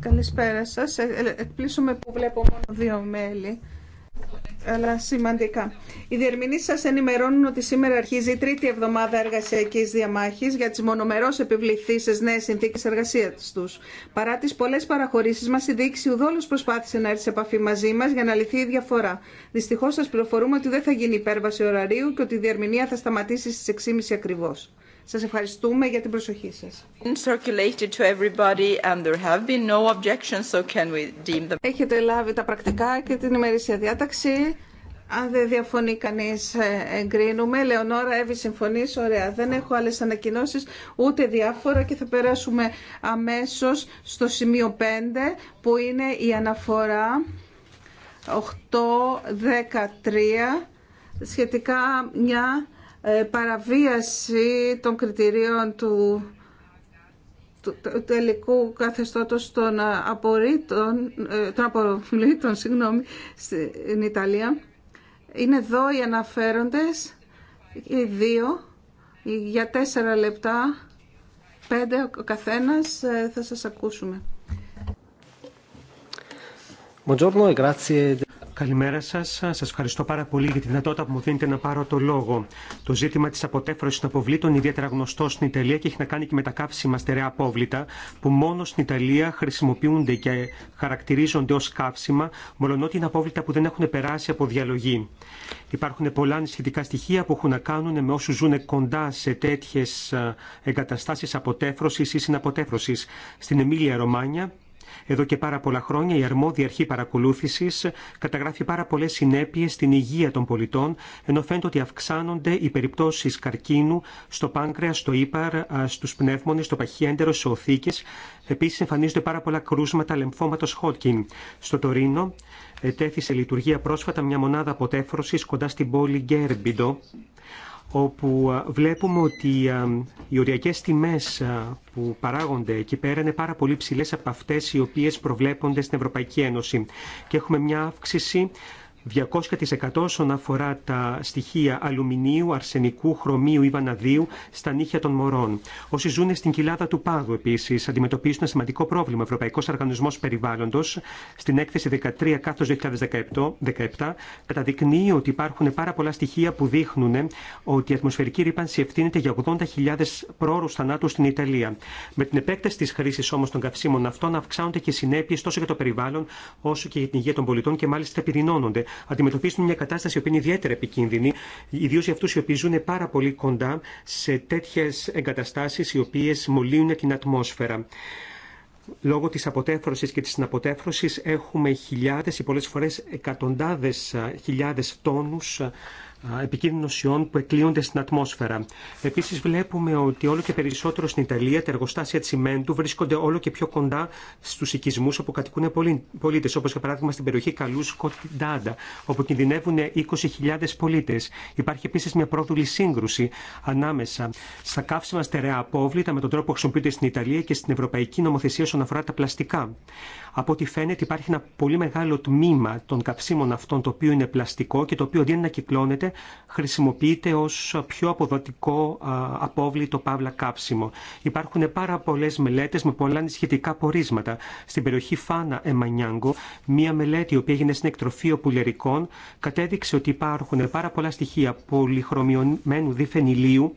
Καλησπέρα σας. Ε, ε, εκπλήσουμε που βλέπω μόνο δύο μέλη, αλλά σημαντικά. Οι διερμηνείς σας ενημερώνουν ότι σήμερα αρχίζει η τρίτη εβδομάδα εργασιακής διαμάχης για τις επιβληθεί σε νέες συνθήκες εργασίας τους. Παρά τις πολλές παραχωρήσεις μας, η διοίκηση ουδόλως προσπάθησε να έρθει σε επαφή μαζί μας για να λυθεί η διαφορά. Δυστυχώς σας πληροφορούμε ότι δεν θα γίνει υπέρβαση ωραρίου και ότι η διερμηνία θα σταματήσει στις 6.30 ακριβώς. Σας ευχαριστούμε για την προσοχή σας. Έχετε λάβει τα πρακτικά και την ημερήσια διάταξη. Αν δεν διαφωνεί κανεί, ε, εγκρίνουμε. Λεωνόρα, Εύη, συμφωνεί. Ωραία. Δεν έχω άλλε ανακοινώσει, ούτε διάφορα και θα περάσουμε αμέσω στο σημείο 5, που είναι η αναφορά 813 σχετικά μια ε, παραβίαση των κριτηρίων του τελικού καθεστώτος των ε, απορρίτων, ε, των απορρίτων συγγνώμη, στην Ιταλία. Είναι εδώ οι αναφέροντες, οι δύο, για τέσσερα λεπτά, πέντε ο καθένας, θα σας ακούσουμε. Buongiorno e grazie. Καλημέρα σα. Σα ευχαριστώ πάρα πολύ για τη δυνατότητα που μου δίνετε να πάρω το λόγο. Το ζήτημα τη αποτέφρωση των αποβλήτων είναι ιδιαίτερα γνωστό στην Ιταλία και έχει να κάνει και με τα καύσιμα στερεά απόβλητα, που μόνο στην Ιταλία χρησιμοποιούνται και χαρακτηρίζονται ω καύσιμα, μολονότι είναι απόβλητα που δεν έχουν περάσει από διαλογή. Υπάρχουν πολλά ανησυχητικά στοιχεία που έχουν να κάνουν με όσου ζουν κοντά σε τέτοιε εγκαταστάσει αποτέφρωση ή συναποτέφρωση. Στην Εμίλια Ρωμάνια, εδώ και πάρα πολλά χρόνια η αρμόδια αρχή παρακολούθηση καταγράφει πάρα πολλέ συνέπειε στην υγεία των πολιτών, ενώ φαίνεται ότι αυξάνονται οι περιπτώσει καρκίνου στο πάνκρεα, στο ύπαρ, στου πνεύμονε, στο εντερο σε οθήκε. Επίση εμφανίζονται πάρα πολλά κρούσματα λεμφώματο Χότκιν. Στο Τωρίνο τέθησε λειτουργία πρόσφατα μια μονάδα αποτέφρωση κοντά στην πόλη Γκέρμπιντο όπου βλέπουμε ότι οι οριακές τιμές που παράγονται εκεί πέρα είναι πάρα πολύ ψηλές από αυτές οι οποίες προβλέπονται στην Ευρωπαϊκή Ένωση. Και έχουμε μια αύξηση 200% όσον αφορά τα στοιχεία αλουμινίου, αρσενικού, χρωμίου ή βαναδίου στα νύχια των μωρών. Όσοι ζουν στην κοιλάδα του πάγου επίση αντιμετωπίζουν ένα σημαντικό πρόβλημα. Ο Ευρωπαϊκό Οργανισμό Περιβάλλοντο στην έκθεση 13 2017 καταδεικνύει ότι υπάρχουν πάρα πολλά στοιχεία που δείχνουν ότι η ατμοσφαιρική ρήπανση ευθύνεται για 80.000 πρόωρου θανάτου στην Ιταλία. Με την επέκταση τη χρήση όμω των καυσίμων αυτών αυξάνονται και συνέπειε τόσο για το περιβάλλον όσο και για την υγεία των πολιτών και μάλιστα επιδεινώνονται. Αντιμετωπίσουν μια κατάσταση που είναι ιδιαίτερα επικίνδυνη, ιδίω για αυτού οι οποίοι ζουν πάρα πολύ κοντά σε τέτοιε εγκαταστάσει οι οποίε μολύνουν την ατμόσφαιρα. Λόγω της αποτέφρωσης και της συναποτέφρωσης έχουμε χιλιάδες ή πολλές φορές εκατοντάδες χιλιάδες τόνους επικίνδυνων ουσιών που εκλείονται στην ατμόσφαιρα. Επίση, βλέπουμε ότι όλο και περισσότερο στην Ιταλία τα εργοστάσια τσιμέντου βρίσκονται όλο και πιο κοντά στου οικισμού όπου κατοικούν πολίτε, όπω για παράδειγμα στην περιοχή Καλού Σκοτιντάντα, όπου κινδυνεύουν 20.000 πολίτε. Υπάρχει επίση μια πρόδουλη σύγκρουση ανάμεσα στα καύσιμα στερεά απόβλητα με τον τρόπο που χρησιμοποιούνται στην Ιταλία και στην Ευρωπαϊκή Νομοθεσία όσον αφορά τα πλαστικά. Από ό,τι φαίνεται υπάρχει ένα πολύ μεγάλο τμήμα των καυσίμων αυτών το οποίο είναι πλαστικό και το οποίο δεν ανακυκλώνεται, χρησιμοποιείται ως πιο αποδοτικό απόβλητο παύλα καύσιμο. Υπάρχουν πάρα πολλέ μελέτες με πολλά ανησυχητικά πορίσματα. Στην περιοχή Φάνα Εμανιάνγκο, μία μελέτη η οποία έγινε στην εκτροφή πουλερικών κατέδειξε ότι υπάρχουν πάρα πολλά στοιχεία πολυχρωμιωμένου δίφενηλίου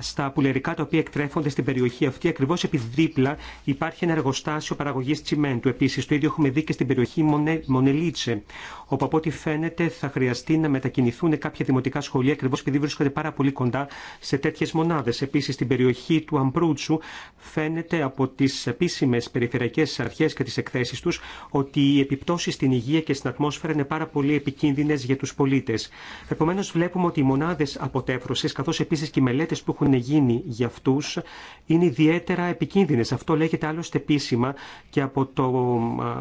στα πουλερικά τα οποία εκτρέφονται στην περιοχή αυτή, ακριβώ επειδή δίπλα υπάρχει ένα εργοστάσιο παραγωγή τσιμέντου. Επίση, το ίδιο έχουμε δει και στην περιοχή Μονελίτσε, όπου από ό,τι φαίνεται θα χρειαστεί να μετακινηθούν κάποια δημοτικά σχολεία, ακριβώ επειδή βρίσκονται πάρα πολύ κοντά σε τέτοιε μονάδε. Επίση, στην περιοχή του Αμπρούτσου φαίνεται από τι επίσημε περιφερειακέ αρχέ και τι εκθέσει του ότι οι επιπτώσει στην υγεία και στην ατμόσφαιρα είναι πάρα πολύ επικίνδυνε για του πολίτε. Επομένω, βλέπουμε ότι οι μονάδε αποτέφρωση, καθώ επίση και οι μελέτε που έχουν έχουν γίνει για αυτούς είναι ιδιαίτερα επικίνδυνες. Αυτό λέγεται άλλωστε επίσημα και από το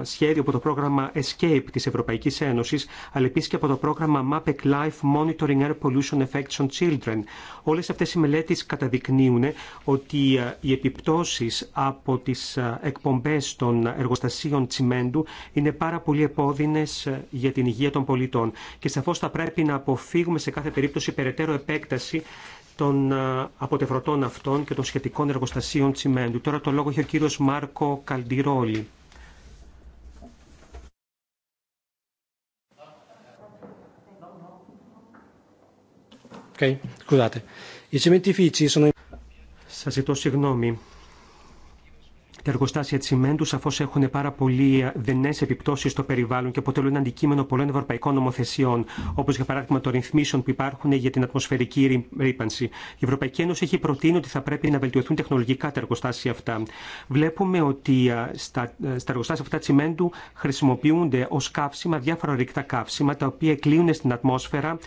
σχέδιο, από το πρόγραμμα ESCAPE της Ευρωπαϊκής Ένωσης, αλλά επίσης και από το πρόγραμμα MAPEC Life Monitoring Air Pollution Effects on Children. Όλες αυτές οι μελέτες καταδεικνύουν ότι οι επιπτώσεις από τις εκπομπές των εργοστασίων τσιμέντου είναι πάρα πολύ επώδυνες για την υγεία των πολιτών. Και σαφώς θα πρέπει να αποφύγουμε σε κάθε περίπτωση περαιτέρω επέκταση των αποτευρωτών αυτών και των σχετικών εργοστασίων τσιμέντου. Τώρα το λόγο έχει ο κύριος Μάρκο Καλντιρόλη. Okay. Σας ζητώ συγγνώμη. Τα εργοστάσια τσιμέντου σαφώ έχουν πάρα πολύ ε, δενέ επιπτώσει στο περιβάλλον και αποτελούν αντικείμενο πολλών ευρωπαϊκών νομοθεσιών, όπω για παράδειγμα των ρυθμίσεων που υπάρχουν για την ατμοσφαιρική ρήπανση. Η Ευρωπαϊκή Ένωση έχει προτείνει ότι θα πρέπει να βελτιωθούν τεχνολογικά τα εργοστάσια αυτά. Βλέπουμε ότι ε, στα, ε, στα εργοστάσια αυτά τσιμέντου χρησιμοποιούνται ω καύσιμα διάφορα ρηκτά καύσιμα, τα οποία κλείουν στην ατμόσφαιρα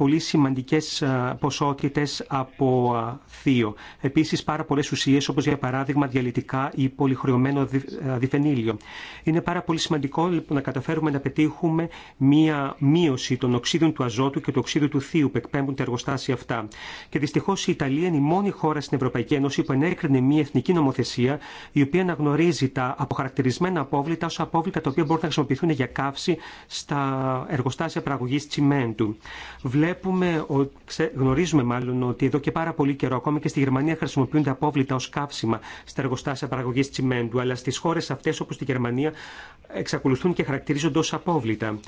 πολύ σημαντικές ε, ποσότητες από ε, θείο. Επίσης πάρα πολλές ουσίες όπως για παράδειγμα διαλυτικά ή πολυχρωμένο ε, διφενήλιο. Είναι πάρα πολύ σημαντικό λοιπόν, να καταφέρουμε να πετύχουμε μία μείωση των οξύδων του αζότου και του οξύδου του θείου που εκπέμπουν τα εργοστάσια αυτά. Και δυστυχώ η Ιταλία είναι η μόνη χώρα στην Ευρωπαϊκή Ένωση που ενέκρινε μία εθνική νομοθεσία η οποία αναγνωρίζει τα αποχαρακτηρισμένα απόβλητα ω απόβλητα τα οποία μπορούν να χρησιμοποιηθούν για καύση στα εργοστάσια παραγωγή τσιμέντου. Βλέ Βλέπουμε, γνωρίζουμε μάλλον ότι εδώ και πάρα πολύ καιρό, ακόμα και στη Γερμανία, χρησιμοποιούνται απόβλητα ω καύσιμα στα εργοστάσια παραγωγή τσιμέντου, αλλά στι χώρε αυτέ, όπω τη Γερμανία, εξακολουθούν και χαρακτηρίζονται ω απόβλητα.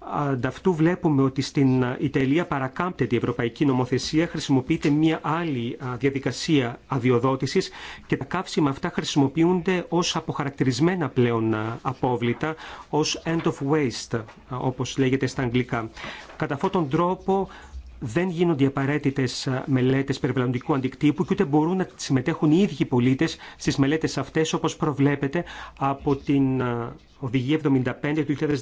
Ανταυτού βλέπουμε ότι στην Ιταλία παρακάμπτεται η ευρωπαϊκή νομοθεσία, χρησιμοποιείται μια άλλη διαδικασία αδειοδότησης και τα καύσιμα αυτά χρησιμοποιούνται ως αποχαρακτηρισμένα πλέον απόβλητα, ως end of waste, όπως λέγεται στα αγγλικά. Κατά αυτόν τον τρόπο δεν γίνονται οι απαραίτητε μελέτε περιβαλλοντικού αντικτύπου και ούτε μπορούν να συμμετέχουν οι ίδιοι πολίτε στι μελέτε αυτέ όπω προβλέπεται από την Οδηγία 75 του 2016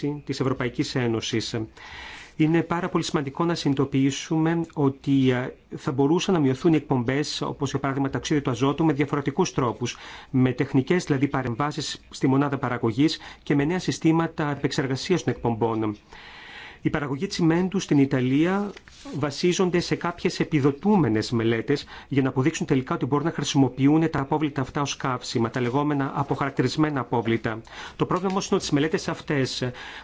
τη Ευρωπαϊκή Ένωση. Είναι πάρα πολύ σημαντικό να συνειδητοποιήσουμε ότι θα μπορούσαν να μειωθούν οι εκπομπέ, όπω για παράδειγμα ταξίδι του αζότου, με διαφορετικού τρόπου. Με τεχνικέ δηλαδή παρεμβάσει στη μονάδα παραγωγή και με νέα συστήματα επεξεργασία των εκπομπών. Η παραγωγή τσιμέντου στην Ιταλία βασίζονται σε κάποιε επιδοτούμενε μελέτε για να αποδείξουν τελικά ότι μπορούν να χρησιμοποιούν τα απόβλητα αυτά ω καύσιμα, τα λεγόμενα αποχαρακτηρισμένα απόβλητα. Το πρόβλημα όμω είναι ότι στι μελέτε αυτέ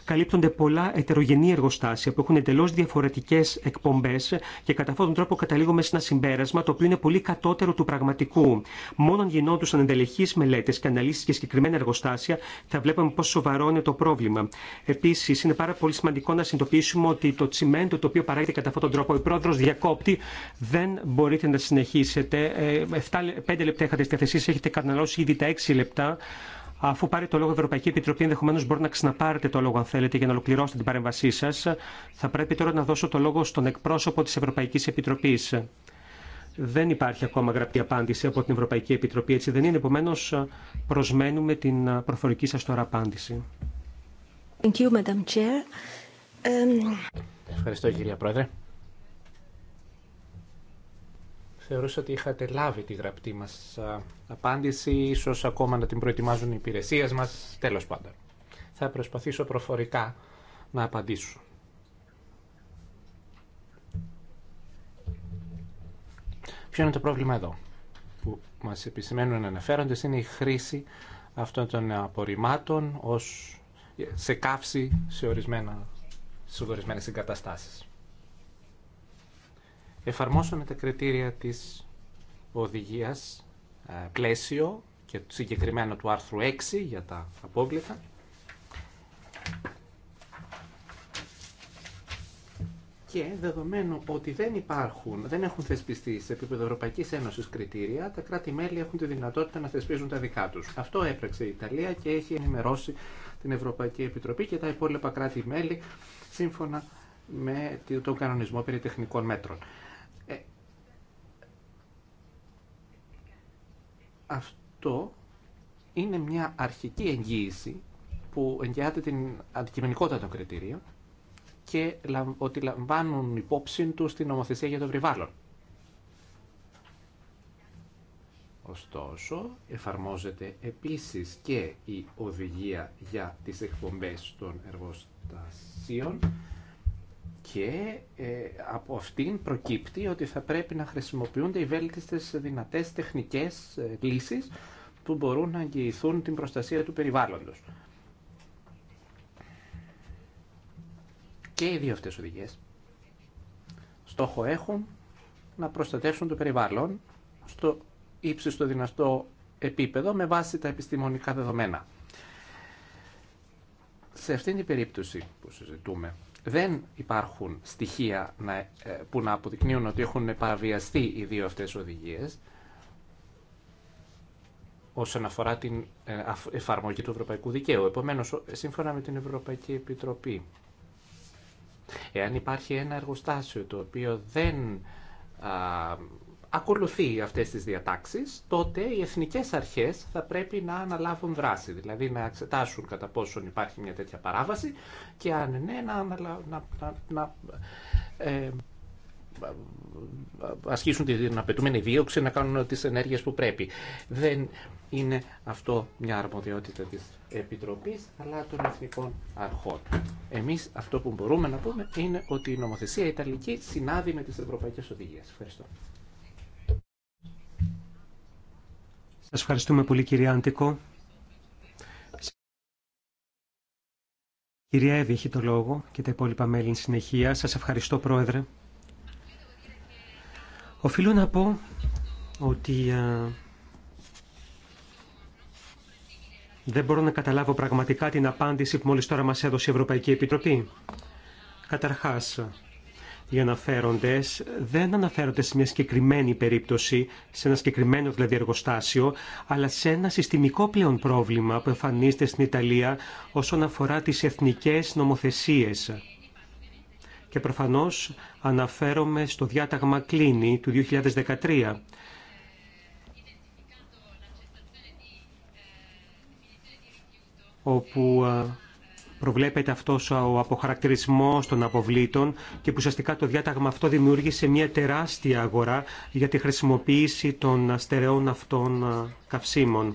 καλύπτονται πολλά ετερογενή εργοστάσια που έχουν εντελώ διαφορετικέ εκπομπέ και κατά αυτόν τον τρόπο καταλήγουμε σε ένα συμπέρασμα το οποίο είναι πολύ κατώτερο του πραγματικού. Μόνο αν γινόντουσαν εντελεχεί μελέτε και αναλύσει και συγκεκριμένα εργοστάσια θα βλέπαμε πόσο σοβαρό είναι το πρόβλημα. Επίση, είναι πάρα πολύ σημαντικό να συνειδητοποιήσουμε ότι το τσιμέντο το οποίο παράγεται κατά αυτόν τον τρόπο, η πρόεδρο διακόπτη, δεν μπορείτε να συνεχίσετε. 5 ε, λεπτά είχατε στη θέση, έχετε καταναλώσει ήδη τα 6 λεπτά. Αφού πάρει το λόγο η Ευρωπαϊκή Επιτροπή, ενδεχομένω μπορεί να ξαναπάρετε το λόγο αν θέλετε για να ολοκληρώσετε την παρέμβασή σα. Θα πρέπει τώρα να δώσω το λόγο στον εκπρόσωπο τη Ευρωπαϊκή Επιτροπή. Δεν υπάρχει ακόμα γραπτή απάντηση από την Ευρωπαϊκή Επιτροπή, έτσι δεν είναι. Επομένω, προσμένουμε την προφορική σα τώρα απάντηση. Thank you, Madam Chair. Ευχαριστώ κυρία Πρόεδρε. Θεωρούσα ότι είχατε λάβει τη γραπτή μας απάντηση, ίσως ακόμα να την προετοιμάζουν οι υπηρεσίες μας, τέλος πάντων. Θα προσπαθήσω προφορικά να απαντήσω. Ποιο είναι το πρόβλημα εδώ που μας επισημαίνουν αναφέροντες είναι η χρήση αυτών των απορριμμάτων ως σε καύση σε ορισμένα στις ορισμένε εγκαταστάσεις. Εφαρμόσαμε τα κριτήρια της οδηγίας ε, πλαίσιο και συγκεκριμένα του άρθρου 6 για τα απόβλητα. Και δεδομένου ότι δεν υπάρχουν, δεν έχουν θεσπιστεί σε επίπεδο Ευρωπαϊκή Ένωση κριτήρια, τα κράτη-μέλη έχουν τη δυνατότητα να θεσπίζουν τα δικά του. Αυτό έπρεξε η Ιταλία και έχει ενημερώσει την Ευρωπαϊκή Επιτροπή και τα υπόλοιπα κράτη-μέλη σύμφωνα με τον κανονισμό περί τεχνικών μέτρων. Ε, αυτό είναι μια αρχική εγγύηση που εγγυάται την αντικειμενικότητα των κριτηρίων και ότι λαμβάνουν υπόψη τους την νομοθεσία για το περιβάλλον. Ωστόσο, εφαρμόζεται επίσης και η οδηγία για τις εκπομπές των εργοστάσεων και ε, από αυτήν προκύπτει ότι θα πρέπει να χρησιμοποιούνται οι βέλτιστες δυνατές τεχνικές ε, λύσεις που μπορούν να αγγιηθούν την προστασία του περιβάλλοντος. Και οι δύο αυτές οδηγίες στόχο έχουν να προστατεύσουν το περιβάλλον στο ύψιστο δυνατό επίπεδο με βάση τα επιστημονικά δεδομένα σε αυτήν την περίπτωση που συζητούμε δεν υπάρχουν στοιχεία ε, που να αποδεικνύουν ότι έχουν παραβιαστεί οι δύο αυτές οδηγίες όσον αφορά την ε, εφαρμογή του ευρωπαϊκού δικαίου. Επομένως, σύμφωνα με την Ευρωπαϊκή Επιτροπή, εάν υπάρχει ένα εργοστάσιο το οποίο δεν ακολουθεί αυτές τις διατάξεις, τότε οι εθνικές αρχές θα πρέπει να αναλάβουν δράση, δηλαδή να εξετάσουν κατά πόσον υπάρχει μια τέτοια παράβαση και αν ναι, να, να, να, να ε, ασκήσουν την απαιτούμενη δίωξη, να κάνουν τις ενέργειες που πρέπει. Δεν είναι αυτό μια αρμοδιότητα της Επιτροπής, αλλά των εθνικών αρχών. Εμείς αυτό που μπορούμε να πούμε είναι ότι η νομοθεσία Ιταλική συνάδει με τις ευρωπαϊκές οδηγίες. Ευχαριστώ. Σας ευχαριστούμε πολύ κύριε Άντικο. Κυρία Εύη έχει το λόγο και τα υπόλοιπα μέλη συνεχεία. Σας ευχαριστώ πρόεδρε. Οφείλω να πω ότι δεν μπορώ να καταλάβω πραγματικά την απάντηση που μόλις τώρα μας έδωσε η Ευρωπαϊκή Επιτροπή. Καταρχάς, οι αναφέροντε δεν αναφέρονται σε μια συγκεκριμένη περίπτωση, σε ένα συγκεκριμένο δηλαδή εργοστάσιο, αλλά σε ένα συστημικό πλέον πρόβλημα που εμφανίζεται στην Ιταλία όσον αφορά τις εθνικές νομοθεσίες. Και προφανώ αναφέρομαι στο διάταγμα κλίνη του 2013, όπου προβλέπεται αυτός ο αποχαρακτηρισμός των αποβλήτων και που ουσιαστικά το διάταγμα αυτό δημιούργησε μια τεράστια αγορά για τη χρησιμοποίηση των στερεών αυτών καυσίμων.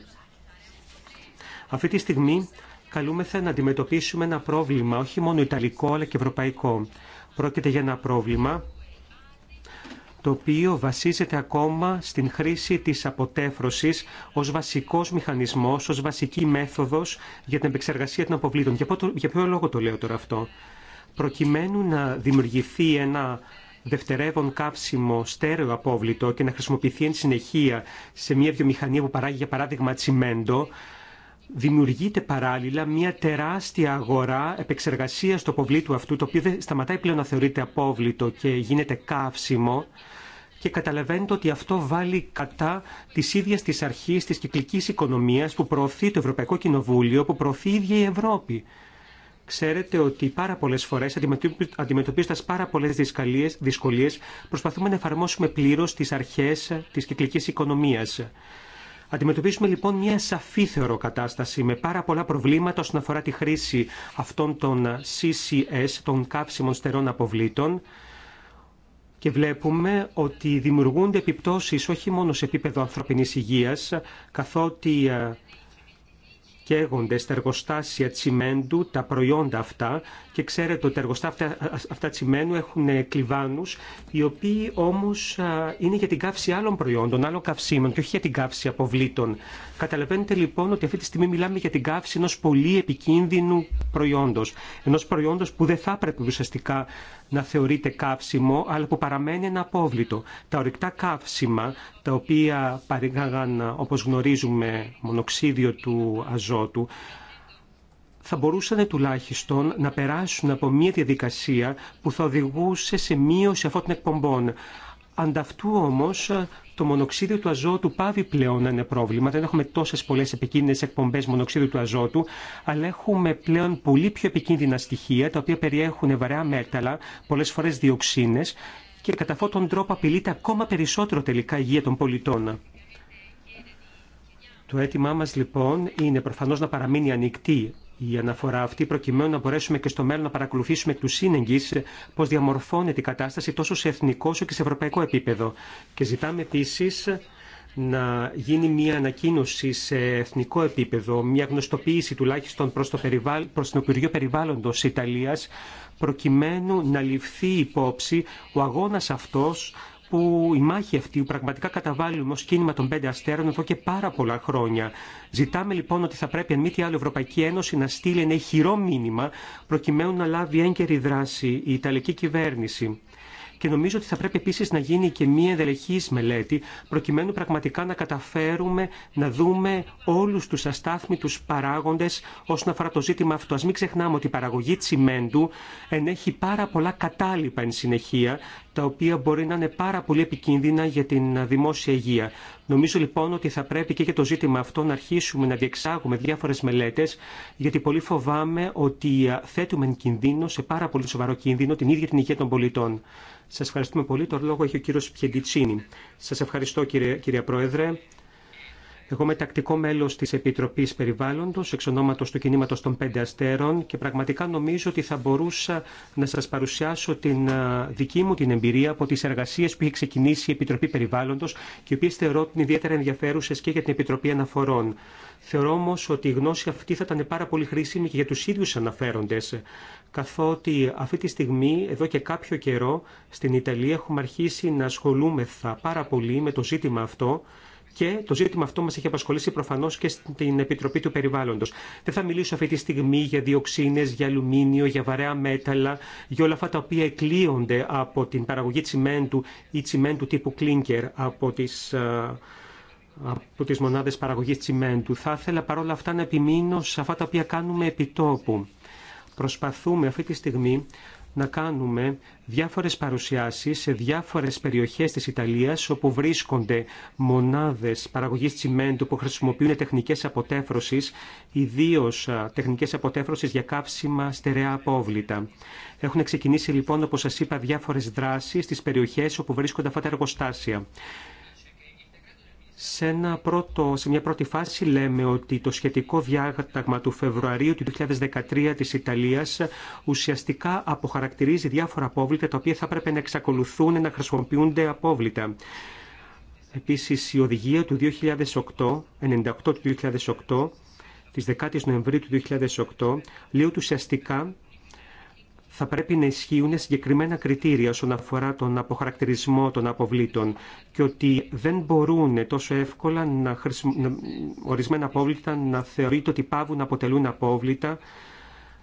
Αυτή τη στιγμή καλούμεθα να αντιμετωπίσουμε ένα πρόβλημα όχι μόνο ιταλικό αλλά και ευρωπαϊκό. Πρόκειται για ένα πρόβλημα το οποίο βασίζεται ακόμα στην χρήση της αποτέφρωσης ως βασικός μηχανισμός, ως βασική μέθοδος για την επεξεργασία των αποβλήτων. Για ποιο λόγο το λέω τώρα αυτό. Προκειμένου να δημιουργηθεί ένα δευτερεύον κάψιμο στέρεο απόβλητο και να χρησιμοποιηθεί εν συνεχεία σε μια βιομηχανία που παράγει για παράδειγμα τσιμέντο, δημιουργείται παράλληλα μια τεράστια αγορά επεξεργασίας του αποβλήτου αυτού, το οποίο δεν σταματάει πλέον να θεωρείται απόβλητο και γίνεται καύσιμο και καταλαβαίνετε ότι αυτό βάλει κατά τη ίδια τη αρχή της κυκλικής οικονομία που προωθεί το Ευρωπαϊκό Κοινοβούλιο, που προωθεί η ίδια η Ευρώπη. Ξέρετε ότι πάρα πολλέ φορέ αντιμετωπίζοντα πάρα πολλέ δυσκολίε, προσπαθούμε να εφαρμόσουμε πλήρω τι αρχέ τη κυκλική οικονομία. Αντιμετωπίζουμε λοιπόν μια σαφή θεωρώ κατάσταση με πάρα πολλά προβλήματα όσον αφορά τη χρήση αυτών των CCS, των καύσιμων στερών αποβλήτων, και βλέπουμε ότι δημιουργούνται επιπτώσεις όχι μόνο σε επίπεδο ανθρωπινής υγείας, καθότι ε, καίγονται στα εργοστάσια τσιμέντου τα προϊόντα αυτά και ξέρετε ότι τα εργοστά αυτά, αυτά τσιμένου έχουν ε, κλιβάνους οι οποίοι όμως είναι για την καύση άλλων προϊόντων, άλλων καυσίμων και όχι για την καύση αποβλήτων. Καταλαβαίνετε λοιπόν ότι αυτή τη στιγμή μιλάμε για την καύση ενός πολύ επικίνδυνου προϊόντος, ενός προϊόντος που δεν θα έπρεπε ουσιαστικά να θεωρείται καύσιμο, αλλά που παραμένει ένα απόβλητο. Τα ορυκτά καύσιμα, τα οποία παρήγαγαν, όπως γνωρίζουμε, μονοξίδιο του αζότου, θα μπορούσαν τουλάχιστον να περάσουν από μια διαδικασία που θα οδηγούσε σε μείωση αυτών των εκπομπών. Ανταυτού όμως το μονοξίδιο του αζότου πάβει πλέον να είναι πρόβλημα. Δεν έχουμε τόσε πολλέ επικίνδυνες εκπομπέ μονοξίδιου του αζότου, αλλά έχουμε πλέον πολύ πιο επικίνδυνα στοιχεία, τα οποία περιέχουν βαρέα μέταλλα, πολλέ φορέ διοξίνε και κατά αυτόν τον τρόπο απειλείται ακόμα περισσότερο τελικά η υγεία των πολιτών. Το αίτημά μας λοιπόν είναι προφανώς να παραμείνει ανοιχτή η αναφορά αυτή προκειμένου να μπορέσουμε και στο μέλλον να παρακολουθήσουμε εκ του σύνεγγυ ε, πώ διαμορφώνεται η κατάσταση τόσο σε εθνικό όσο και σε ευρωπαϊκό επίπεδο. Και ζητάμε επίση ε, να γίνει μια ανακοίνωση σε εθνικό επίπεδο, μια γνωστοποίηση τουλάχιστον προς το, περιβάλλον, προς το Υπουργείο Περιβάλλοντος Ιταλίας, προκειμένου να ληφθεί υπόψη ο αγώνας αυτός που η μάχη αυτή που πραγματικά καταβάλουμε ως κίνημα των πέντε αστέρων εδώ και πάρα πολλά χρόνια. Ζητάμε λοιπόν ότι θα πρέπει αν μη τι άλλο η Ευρωπαϊκή Ένωση να στείλει ένα χειρό μήνυμα προκειμένου να λάβει έγκαιρη δράση η Ιταλική κυβέρνηση. Και νομίζω ότι θα πρέπει επίση να γίνει και μία ενδελεχή μελέτη, προκειμένου πραγματικά να καταφέρουμε να δούμε όλου του αστάθμητου παράγοντε όσον αφορά το ζήτημα αυτό. Α μην ξεχνάμε ότι η παραγωγή τσιμέντου ενέχει πάρα πολλά κατάλοιπα εν συνεχεία, τα οποία μπορεί να είναι πάρα πολύ επικίνδυνα για την δημόσια υγεία. Νομίζω λοιπόν ότι θα πρέπει και για το ζήτημα αυτό να αρχίσουμε να διεξάγουμε διάφορες μελέτες, γιατί πολύ φοβάμαι ότι ε, θέτουμε κινδύνο, σε πάρα πολύ σοβαρό κίνδυνο, την ίδια την υγεία των πολιτών. Σας ευχαριστούμε πολύ. Το λόγο έχει ο κύριος Πιεντιτσίνη. Σας ευχαριστώ κύριε, κύριε Πρόεδρε. Εγώ είμαι τακτικό μέλος της Επιτροπής Περιβάλλοντος, εξ ονόματο του κινήματο των Πέντε Αστέρων και πραγματικά νομίζω ότι θα μπορούσα να σα παρουσιάσω την δική μου την εμπειρία από τι εργασίε που έχει ξεκινήσει η Επιτροπή περιβάλλοντο και οι οποίε θεωρώ ότι είναι ιδιαίτερα ενδιαφέρουσε και για την Επιτροπή Αναφορών. Θεωρώ όμω ότι η γνώση αυτή θα ήταν πάρα πολύ χρήσιμη και για του ίδιου αναφέροντε, καθότι αυτή τη στιγμή, εδώ και κάποιο καιρό, στην Ιταλία έχουμε αρχίσει να ασχολούμεθα πάρα πολύ με το ζήτημα αυτό και το ζήτημα αυτό μας έχει απασχολήσει προφανώς και στην Επιτροπή του Περιβάλλοντος. Δεν θα μιλήσω αυτή τη στιγμή για διοξίνε, για αλουμίνιο, για βαρέα μέταλλα, για όλα αυτά τα οποία εκλείονται από την παραγωγή τσιμέντου ή τσιμέντου τύπου κλίνκερ από τις ε, από τις μονάδες παραγωγής τσιμέντου. Θα ήθελα παρόλα αυτά να επιμείνω σε αυτά τα οποία κάνουμε επιτόπου. Προσπαθούμε αυτή τη στιγμή να κάνουμε διάφορες παρουσιάσεις σε διάφορες περιοχές της Ιταλίας όπου βρίσκονται μονάδες παραγωγής τσιμέντου που χρησιμοποιούν τεχνικές αποτέφρωσης, ιδίως τεχνικές αποτέφρωσης για κάψιμα στερεά απόβλητα. Έχουν ξεκινήσει λοιπόν, όπως σας είπα, διάφορες δράσεις στις περιοχές όπου βρίσκονται αυτά τα εργοστάσια. Σε, σε μια πρώτη φάση λέμε ότι το σχετικό διάταγμα του Φεβρουαρίου του 2013 της Ιταλίας ουσιαστικά αποχαρακτηρίζει διάφορα απόβλητα τα οποία θα έπρεπε να εξακολουθούν να χρησιμοποιούνται απόβλητα. Επίσης η οδηγία του 2008, 98 του 2008, της 10ης Νοεμβρίου του 2008, λέει ότι ουσιαστικά θα πρέπει να ισχύουν συγκεκριμένα κριτήρια όσον αφορά τον αποχαρακτηρισμό των αποβλήτων και ότι δεν μπορούν τόσο εύκολα να να... ορισμένα απόβλητα να θεωρείται ότι πάβουν να αποτελούν απόβλητα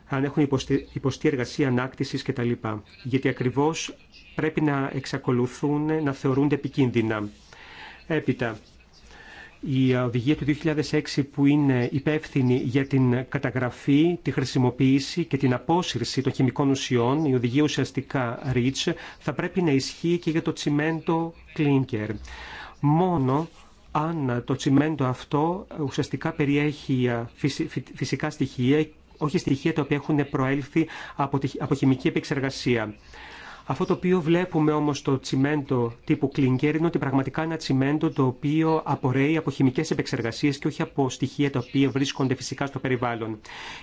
αν έχουν υποστεί, υποστεί εργασία ανάκτηση κτλ. Γιατί ακριβώ πρέπει να εξακολουθούν να θεωρούνται επικίνδυνα. Έπειτα, η οδηγία του 2006 που είναι υπεύθυνη για την καταγραφή, τη χρησιμοποίηση και την απόσυρση των χημικών ουσιών, η οδηγία ουσιαστικά REACH, θα πρέπει να ισχύει και για το τσιμέντο Clinker. Μόνο αν το τσιμέντο αυτό ουσιαστικά περιέχει φυσικά στοιχεία, όχι στοιχεία τα οποία έχουν προέλθει από χημική επεξεργασία. Αυτό το οποίο βλέπουμε όμως το τσιμέντο τύπου κλίνκερ είναι ότι πραγματικά είναι ένα τσιμέντο το οποίο απορρέει από χημικές επεξεργασίες και όχι από στοιχεία τα οποία βρίσκονται φυσικά στο περιβάλλον.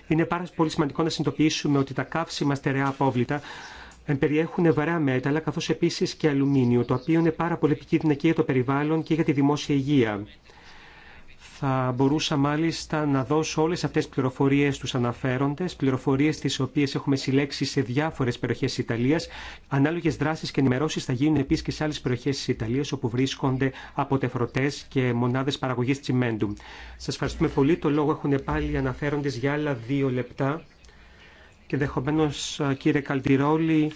Είναι πάρα πολύ σημαντικό να συνειδητοποιήσουμε ότι τα καύσιμα στερεά απόβλητα περιέχουν βαρά μέταλλα καθώς επίσης και αλουμίνιο, το οποίο είναι πάρα πολύ επικίνδυνο και για το περιβάλλον και για τη δημόσια υγεία θα μπορούσα μάλιστα να δώσω όλες αυτές τις πληροφορίες τους αναφέροντες, πληροφορίες τις οποίες έχουμε συλλέξει σε διάφορες περιοχές της Ιταλίας. Ανάλογες δράσεις και ενημερώσεις θα γίνουν επίσης και σε άλλες περιοχές της Ιταλίας όπου βρίσκονται αποτεφρωτές και μονάδες παραγωγής τσιμέντου. Σας ευχαριστούμε πολύ. Το λόγο έχουν πάλι αναφέροντες για άλλα δύο λεπτά και δεχομένω, κύριε Καλτιρόλη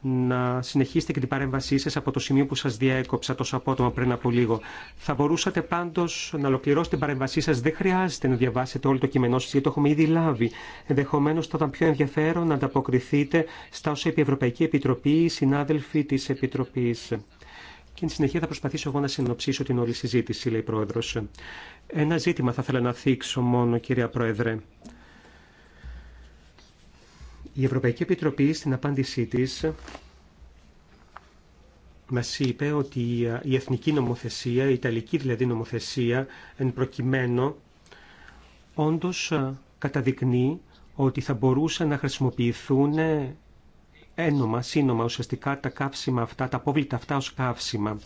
να συνεχίσετε και την παρέμβασή σας από το σημείο που σας διέκοψα τόσο απότομα πριν από λίγο. Θα μπορούσατε πάντως να ολοκληρώσετε την παρέμβασή σας. Δεν χρειάζεται να διαβάσετε όλο το κείμενό σας, γιατί το έχουμε ήδη λάβει. Ενδεχομένω θα ήταν πιο ενδιαφέρον να ανταποκριθείτε στα όσα είπε η Ευρωπαϊκή Επιτροπή, οι συνάδελφοι της Επιτροπής. Και εν συνεχεία θα προσπαθήσω εγώ να συνοψίσω την όλη συζήτηση, λέει η Πρόεδρος. Ένα ζήτημα θα ήθελα να θίξω μόνο, κυρία Πρόεδρε. Η Ευρωπαϊκή Επιτροπή στην απάντησή της μας είπε ότι η εθνική νομοθεσία, η ιταλική δηλαδή νομοθεσία, εν προκειμένου, όντως ε, καταδεικνύει ότι θα μπορούσαν να χρησιμοποιηθούν ένομα, σύνομα ουσιαστικά τα καύσιμα αυτά, τα απόβλητα αυτά ως καύσιμα.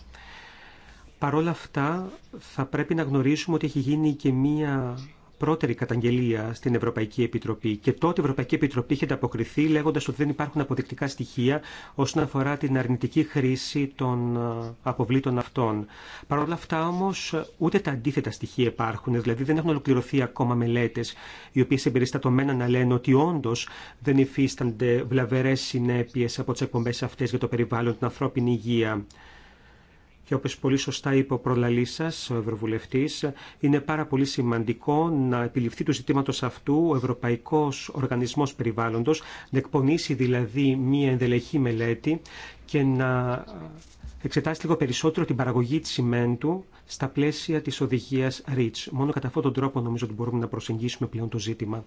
Παρ' όλα αυτά θα πρέπει να γνωρίσουμε ότι έχει γίνει και μία πρώτερη καταγγελία στην Ευρωπαϊκή Επιτροπή και τότε η Ευρωπαϊκή Επιτροπή είχε ανταποκριθεί λέγοντα ότι δεν υπάρχουν αποδεικτικά στοιχεία όσον αφορά την αρνητική χρήση των ε, αποβλήτων αυτών. Παρ' όλα αυτά όμω ούτε τα αντίθετα στοιχεία υπάρχουν, δηλαδή δεν έχουν ολοκληρωθεί ακόμα μελέτε, οι οποίε εμπεριστατωμένα να λένε ότι όντω δεν υφίστανται βλαβερέ συνέπειε από τι εκπομπέ αυτέ για το περιβάλλον, την ανθρώπινη υγεία. Και όπως πολύ σωστά είπε ο προλαλής σας, ο Ευρωβουλευτής, είναι πάρα πολύ σημαντικό να επιληφθεί του ζητήματος αυτού ο Ευρωπαϊκός Οργανισμός Περιβάλλοντος, να εκπονήσει δηλαδή μία ενδελεχή μελέτη και να εξετάσει λίγο περισσότερο την παραγωγή τσιμέντου στα πλαίσια της οδηγίας REACH. Μόνο κατά αυτόν τον τρόπο νομίζω ότι μπορούμε να προσεγγίσουμε πλέον το ζήτημα.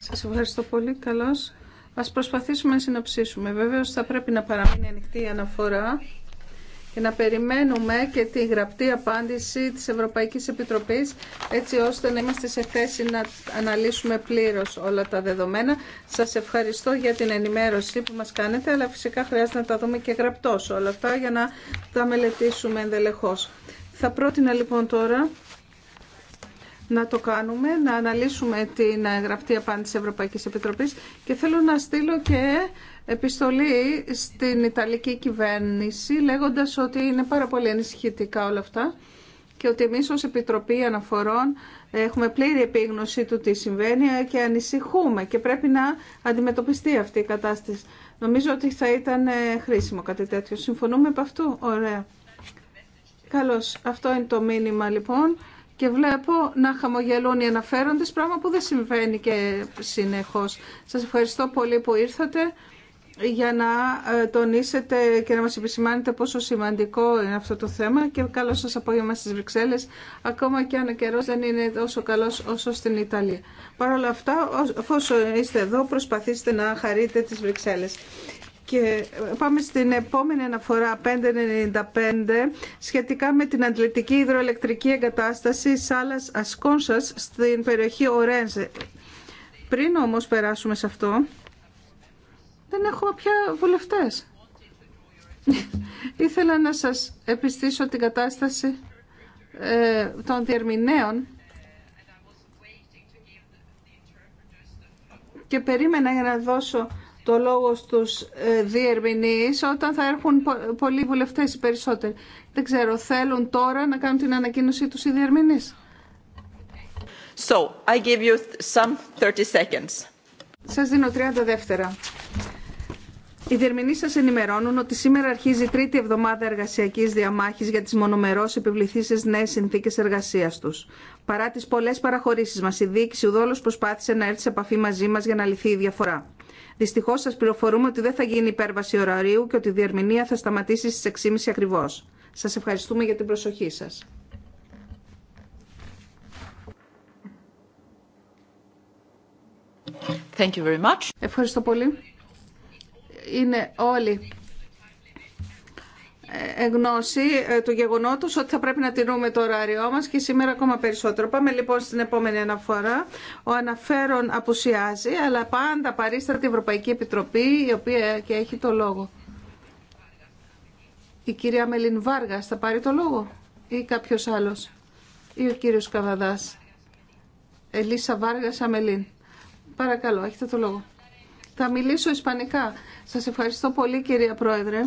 Σας ευχαριστώ πολύ. Καλώς. Ας προσπαθήσουμε να συνοψίσουμε. Βεβαίως θα πρέπει να παραμείνει ανοιχτή η αναφορά και να περιμένουμε και τη γραπτή απάντηση της Ευρωπαϊκής Επιτροπής έτσι ώστε να είμαστε σε θέση να αναλύσουμε πλήρως όλα τα δεδομένα. Σας ευχαριστώ για την ενημέρωση που μας κάνετε αλλά φυσικά χρειάζεται να τα δούμε και γραπτός όλα αυτά για να τα μελετήσουμε ενδελεχώς. Θα πρότεινα λοιπόν τώρα να το κάνουμε, να αναλύσουμε την γραπτή απάντηση της Ευρωπαϊκής Επιτροπής και θέλω να στείλω και επιστολή στην Ιταλική κυβέρνηση λέγοντας ότι είναι πάρα πολύ ενισχυτικά όλα αυτά και ότι εμείς ως Επιτροπή Αναφορών έχουμε πλήρη επίγνωση του τι συμβαίνει και ανησυχούμε και πρέπει να αντιμετωπιστεί αυτή η κατάσταση. Νομίζω ότι θα ήταν ε, χρήσιμο κάτι τέτοιο. Συμφωνούμε από αυτού. Ωραία. Καλώς. Αυτό είναι το μήνυμα λοιπόν. Και βλέπω να χαμογελούν οι αναφέροντες, πράγμα που δεν συμβαίνει και συνεχώς. Σας ευχαριστώ πολύ που ήρθατε για να ε, τονίσετε και να μας επισημάνετε πόσο σημαντικό είναι αυτό το θέμα και καλό σας απόγευμα στις Βρυξέλλες, ακόμα και αν ο καιρός δεν είναι τόσο καλός όσο στην Ιταλία. Παρ' όλα αυτά, όσο είστε εδώ, προσπαθήστε να χαρείτε τις Βρυξέλλες. Και ε, πάμε στην επόμενη αναφορά 595 σχετικά με την αντλητική υδροελεκτρική εγκατάσταση σάλας Ασκόνσας στην περιοχή Ορένζε. Πριν όμως περάσουμε σε αυτό, δεν έχω πια βουλευτές. Ήθελα να σας επιστήσω την κατάσταση ε, των διερμηνέων και περίμενα για να δώσω το λόγο στους ε, διερμηνείς όταν θα έρχουν πολλοί βουλευτές οι περισσότεροι. Δεν ξέρω, θέλουν τώρα να κάνουν την ανακοίνωσή τους οι διερμηνείς. So, I give you some 30 seconds. Σας δίνω 30 δεύτερα. Οι διερμηνείς σα ενημερώνουν ότι σήμερα αρχίζει η τρίτη εβδομάδα εργασιακή διαμάχη για τις μονομερώς επιβληθήσεις νέε συνθήκε εργασία του. Παρά τις πολλές παραχωρήσεις μας, η διοίκηση ουδόλω προσπάθησε να έρθει σε επαφή μαζί μα για να λυθεί η διαφορά. Δυστυχώ σα πληροφορούμε ότι δεν θα γίνει υπέρβαση ωραρίου και ότι η διερμηνία θα σταματήσει στις 6.30 ακριβώ. Σα ευχαριστούμε για την προσοχή σα. Thank Ευχαριστώ πολύ είναι όλοι εγνώση ε, του γεγονότος ότι θα πρέπει να τηρούμε το ωράριό μας και σήμερα ακόμα περισσότερο. Πάμε λοιπόν στην επόμενη αναφορά. Ο αναφέρον απουσιάζει, αλλά πάντα παρίσταται η Ευρωπαϊκή Επιτροπή, η οποία και έχει το λόγο. Η κυρία Μελίν Βάργα θα πάρει το λόγο ή κάποιος άλλος ή ο κύριος Καβαδάς. Ελίσσα Βάργα Αμελίν. Παρακαλώ, έχετε το λόγο. Θα μιλήσω ισπανικά. Σας ευχαριστώ πολύ κυρία Πρόεδρε.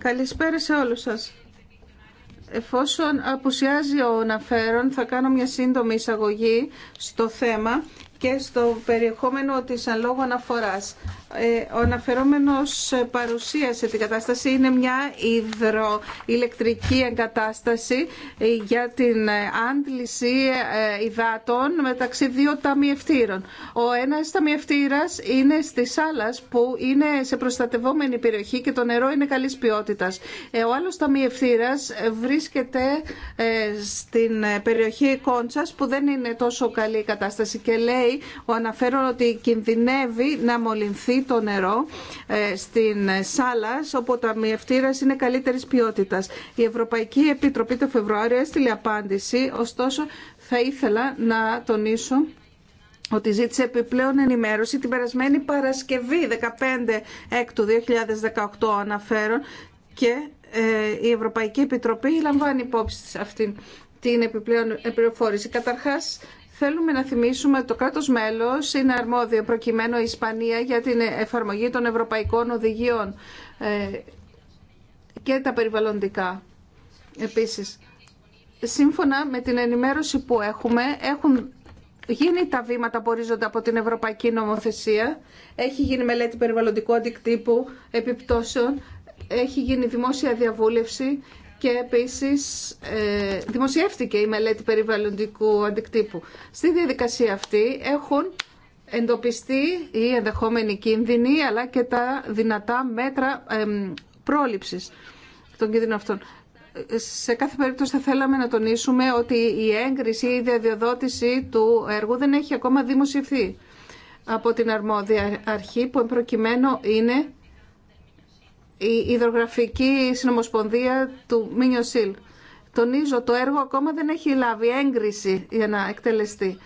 Καλησπέρα σε όλους σας. Εφόσον απουσιάζει ο αναφέρον, θα κάνω μια σύντομη εισαγωγή στο θέμα και στο περιεχόμενο της λόγω αναφοράς. Ε, ο αναφερόμενος παρουσίασε την κατάσταση. Είναι μια υδροηλεκτρική εγκατάσταση ε, για την ε, άντληση υδάτων μεταξύ δύο ταμιευτήρων. Ο ένας ταμιευτήρας είναι στη Σάλας που είναι σε προστατευόμενη περιοχή και το νερό είναι καλής ποιότητας. Ο άλλος ταμιευτήρας βρίσκεται στην περιοχή Κόντσας που δεν είναι τόσο καλή η κατάσταση και λέει ο αναφέρον ότι κινδυνεύει να μολυνθεί το νερό ε, στην Σάλας όπου τα μυευτήρα είναι καλύτερη ποιότητα. Η Ευρωπαϊκή Επιτροπή το Φεβρουάριο έστειλε απάντηση, ωστόσο θα ήθελα να τονίσω ότι ζήτησε επιπλέον ενημέρωση την περασμένη Παρασκευή 15 έκτου 2018 αναφέρον και ε, η Ευρωπαϊκή Επιτροπή λαμβάνει υπόψη αυτή την επιπλέον πληροφόρηση. Καταρχάς Θέλουμε να θυμίσουμε ότι το κράτο μέλο είναι αρμόδιο προκειμένου η Ισπανία για την εφαρμογή των ευρωπαϊκών οδηγιών ε, και τα περιβαλλοντικά. Επίσης, σύμφωνα με την ενημέρωση που έχουμε, έχουν γίνει τα βήματα που ορίζονται από την Ευρωπαϊκή Νομοθεσία. Έχει γίνει μελέτη περιβαλλοντικού αντικτύπου επιπτώσεων. Έχει γίνει δημόσια διαβούλευση και επίσης ε, δημοσιεύτηκε η μελέτη περιβαλλοντικού αντικτύπου. Στη διαδικασία αυτή έχουν εντοπιστεί οι ενδεχόμενοι κίνδυνοι αλλά και τα δυνατά μέτρα πρόληψης των κίνδυνων αυτών. Σε κάθε περίπτωση θα θέλαμε να τονίσουμε ότι η έγκριση ή η η διαδιοδοτηση του έργου δεν έχει ακόμα δημοσιευθεί από την αρμόδια αρχή που εμπροκειμένο είναι η Ιδρογραφική Συνομοσπονδία του Μίνιο Σιλ. Τονίζω, το έργο ακόμα δεν έχει λάβει έγκριση για να εκτελεστεί.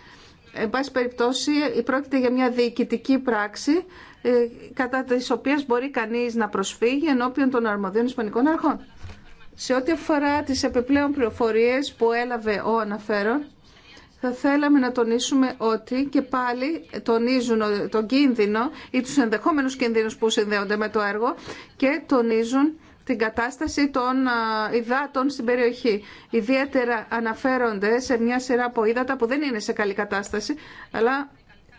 Εν πάση περιπτώσει, πρόκειται για μια διοικητική πράξη ε, κατά της οποίας μπορεί κανείς να προσφύγει ενώπιον των αρμοδίων ισπανικών αρχών. Σε ό,τι αφορά τις επιπλέον πληροφορίες που έλαβε ο αναφέρον, θα θέλαμε να τονίσουμε ότι και πάλι τονίζουν τον κίνδυνο ή τους ενδεχόμενους κινδύνους που συνδέονται με το έργο και τονίζουν την κατάσταση των υδάτων στην περιοχή. Ιδιαίτερα αναφέρονται σε μια σειρά από υδάτα που δεν είναι σε καλή κατάσταση, αλλά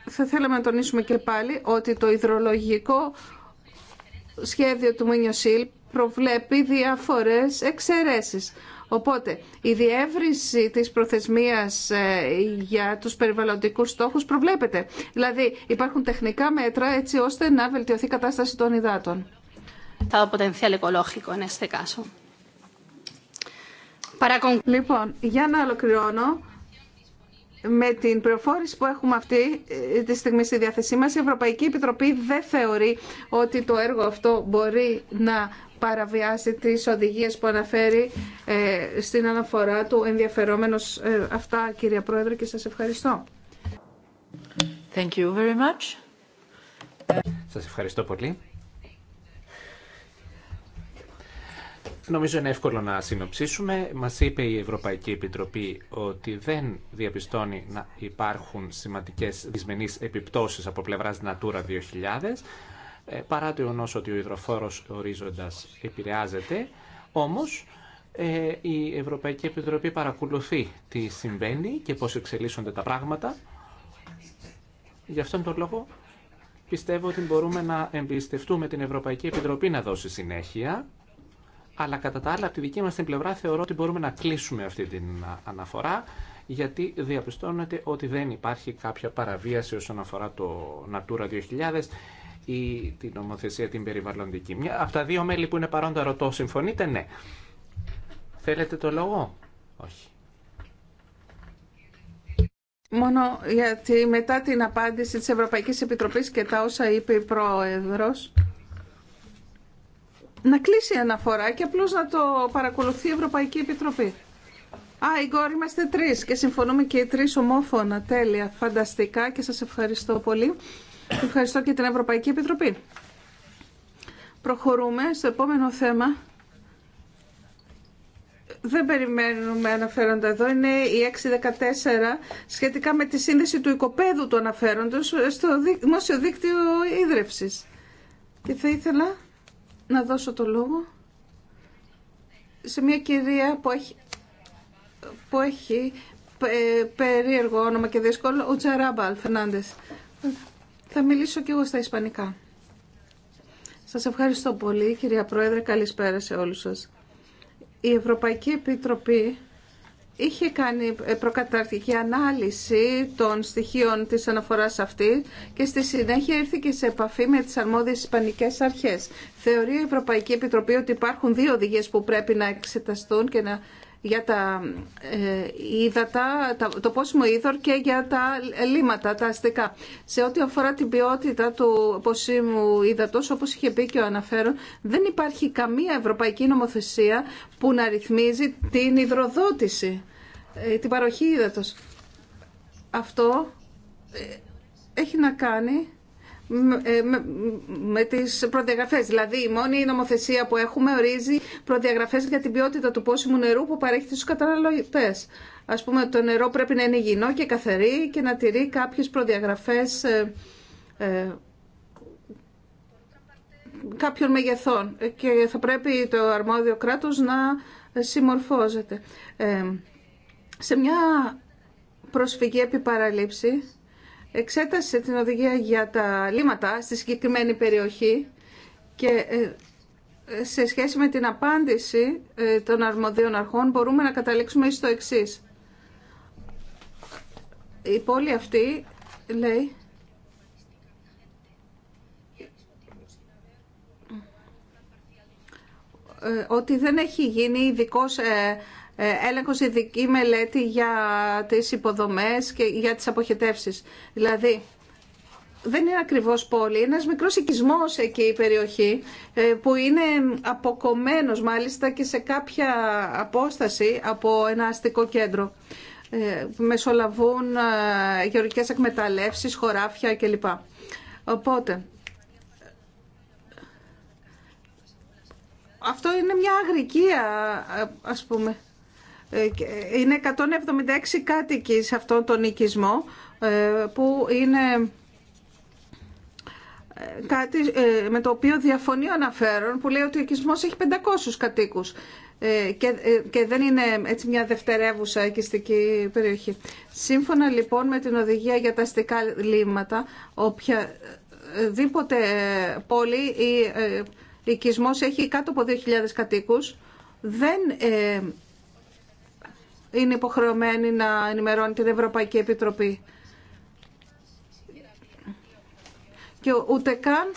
θα θέλαμε να τονίσουμε και πάλι ότι το υδρολογικό σχέδιο του Μουνιοσίλ προβλέπει διάφορες εξαιρέσεις Οπότε, η διεύρυνση της προθεσμίας ε, για τους περιβαλλοντικούς στόχους προβλέπεται. Δηλαδή, υπάρχουν τεχνικά μέτρα έτσι ώστε να βελτιωθεί η κατάσταση των υδάτων. Λοιπόν, για να ολοκληρώνω, με την πληροφόρηση που έχουμε αυτή ε, τη στιγμή στη διάθεσή μας, η Ευρωπαϊκή Επιτροπή δεν θεωρεί ότι το έργο αυτό μπορεί να παραβιάσει τις οδηγίες που αναφέρει ε, στην αναφορά του ενδιαφερόμενος. Ε, αυτά, κυρία Πρόεδρε, και σας ευχαριστώ. Thank you very much. Σας ευχαριστώ πολύ. Νομίζω είναι εύκολο να συνοψίσουμε. Μας είπε η Ευρωπαϊκή Επιτροπή ότι δεν διαπιστώνει να υπάρχουν σημαντικές δυσμενείς επιπτώσεις από πλευράς Natura 2000, ε, παρά το γεγονό ότι ο υδροφόρος ορίζοντας επηρεάζεται. Όμως, ε, η Ευρωπαϊκή Επιτροπή παρακολουθεί τι συμβαίνει και πώς εξελίσσονται τα πράγματα. Γι' αυτόν τον λόγο πιστεύω ότι μπορούμε να εμπιστευτούμε την Ευρωπαϊκή Επιτροπή να δώσει συνέχεια αλλά κατά τα άλλα από τη δική μας την πλευρά θεωρώ ότι μπορούμε να κλείσουμε αυτή την αναφορά γιατί διαπιστώνεται ότι δεν υπάρχει κάποια παραβίαση όσον αφορά το Natura 2000 ή την νομοθεσία την περιβαλλοντική. Μια, από τα δύο μέλη που είναι παρόντα ρωτώ, συμφωνείτε, ναι. Θέλετε το λόγο, όχι. Μόνο γιατί μετά την απάντηση της Ευρωπαϊκής Επιτροπής και τα όσα είπε η Πρόεδρος, να κλείσει η αναφορά και απλώ να το παρακολουθεί η Ευρωπαϊκή Επιτροπή. Α, Ιγκόρ, είμαστε τρεις και συμφωνούμε και οι τρεις ομόφωνα. Τέλεια, φανταστικά και σας ευχαριστώ πολύ. Ευχαριστώ και την Ευρωπαϊκή Επιτροπή. Προχωρούμε στο επόμενο θέμα. Δεν περιμένουμε αναφέροντα εδώ. Είναι η 614 σχετικά με τη σύνδεση του οικοπαίδου του αναφέροντος στο δημόσιο δίκτυο ίδρυυσης. Και θα ήθελα να δώσω το λόγο σε μια κυρία που έχει, ε, περίεργο όνομα και δύσκολο, ο Τζαράμπαλ Φερνάντες. Θα μιλήσω και εγώ στα ισπανικά. Σας ευχαριστώ πολύ, κυρία Πρόεδρε. Καλησπέρα σε όλους σας. Η Ευρωπαϊκή Επιτροπή είχε κάνει ε, προκαταρτική ανάλυση των στοιχείων της αναφοράς αυτή και στη συνέχεια ήρθε και σε επαφή με τις αρμόδιες ισπανικές αρχές. Θεωρεί η Ευρωπαϊκή Επιτροπή ότι υπάρχουν δύο οδηγίες που πρέπει να εξεταστούν και να για τα ε, το πόσιμο ύδωρ και για τα λίματα, τα αστικά. Σε ό,τι αφορά την ποιότητα του πόσιμου ύδατος, όπως είχε πει και ο αναφέρον, δεν υπάρχει καμία ευρωπαϊκή νομοθεσία που να ρυθμίζει την υδροδότηση. Ε, την παροχή ύδατος. Αυτό ε, έχει να κάνει ε, με τις προδιαγραφές. Δηλαδή η μόνη νομοθεσία που έχουμε ορίζει προδιαγραφές για την ποιότητα του πόσιμου νερού που παρέχεται στους καταναλωτές. Ας πούμε το νερό πρέπει να είναι υγιεινό και καθαρή και να τηρεί κάποιες προδιαγραφές κάποιων μεγεθών και θα πρέπει το αρμόδιο κράτος να συμμορφώζεται. Σε μια προσφυγή επί παραλήψη, εξέτασε την οδηγία για τα λίματα στη συγκεκριμένη περιοχή και ε, σε σχέση με την απάντηση ε, των αρμοδίων αρχών μπορούμε να καταλήξουμε στο εξής. Η πόλη αυτή λέει ε, ότι δεν έχει γίνει ειδικό ε, έλεγχος ειδική μελέτη για τις υποδομές και για τις αποχετεύσεις. Δηλαδή, δεν είναι ακριβώς πόλη, είναι ένας μικρός οικισμός εκεί η περιοχή ε, που είναι αποκομμένος μάλιστα και σε κάποια απόσταση από ένα αστικό κέντρο. Ε, μεσολαβούν γεωργικές εκμεταλλεύσεις, χωράφια κλπ. Οπότε, αυτό είναι μια αγρικία ας πούμε είναι 176 κάτοικοι σε αυτόν τον οικισμό ε, που είναι ε, κάτι ε, με το οποίο διαφωνεί ο αναφέρον που λέει ότι ο οικισμός έχει 500 κατοίκους και δεν είναι έτσι μια δευτερεύουσα οικιστική περιοχή. Σύμφωνα λοιπόν με την οδηγία για τα αστικά λίμματα, οποιαδήποτε πόλη ή οικισμός έχει κάτω από 2.000 κατοίκους δεν είναι υποχρεωμένη να ενημερώνει την Ευρωπαϊκή Επιτροπή. Και ούτε καν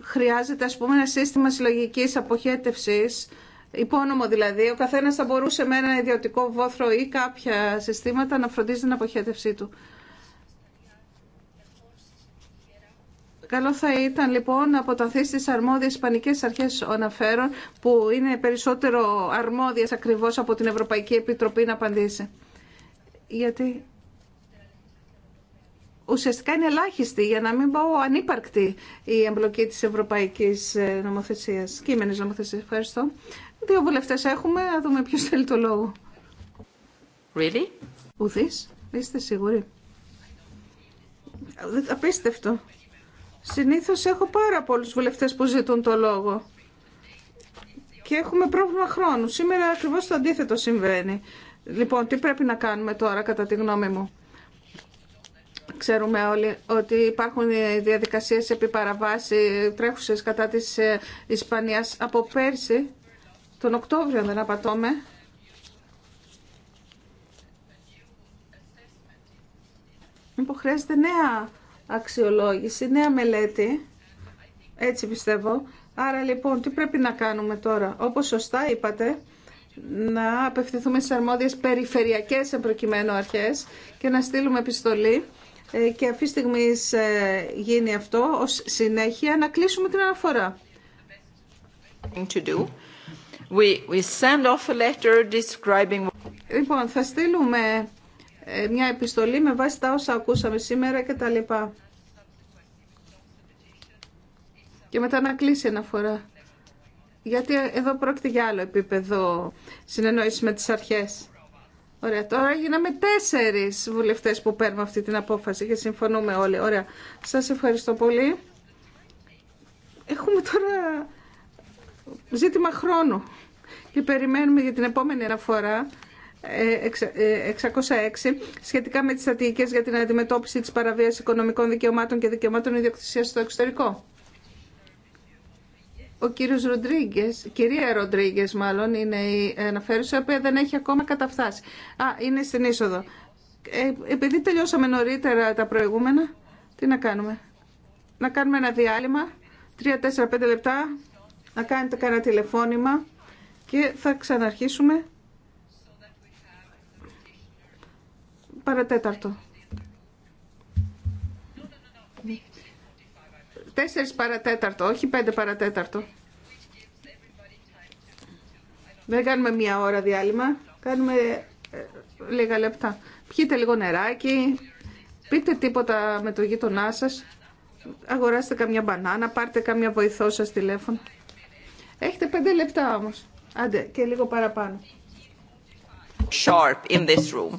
χρειάζεται ας πούμε ένα σύστημα συλλογικής αποχέτευσης, υπόνομο δηλαδή, ο καθένας θα μπορούσε με ένα ιδιωτικό βόθρο ή κάποια συστήματα να φροντίζει την αποχέτευσή του. Καλό θα ήταν λοιπόν να αποταθεί στι αρμόδιε ισπανικέ αρχέ αναφέρων, που είναι περισσότερο αρμόδιε ακριβώ από την Ευρωπαϊκή Επιτροπή να απαντήσει. Γιατί ουσιαστικά είναι ελάχιστη, για να μην πω ανύπαρκτη, η εμπλοκή της Ευρωπαϊκής ε, Νομοθεσίας, κείμενης νομοθεσίας. Ευχαριστώ. Δύο βουλευτέ έχουμε, να δούμε ποιο θέλει το λόγο. Really? είστε σίγουροι. Απίστευτο. Συνήθως έχω πάρα πολλούς βουλευτές που ζητούν το λόγο και έχουμε πρόβλημα χρόνου. Σήμερα ακριβώς το αντίθετο συμβαίνει. Λοιπόν, τι πρέπει να κάνουμε τώρα κατά τη γνώμη μου. Ξέρουμε όλοι ότι υπάρχουν διαδικασίες επί παραβάση τρέχουσες κατά της ε, Ισπανίας από πέρσι, τον Οκτώβριο δεν απατώμε. Μήπως νέα αξιολόγηση, νέα μελέτη, έτσι πιστεύω. Άρα λοιπόν, τι πρέπει να κάνουμε τώρα. Όπως σωστά είπατε, να απευθυνθούμε στις αρμόδιες περιφερειακές εμπροκειμένου αρχές και να στείλουμε επιστολή ε, και αυτή τη στιγμή ε, γίνει αυτό ως συνέχεια να κλείσουμε την αναφορά. Λοιπόν, θα στείλουμε ε, μια επιστολή με βάση τα όσα ακούσαμε σήμερα και τα λοιπά. Και μετά να κλείσει φορά. Γιατί εδώ πρόκειται για άλλο επίπεδο συνεννόηση με τις αρχές. Ωραία, τώρα γίναμε τέσσερις βουλευτές που παίρνουμε αυτή την απόφαση και συμφωνούμε όλοι. Ωραία, σας ευχαριστώ πολύ. Έχουμε τώρα ζήτημα χρόνου και περιμένουμε για την επόμενη αναφορά 606 ε, ε, σχετικά με τις στρατηγικές για την αντιμετώπιση της παραβίασης οικονομικών δικαιωμάτων και δικαιωμάτων ιδιοκτησίας στο εξωτερικό. Ο κύριος Ροντρίγκες, κυρία Ροντρίγκες μάλλον είναι η αναφέρουσα, η οποία δεν έχει ακόμα καταφτάσει. Α, είναι στην είσοδο. Ε, επειδή τελειώσαμε νωρίτερα τα προηγούμενα, τι να κάνουμε. Να κάνουμε ένα διάλειμμα, 3-4-5 λεπτά, να κάνετε κανένα τηλεφώνημα και θα ξαναρχίσουμε. παρατέταρτο. Τέσσερις παρατέταρτο, όχι πέντε παρατέταρτο. Δεν κάνουμε μία ώρα διάλειμμα, κάνουμε ε, λίγα λεπτά. Πιείτε λίγο νεράκι, πείτε τίποτα με το γείτονά σας, αγοράστε καμιά μπανάνα, πάρτε καμιά βοηθό σας τηλέφωνο. Έχετε πέντε λεπτά όμως. Άντε και λίγο παραπάνω. Sharp in this room.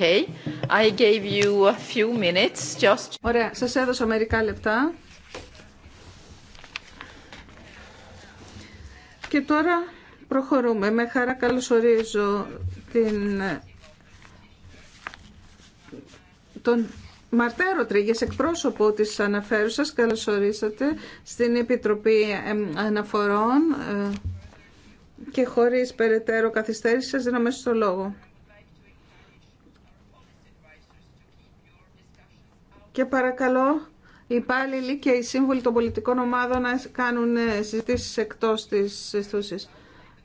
Okay. I gave you a few minutes just... Ωραία, σας έδωσα μερικά λεπτά. Και τώρα προχωρούμε. Με χαρά καλωσορίζω την... τον Μαρτέρο Τρίγες, εκπρόσωπο της αναφέρουσας, καλωσορίσατε στην Επιτροπή Αναφορών ε, και χωρίς περαιτέρω καθυστέρηση σας δίνω μέσα στο λόγο. Και παρακαλώ οι υπάλληλοι και οι σύμβουλοι των πολιτικών ομάδων να κάνουν ε, συζητήσεις εκτός της αισθούσης.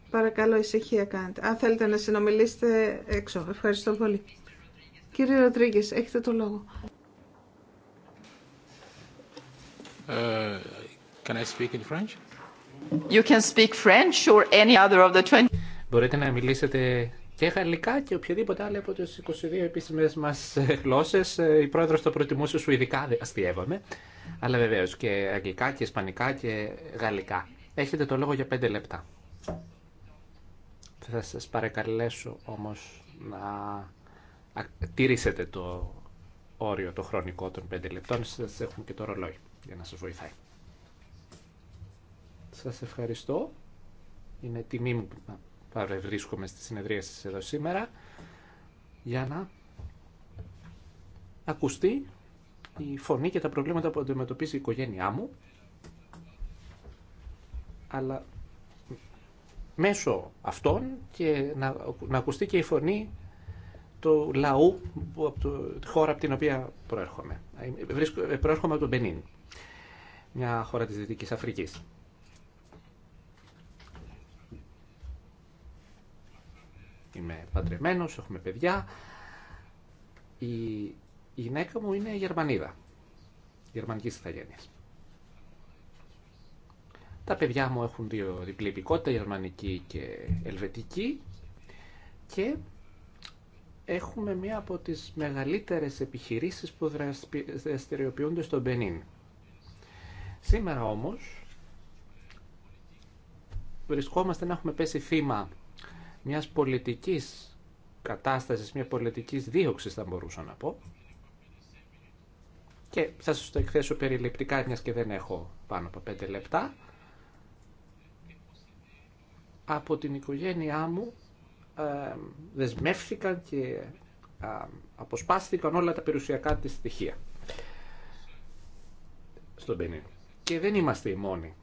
Παρακαλώ, ησυχία κάνετε. Αν θέλετε να συνομιλήσετε έξω. Ευχαριστώ πολύ. Κύριε Ροντρίγκε, έχετε το λόγο. Μπορείτε να μιλήσετε και γαλλικά και οποιαδήποτε άλλο από τι 22 επίσημέ μας ε, γλώσσε. Ε, η πρόεδρο το προτιμούσε σου ειδικά, αστείευαμε. Αλλά βεβαίω και αγγλικά και ισπανικά και γαλλικά. Έχετε το λόγο για 5 λεπτά. Θα σας παρακαλέσω όμως να τηρήσετε το όριο το χρονικό των 5 λεπτών. σα έχουμε και το ρολόι για να σα βοηθάει. Σα ευχαριστώ. Είναι τιμή μου Βρίσκομαι στη συνεδρία σα εδώ σήμερα για να ακουστεί η φωνή και τα προβλήματα που αντιμετωπίζει η οικογένειά μου αλλά μέσω αυτών και να, να ακουστεί και η φωνή του λαού από τη χώρα από την οποία προέρχομαι. Προέρχομαι από τον Μπενίν, μια χώρα της Δυτικής Αφρικής. είμαι παντρεμένος, έχουμε παιδιά. Η, η γυναίκα μου είναι Γερμανίδα, γερμανική ηθαγένεια. Τα παιδιά μου έχουν δύο διπλή υπηκότητα, γερμανική και ελβετική και έχουμε μία από τις μεγαλύτερες επιχειρήσεις που δραστηριοποιούνται στο Μπενίν. Σήμερα όμως βρισκόμαστε να έχουμε πέσει θύμα μιας πολιτικής κατάστασης, μια πολιτικής δίωξης θα μπορούσα να πω. Και θα σας το εκθέσω περιληπτικά, μιας και δεν έχω πάνω από πέντε λεπτά. Από την οικογένειά μου ε, και ε, αποσπάστηκαν όλα τα περιουσιακά της στοιχεία στον Και δεν είμαστε οι μόνοι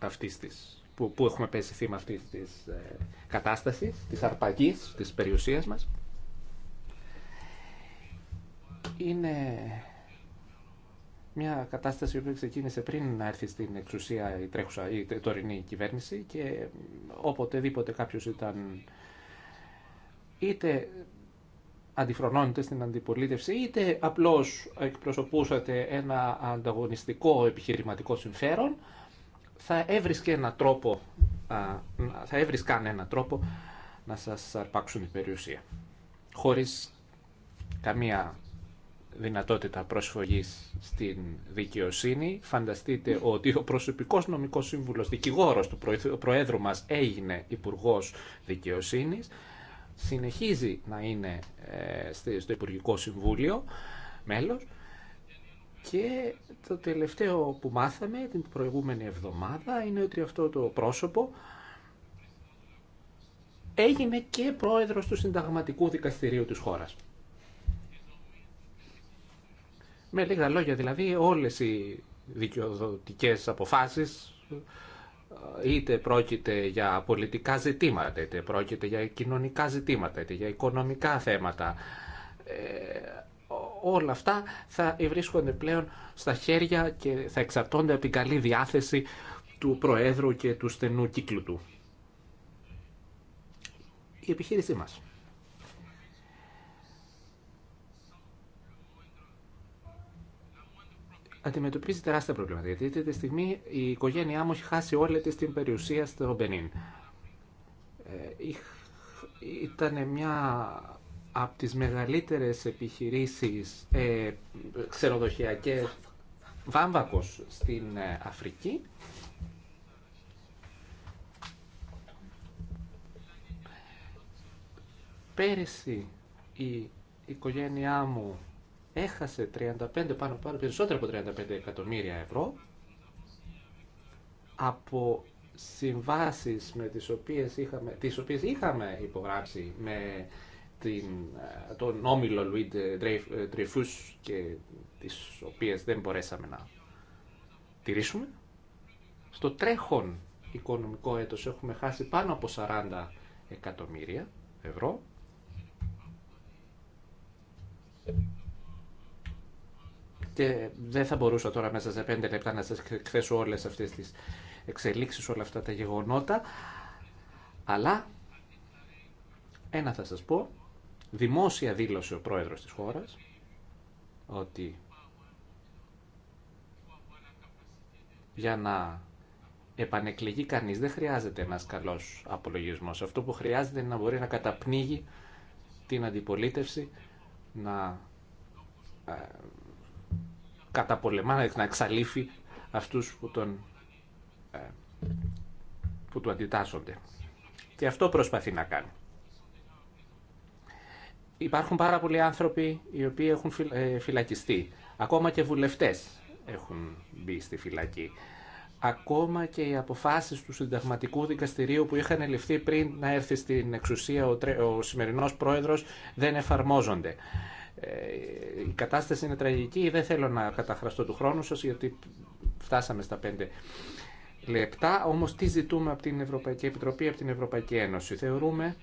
αυτής της που, που έχουμε πέσει θύμα αυτής της ε, κατάστασης, της αρπαγής, της περιουσίας μας. Είναι μια κατάσταση που ξεκίνησε πριν να έρθει στην εξουσία η τρέχουσα, η τωρινή κυβέρνηση και οποτεδήποτε κάποιος ήταν είτε αντιφρονώνεται στην αντιπολίτευση, είτε απλώς εκπροσωπούσατε ένα ανταγωνιστικό επιχειρηματικό συμφέρον, θα έβρισκε ένα τρόπο, θα έβρισκαν ένα τρόπο να σας αρπάξουν την περιουσία. Χωρίς καμία δυνατότητα προσφογής στην δικαιοσύνη. Φανταστείτε ότι ο προσωπικός νομικός σύμβουλος, δικηγόρος του Προέδρου μας έγινε Υπουργός Δικαιοσύνης, συνεχίζει να είναι ε, στο Υπουργικό Συμβούλιο μέλος και το τελευταίο που μάθαμε την προηγούμενη εβδομάδα είναι ότι αυτό το πρόσωπο έγινε και πρόεδρος του συνταγματικού δικαστηρίου της χώρας. Με λίγα λόγια δηλαδή όλες οι δικαιοδοτικές αποφάσεις είτε πρόκειται για πολιτικά ζητήματα, είτε πρόκειται για κοινωνικά ζητήματα, είτε για οικονομικά θέματα ε, όλα αυτά θα βρίσκονται πλέον στα χέρια και θα εξαρτώνται από την καλή διάθεση του Προέδρου και του στενού κύκλου του. Η επιχείρησή μας. Αντιμετωπίζει τεράστια προβλήματα. Γιατί τη στιγμή η οικογένειά μου έχει χάσει όλη της την περιουσία στο Μπενίν. Ε, ήταν μια από τις μεγαλύτερες επιχειρήσεις ε, ξεροδοχειακές βάμβακος στην ε, Αφρική. Πέρυσι η οικογένειά μου έχασε 35, πάνω, πάνω περισσότερα από 35 εκατομμύρια ευρώ από συμβάσεις με τις οποίες είχαμε, τις οποίες είχαμε υπογράψει με την, ε, τον όμιλο Λουίντ Τρεφούς και τις οποίες δεν μπορέσαμε να τηρήσουμε. Στο τρέχον οικονομικό έτος έχουμε χάσει πάνω από 40 εκατομμύρια ευρώ. Και δεν θα μπορούσα τώρα μέσα σε 5 λεπτά να σας εκθέσω όλες αυτές τις εξελίξεις, όλα αυτά τα γεγονότα. Αλλά ένα θα σας πω, Δημόσια δήλωσε ο πρόεδρος της χώρας ότι για να επανεκλεγεί κανείς δεν χρειάζεται ένας καλός απολογισμός. Αυτό που χρειάζεται είναι να μπορεί να καταπνίγει την αντιπολίτευση, να ε, καταπολεμά, να εξαλείφει αυτούς που τον ε, που του αντιτάσσονται. Και αυτό προσπαθεί να κάνει υπάρχουν πάρα πολλοί άνθρωποι οι οποίοι έχουν ε, φυλακιστεί. Ακόμα και βουλευτές έχουν μπει στη φυλακή. Ακόμα και οι αποφάσεις του συνταγματικού δικαστηρίου που είχαν ληφθεί πριν να έρθει στην εξουσία ο, τρε... ο σημερινός πρόεδρος δεν εφαρμόζονται. Ε, η κατάσταση είναι τραγική. Δεν θέλω να καταχραστώ του χρόνου σας γιατί φτάσαμε στα πέντε λεπτά. Όμως τι ζητούμε από την Ευρωπαϊκή Επιτροπή, από την Ευρωπαϊκή Ένωση. Θεωρούμε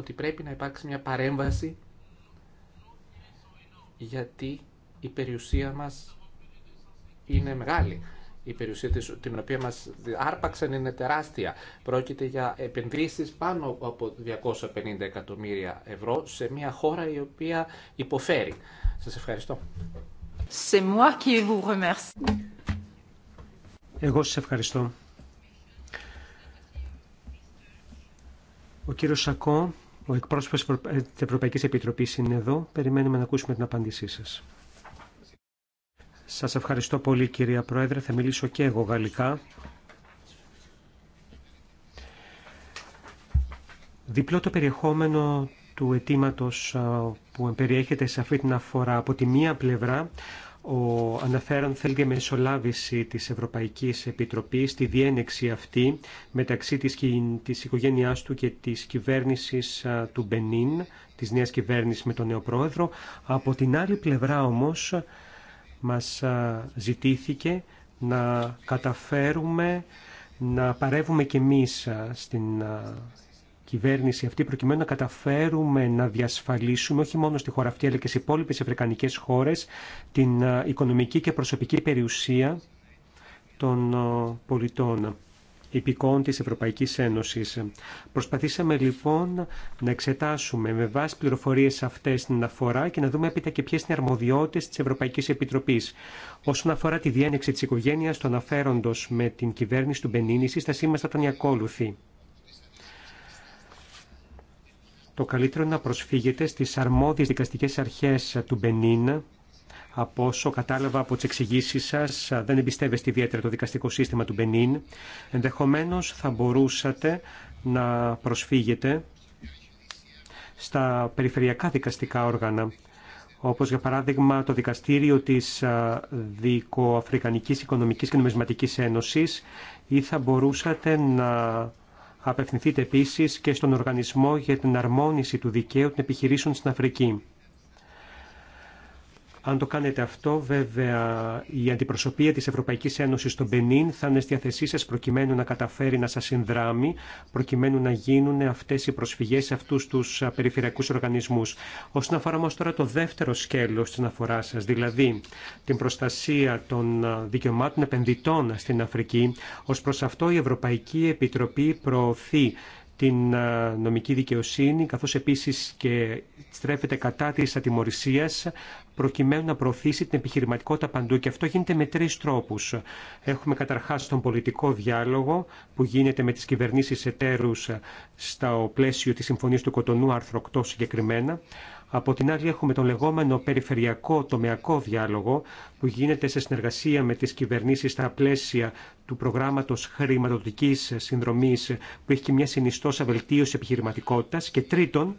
ότι πρέπει να υπάρξει μια παρέμβαση γιατί η περιουσία μας είναι μεγάλη. Η περιουσία της, την οποία μας άρπαξαν είναι τεράστια. Πρόκειται για επενδύσεις πάνω από 250 εκατομμύρια ευρώ σε μια χώρα η οποία υποφέρει. Σας ευχαριστώ. Εγώ σας ευχαριστώ. Ο κύριος Σακό ο εκπρόσωπος της Ευρωπαϊκής Επιτροπής είναι εδώ. Περιμένουμε να ακούσουμε την απάντησή σας. Σας ευχαριστώ πολύ κυρία Πρόεδρε. Θα μιλήσω και εγώ γαλλικά. Διπλό το περιεχόμενο του αιτήματο που περιέχεται σε αυτή την αφορά. Από τη μία πλευρά ο αναφέρον θέλει μεσολάβηση της Ευρωπαϊκής Επιτροπής στη διένεξη αυτή μεταξύ της, της οικογένειάς του και της κυβέρνησης του Μπενίν, της νέας κυβέρνησης με τον νέο πρόεδρο. Από την άλλη πλευρά όμως μας ζητήθηκε να καταφέρουμε να παρεύουμε κι εμείς στην κυβέρνηση αυτή προκειμένου να καταφέρουμε να διασφαλίσουμε όχι μόνο στη χώρα αυτή αλλά και σε υπόλοιπες αφρικανικές χώρες την ε, οικονομική και προσωπική περιουσία των ε, πολιτών υπηκών της Ευρωπαϊκής Ένωσης. Προσπαθήσαμε λοιπόν να εξετάσουμε με βάση πληροφορίες αυτές την αναφορά και να δούμε έπειτα και ποιες είναι οι αρμοδιότητες της Ευρωπαϊκής Επιτροπής. Όσον αφορά τη διένεξη της οικογένειας το αναφέροντος με την κυβέρνηση του Μπενίνης, η στασή ήταν η ακόλουθη το καλύτερο να προσφύγετε στις αρμόδιες δικαστικές αρχές του Μπενίν. Από όσο κατάλαβα από τις εξηγήσει σας, δεν εμπιστεύεστε ιδιαίτερα το δικαστικό σύστημα του Μπενίν. Ενδεχομένως θα μπορούσατε να προσφύγετε στα περιφερειακά δικαστικά όργανα, όπως για παράδειγμα το Δικαστήριο της Δικοαφρικανικής Οικονομικής και Νομισματικής Ένωσης ή θα μπορούσατε να Απευθυνθείτε επίσης και στον Οργανισμό για την Αρμόνιση του Δικαίου των Επιχειρήσεων στην Αφρική. Αν το κάνετε αυτό, βέβαια η αντιπροσωπεία τη Ευρωπαϊκή Ένωση στον Πενίν θα είναι στη διαθεσή σα προκειμένου να καταφέρει να σα συνδράμει, προκειμένου να γίνουν αυτέ οι προσφυγέ σε αυτούς του περιφερειακούς οργανισμούς. Όσον αφορά όμω τώρα το δεύτερο σκέλος της αναφορά σα, δηλαδή την προστασία των δικαιωμάτων επενδυτών στην Αφρική, Ω προ αυτό η Ευρωπαϊκή Επιτροπή προωθεί την νομική δικαιοσύνη, καθώς επίσης και στρέφεται κατά της ατιμορρησίας, προκειμένου να προωθήσει την επιχειρηματικότητα παντού. Και αυτό γίνεται με τρεις τρόπους. Έχουμε καταρχάς τον πολιτικό διάλογο που γίνεται με τις κυβερνήσεις εταίρους ε, στο πλαίσιο της Συμφωνίας του Κοτονού, άρθρο 8 συγκεκριμένα. Από την άλλη έχουμε τον λεγόμενο περιφερειακό τομεακό διάλογο που γίνεται σε συνεργασία με τις κυβερνήσεις στα πλαίσια του προγράμματος χρηματοδοτικής συνδρομής που έχει και μια συνιστόσα βελτίωση επιχειρηματικότητας και τρίτον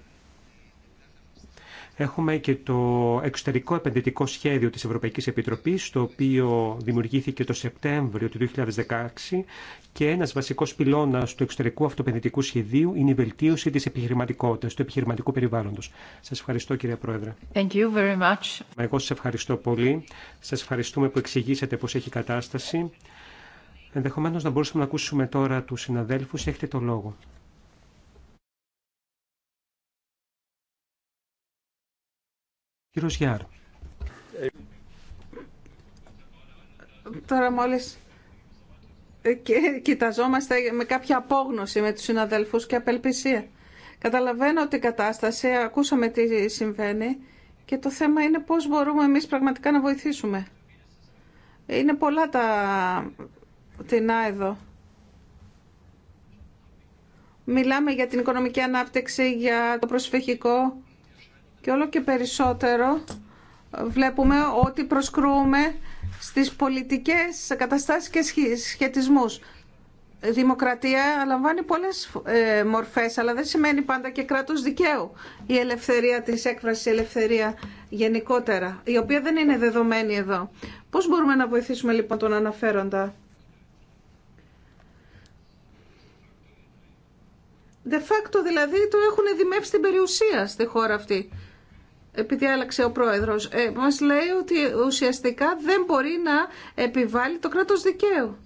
Έχουμε και το εξωτερικό επενδυτικό σχέδιο της Ευρωπαϊκής Επιτροπής, το οποίο δημιουργήθηκε το Σεπτέμβριο του 2016 και ένας βασικός πυλώνας του εξωτερικού αυτοπενδυτικού σχεδίου είναι η βελτίωση της επιχειρηματικότητας, του επιχειρηματικού περιβάλλοντος. Σας ευχαριστώ κύριε Πρόεδρε. Thank you very much. Εγώ σας ευχαριστώ πολύ. Σας ευχαριστούμε που εξηγήσατε πώς έχει η κατάσταση. Ενδεχομένως να μπορούσαμε να ακούσουμε τώρα τους συναδέλφους. Έχετε το λόγο. Κύριος Γιάρ. Τώρα μόλις ε, και κοιταζόμαστε με κάποια απόγνωση με τους συναδελφούς και απελπισία. Καταλαβαίνω την κατάσταση, ακούσαμε τι συμβαίνει και το θέμα είναι πώς μπορούμε εμείς πραγματικά να βοηθήσουμε. Είναι πολλά τα τεινά εδώ. Μιλάμε για την οικονομική ανάπτυξη, για το προσφυγικό, και όλο και περισσότερο βλέπουμε ότι προσκρούμε στις πολιτικές καταστάσεις και σχετισμούς. δημοκρατία λαμβάνει πολλές ε, μορφές, αλλά δεν σημαίνει πάντα και κράτος δικαίου. Η ελευθερία της έκφρασης, η ελευθερία γενικότερα, η οποία δεν είναι δεδομένη εδώ. Πώς μπορούμε να βοηθήσουμε λοιπόν τον αναφέροντα. De facto δηλαδή το έχουν δημεύσει την περιουσία στη χώρα αυτή επειδή άλλαξε ο πρόεδρος, ε, μας λέει ότι ουσιαστικά δεν μπορεί να επιβάλλει το κράτος δικαίου.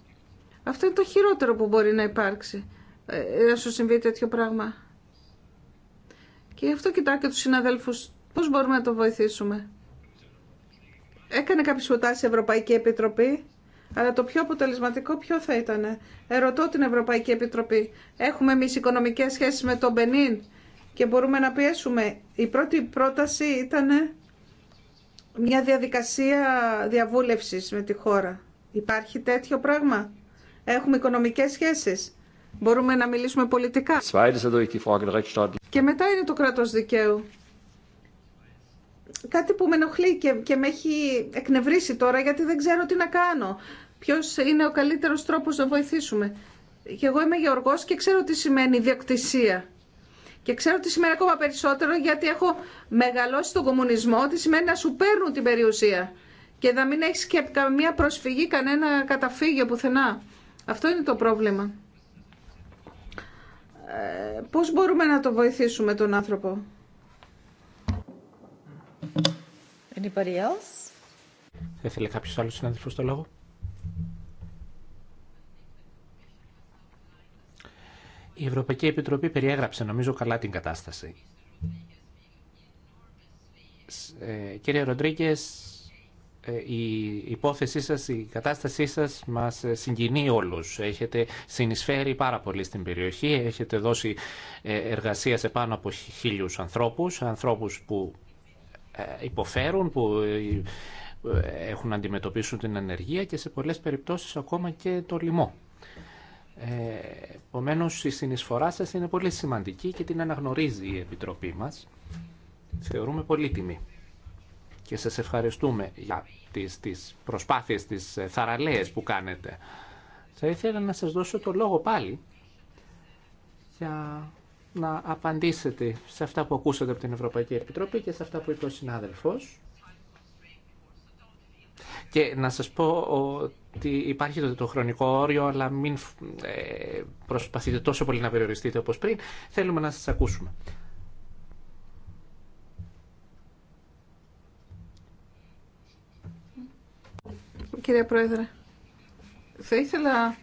Αυτό είναι το χειρότερο που μπορεί να υπάρξει, ε, να σου συμβεί τέτοιο πράγμα. Και γι' αυτό κοιτάω και τους συναδέλφους πώς μπορούμε να το βοηθήσουμε. Έκανε κάποιες προτάσεις η Ευρωπαϊκή Επιτροπή, αλλά το πιο αποτελεσματικό ποιο θα ήταν. Ερωτώ την Ευρωπαϊκή Επιτροπή. Έχουμε εμεί οικονομικές σχέσεις με τον Μπενίν και μπορούμε να πιέσουμε. Η πρώτη πρόταση ήταν μια διαδικασία διαβούλευσης με τη χώρα. Υπάρχει τέτοιο πράγμα. Έχουμε οικονομικές σχέσεις. Μπορούμε να μιλήσουμε πολιτικά. Και μετά είναι το κράτος δικαίου. Κάτι που με ενοχλεί και, και με έχει εκνευρίσει τώρα γιατί δεν ξέρω τι να κάνω. Ποιος είναι ο καλύτερος τρόπος να βοηθήσουμε. Και εγώ είμαι γεωργός και ξέρω τι σημαίνει ιδιοκτησία. Και ξέρω ότι σήμερα ακόμα περισσότερο γιατί έχω μεγαλώσει τον κομμουνισμό, ότι σημαίνει να σου παίρνουν την περιουσία και να μην έχει και καμία προσφυγή, κανένα καταφύγιο πουθενά. Αυτό είναι το πρόβλημα. Ε, πώς μπορούμε να το βοηθήσουμε τον άνθρωπο. Anybody else? Θα ήθελε κάποιος άλλος συνάδελφος το λόγο. Η Ευρωπαϊκή Επιτροπή περιέγραψε νομίζω καλά την κατάσταση. Ε, κύριε Ροντρίγκε, ε, η υπόθεσή σας, η κατάστασή σας μας ε, συγκινεί όλους. Έχετε συνεισφέρει πάρα πολύ στην περιοχή, έχετε δώσει εργασία σε πάνω από χίλιους ανθρώπους, ανθρώπους που υποφέρουν, που έχουν να αντιμετωπίσουν την ανεργία και σε πολλές περιπτώσεις ακόμα και το λοιμό. Επομένω, η συνεισφορά σας είναι πολύ σημαντική και την αναγνωρίζει η Επιτροπή μας. Θεωρούμε πολύτιμη και σας ευχαριστούμε για τι τις προσπάθειες, τις ε, θαραλέες που κάνετε. Θα ήθελα να σας δώσω το λόγο πάλι για να απαντήσετε σε αυτά που ακούσατε από την Ευρωπαϊκή Επιτροπή και σε αυτά που είπε ο συνάδελφος. Και να σας πω ότι υπάρχει το χρονικό όριο, αλλά μην ε, προσπαθείτε τόσο πολύ να περιοριστείτε όπως πριν. Θέλουμε να σας ακούσουμε. Κύριε Πρόεδρε, θα ήθελα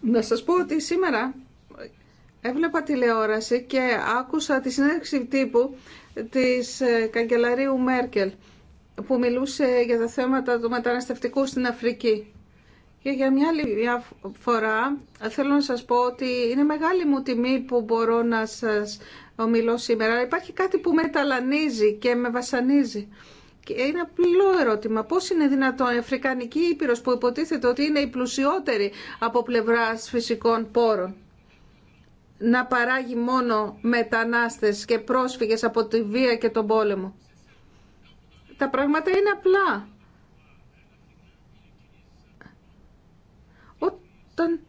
να σας πω ότι σήμερα έβλεπα τηλεόραση και άκουσα τη συνέντευξη τύπου της ε, καγκελαρίου Μέρκελ που μιλούσε για τα θέματα του μεταναστευτικού στην Αφρική. Και για μια άλλη φορά θέλω να σας πω ότι είναι μεγάλη μου τιμή που μπορώ να σας ομιλώ σήμερα. Υπάρχει κάτι που με ταλανίζει και με βασανίζει. Και είναι απλό ερώτημα. Πώς είναι δυνατόν η Αφρικανική Ήπειρος που υποτίθεται ότι είναι η πλουσιότερη από πλευράς φυσικών πόρων να παράγει μόνο μετανάστες και πρόσφυγες από τη βία και τον πόλεμο. Τα πράγματα είναι απλά. Όταν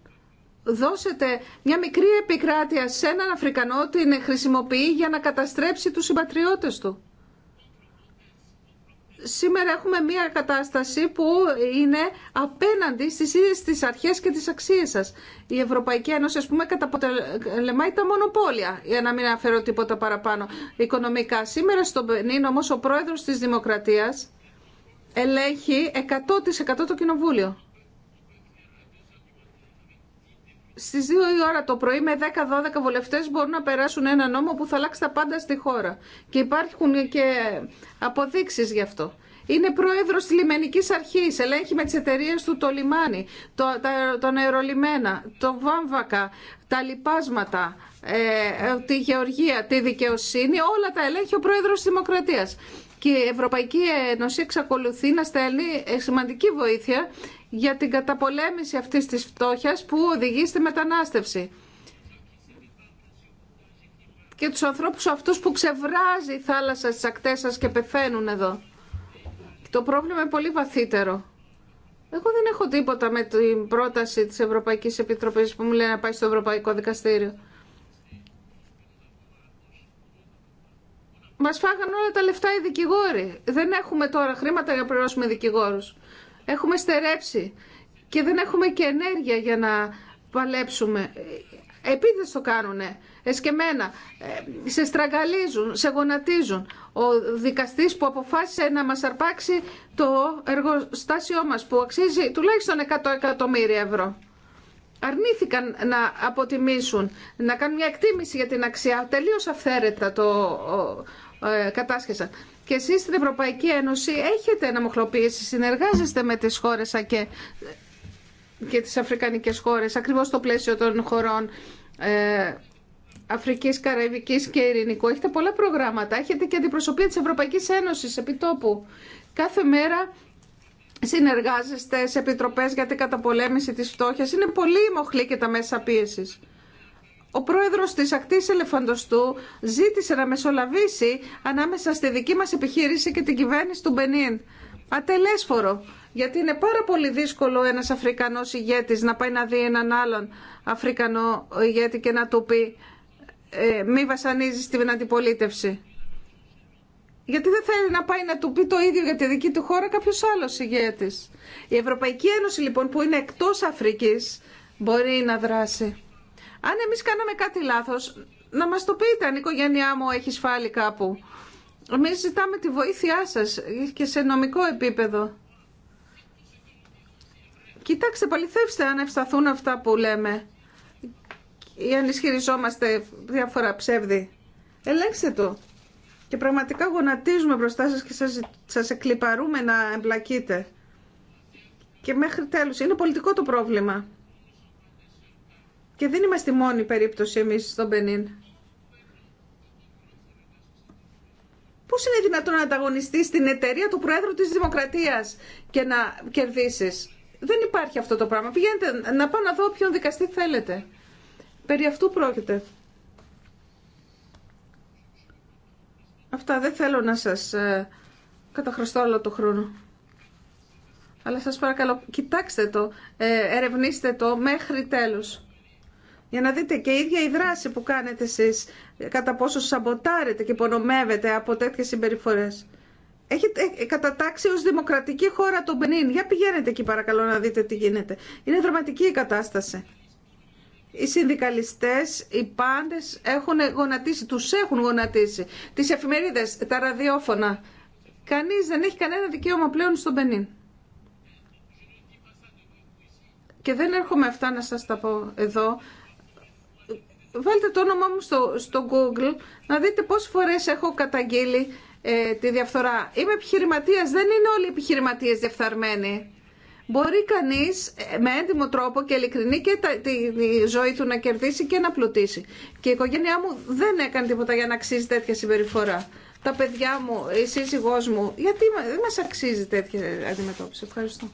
δώσετε μια μικρή επικράτεια σε έναν Αφρικανό, την χρησιμοποιεί για να καταστρέψει τους συμπατριώτες του σήμερα έχουμε μια κατάσταση που είναι απέναντι στις ίδιες τις αρχές και τις αξίες σας. Η Ευρωπαϊκή Ένωση, ας πούμε, καταπολεμάει τα μονοπόλια, για να μην αναφέρω τίποτα παραπάνω οικονομικά. Σήμερα στον Πενίν, όμως, ο πρόεδρος της Δημοκρατίας ελέγχει 100% το κοινοβούλιο. Στι 2 η ώρα το πρωί με 10-12 βουλευτέ μπορούν να περάσουν ένα νόμο που θα αλλάξει τα πάντα στη χώρα. Και υπάρχουν και αποδείξεις γι' αυτό. Είναι πρόεδρο τη λιμενική αρχή, ελέγχει με τι εταιρείε του το λιμάνι, το, τα, τον αερολιμένα, το βάμβακα, τα λοιπάσματα, ε, ε, τη γεωργία, τη δικαιοσύνη, όλα τα ελέγχει ο πρόεδρο τη Δημοκρατία. Και η Ευρωπαϊκή Ένωση εξακολουθεί να στέλνει ε, σημαντική βοήθεια για την καταπολέμηση αυτής της φτώχειας που οδηγεί στη μετανάστευση. Και τους ανθρώπους αυτούς που ξεβράζει η θάλασσα στις ακτές σας και πεθαίνουν εδώ. Το πρόβλημα είναι πολύ βαθύτερο. Εγώ δεν έχω τίποτα με την πρόταση της Ευρωπαϊκής Επιτροπής που μου λέει να πάει στο Ευρωπαϊκό Δικαστήριο. Μας φάγανε όλα τα λεφτά οι δικηγόροι. Δεν έχουμε τώρα χρήματα για να πληρώσουμε δικηγόρου. Έχουμε στερέψει και δεν έχουμε και ενέργεια για να παλέψουμε. Επίδε το κάνουνε, εσκεμένα, ε, σε στραγγαλίζουν, σε γονατίζουν. Ο δικαστής που αποφάσισε να μας αρπάξει το εργοστάσιό μας που αξίζει τουλάχιστον 100 εκατομμύρια ευρώ. Αρνήθηκαν να αποτιμήσουν, να κάνουν μια εκτίμηση για την αξία. Τελείω αυθαίρετα το ε, κατάσχεσαν. Και εσείς στην Ευρωπαϊκή Ένωση έχετε αναμοχλοποίηση, συνεργάζεστε με τις χώρες και τις αφρικανικές χώρες, ακριβώς στο πλαίσιο των χωρών ε, Αφρικής, Καραϊβικής και Ειρηνικού. Έχετε πολλά προγράμματα, έχετε και αντιπροσωπεία της Ευρωπαϊκής Ένωσης επί τόπου. Κάθε μέρα συνεργάζεστε σε επιτροπές για την καταπολέμηση της φτώχειας. Είναι πολύ μοχλή και τα μέσα πίεσης ο πρόεδρος της Ακτής Ελεφαντοστού ζήτησε να μεσολαβήσει ανάμεσα στη δική μας επιχείρηση και την κυβέρνηση του Μπενίν. Ατελέσφορο, γιατί είναι πάρα πολύ δύσκολο ένας Αφρικανός ηγέτης να πάει να δει έναν άλλον Αφρικανό ηγέτη και να του πει ε, μη βασανίζεις την αντιπολίτευση. Γιατί δεν θέλει να πάει να του πει το ίδιο για τη δική του χώρα κάποιο άλλο ηγέτης. Η Ευρωπαϊκή Ένωση λοιπόν που είναι εκτός Αφρικής μπορεί να δράσει. Αν εμεί κάναμε κάτι λάθος, να μα το πείτε αν η οικογένειά μου έχει σφάλει κάπου. Εμείς ζητάμε τη βοήθειά σας και σε νομικό επίπεδο. Κοιτάξτε, παληθεύστε αν ευσταθούν αυτά που λέμε ή αν ισχυριζόμαστε διάφορα ψεύδι. Ελέγξτε το. Και πραγματικά γονατίζουμε μπροστά σας και σας, σας εκλυπαρούμε να εμπλακείτε. Και μέχρι τέλους. Είναι πολιτικό το πρόβλημα. Και δεν είμαστε μόνη περίπτωση εμείς στον Πενίν. Πώς είναι δυνατόν να ανταγωνιστείς την εταιρεία του Προέδρου της Δημοκρατίας και να κερδίσεις. Δεν υπάρχει αυτό το πράγμα. Πηγαίνετε να πάω να δω ποιον δικαστή θέλετε. Περί αυτού πρόκειται. Αυτά δεν θέλω να σας ε, καταχρωστώ όλο το χρόνο. Αλλά σας παρακαλώ, κοιτάξτε το, ε, ερευνήστε το μέχρι τέλους. Για να δείτε και η ίδια η δράση που κάνετε εσείς, κατά πόσο σαμποτάρετε και υπονομεύετε από τέτοιες συμπεριφορές. Έχετε ε, κατατάξει ως δημοκρατική χώρα τον Μπενίν. Για πηγαίνετε εκεί παρακαλώ να δείτε τι γίνεται. Είναι δραματική η κατάσταση. Οι συνδικαλιστές, οι πάντες έχουν γονατίσει, τους έχουν γονατίσει. Τις εφημερίδες, τα ραδιόφωνα. Κανείς δεν έχει κανένα δικαίωμα πλέον στον Μπενίν. Και δεν έρχομαι αυτά να σας τα πω εδώ βάλτε το όνομά μου στο, στο Google να δείτε πόσες φορές έχω καταγγείλει ε, τη διαφθορά. Είμαι επιχειρηματίας, δεν είναι όλοι οι επιχειρηματίες διαφθαρμένοι. Μπορεί κανείς ε, με έντιμο τρόπο και ειλικρινή και τα, τη, ζωή του να κερδίσει και να πλουτίσει. Και η οικογένειά μου δεν έκανε τίποτα για να αξίζει τέτοια συμπεριφορά. Τα παιδιά μου, η σύζυγός μου, γιατί δεν μας αξίζει τέτοια αντιμετώπιση. Ευχαριστώ.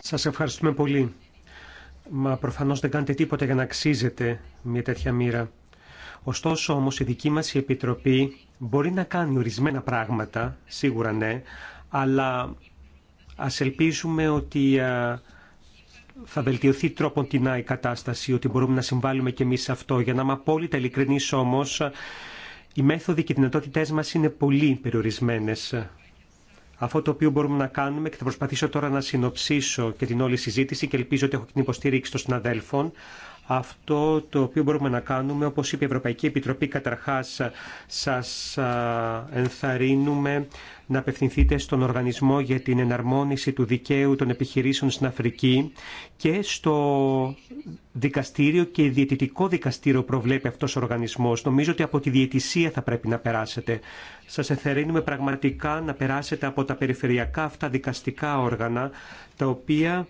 Σα ευχαριστούμε πολύ. Μα προφανώς δεν κάνετε τίποτα για να αξίζετε μια τέτοια μοίρα. Ωστόσο όμως η δική μας η Επιτροπή μπορεί να κάνει ορισμένα πράγματα, σίγουρα ναι, αλλά ας ελπίζουμε ότι θα βελτιωθεί τρόπον την η κατάσταση, ότι μπορούμε να συμβάλλουμε και εμείς σε αυτό. Για να είμαι απόλυτα ειλικρινής όμως, οι μέθοδοι και οι δυνατότητές μας είναι πολύ περιορισμένες. Αυτό το οποίο μπορούμε να κάνουμε και θα προσπαθήσω τώρα να συνοψίσω και την όλη συζήτηση και ελπίζω ότι έχω την υποστήριξη των συναδέλφων αυτό το οποίο μπορούμε να κάνουμε. Όπως είπε η Ευρωπαϊκή Επιτροπή, καταρχάς σας ενθαρρύνουμε να απευθυνθείτε στον Οργανισμό για την Εναρμόνιση του Δικαίου των Επιχειρήσεων στην Αφρική και στο δικαστήριο και διαιτητικό δικαστήριο προβλέπει αυτός ο οργανισμός. Νομίζω ότι από τη διαιτησία θα πρέπει να περάσετε. Σας ενθαρρύνουμε πραγματικά να περάσετε από τα περιφερειακά αυτά δικαστικά όργανα, τα οποία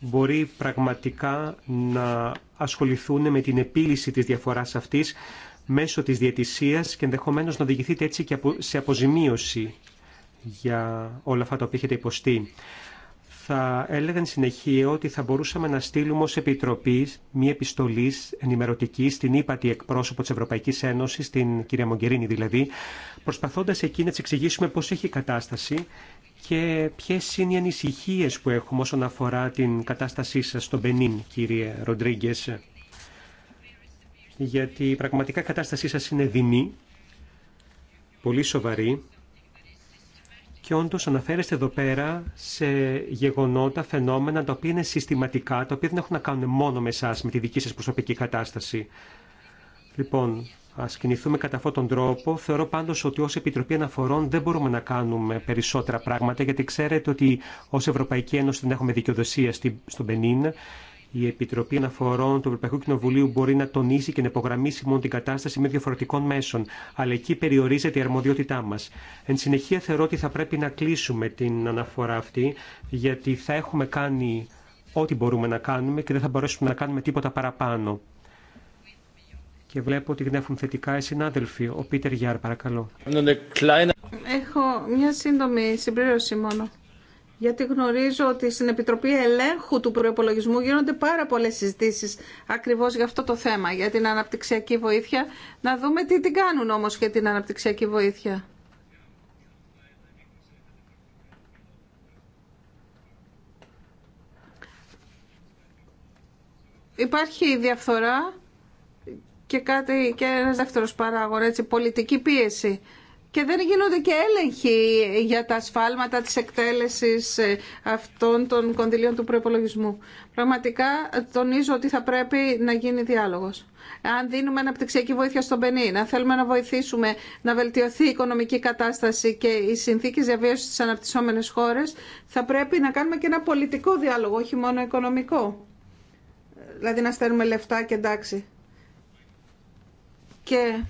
μπορεί πραγματικά να ασχοληθούν με την επίλυση της διαφοράς αυτής μέσω της διαιτησίας και ενδεχομένως να οδηγηθείτε έτσι και σε αποζημίωση για όλα αυτά τα οποία έχετε υποστεί. Θα έλεγαν συνεχεία ότι θα μπορούσαμε να στείλουμε ως Επιτροπή μία επιστολή ενημερωτική στην ύπατη εκπρόσωπο της Ευρωπαϊκής Ένωσης, την κυρία Μογκερίνη δηλαδή, προσπαθώντας εκεί να της εξηγήσουμε πώς έχει η κατάσταση και ποιες είναι οι ανησυχίες που έχουμε όσον αφορά την κατάστασή σας στον Μπενίν, κύριε Ροντρίγκε. Γιατί πραγματικά η κατάστασή σας είναι δεινή, πολύ σοβαρή και όντω αναφέρεστε εδώ πέρα σε γεγονότα, φαινόμενα τα οποία είναι συστηματικά, τα οποία δεν έχουν να κάνουν μόνο με εσά, με τη δική σας προσωπική κατάσταση. Λοιπόν, Α κινηθούμε κατά αυτόν τον τρόπο. Θεωρώ πάντω ότι ω Επιτροπή Αναφορών δεν μπορούμε να κάνουμε περισσότερα πράγματα, γιατί ξέρετε ότι ω Ευρωπαϊκή Ένωση δεν έχουμε δικαιοδοσία στον Πενίν. Η Επιτροπή Αναφορών του Ευρωπαϊκού Κοινοβουλίου μπορεί να τονίσει και να υπογραμμίσει μόνο την κατάσταση με διαφορετικών μέσων, αλλά εκεί περιορίζεται η αρμοδιότητά μα. Εν συνεχεία, θεωρώ ότι θα πρέπει να κλείσουμε την αναφορά αυτή, γιατί θα έχουμε κάνει ό,τι μπορούμε να κάνουμε και δεν θα μπορέσουμε να κάνουμε τίποτα παραπάνω και βλέπω ότι γνέφουν θετικά οι συνάδελφοι. Ο Πίτερ Γιάρ, παρακαλώ. Έχω μια σύντομη συμπλήρωση μόνο. Γιατί γνωρίζω ότι στην Επιτροπή Ελέγχου του Προπολογισμού γίνονται πάρα πολλέ συζητήσεις ακριβώς για αυτό το θέμα, για την αναπτυξιακή βοήθεια. Να δούμε τι την κάνουν όμως για την αναπτυξιακή βοήθεια. Υπάρχει διαφθορά και, κάτι, και ένας δεύτερος παράγορα, έτσι, πολιτική πίεση. Και δεν γίνονται και έλεγχοι για τα ασφάλματα της εκτέλεσης ε, αυτών των κονδυλίων του προϋπολογισμού. Πραγματικά τονίζω ότι θα πρέπει να γίνει διάλογος. Αν δίνουμε αναπτυξιακή βοήθεια στον Πενή, να θέλουμε να βοηθήσουμε να βελτιωθεί η οικονομική κατάσταση και οι συνθήκες διαβίωσης στις αναπτυσσόμενες χώρες, θα πρέπει να κάνουμε και ένα πολιτικό διάλογο, όχι μόνο οικονομικό. Δηλαδή να στέλνουμε λεφτά και εντάξει και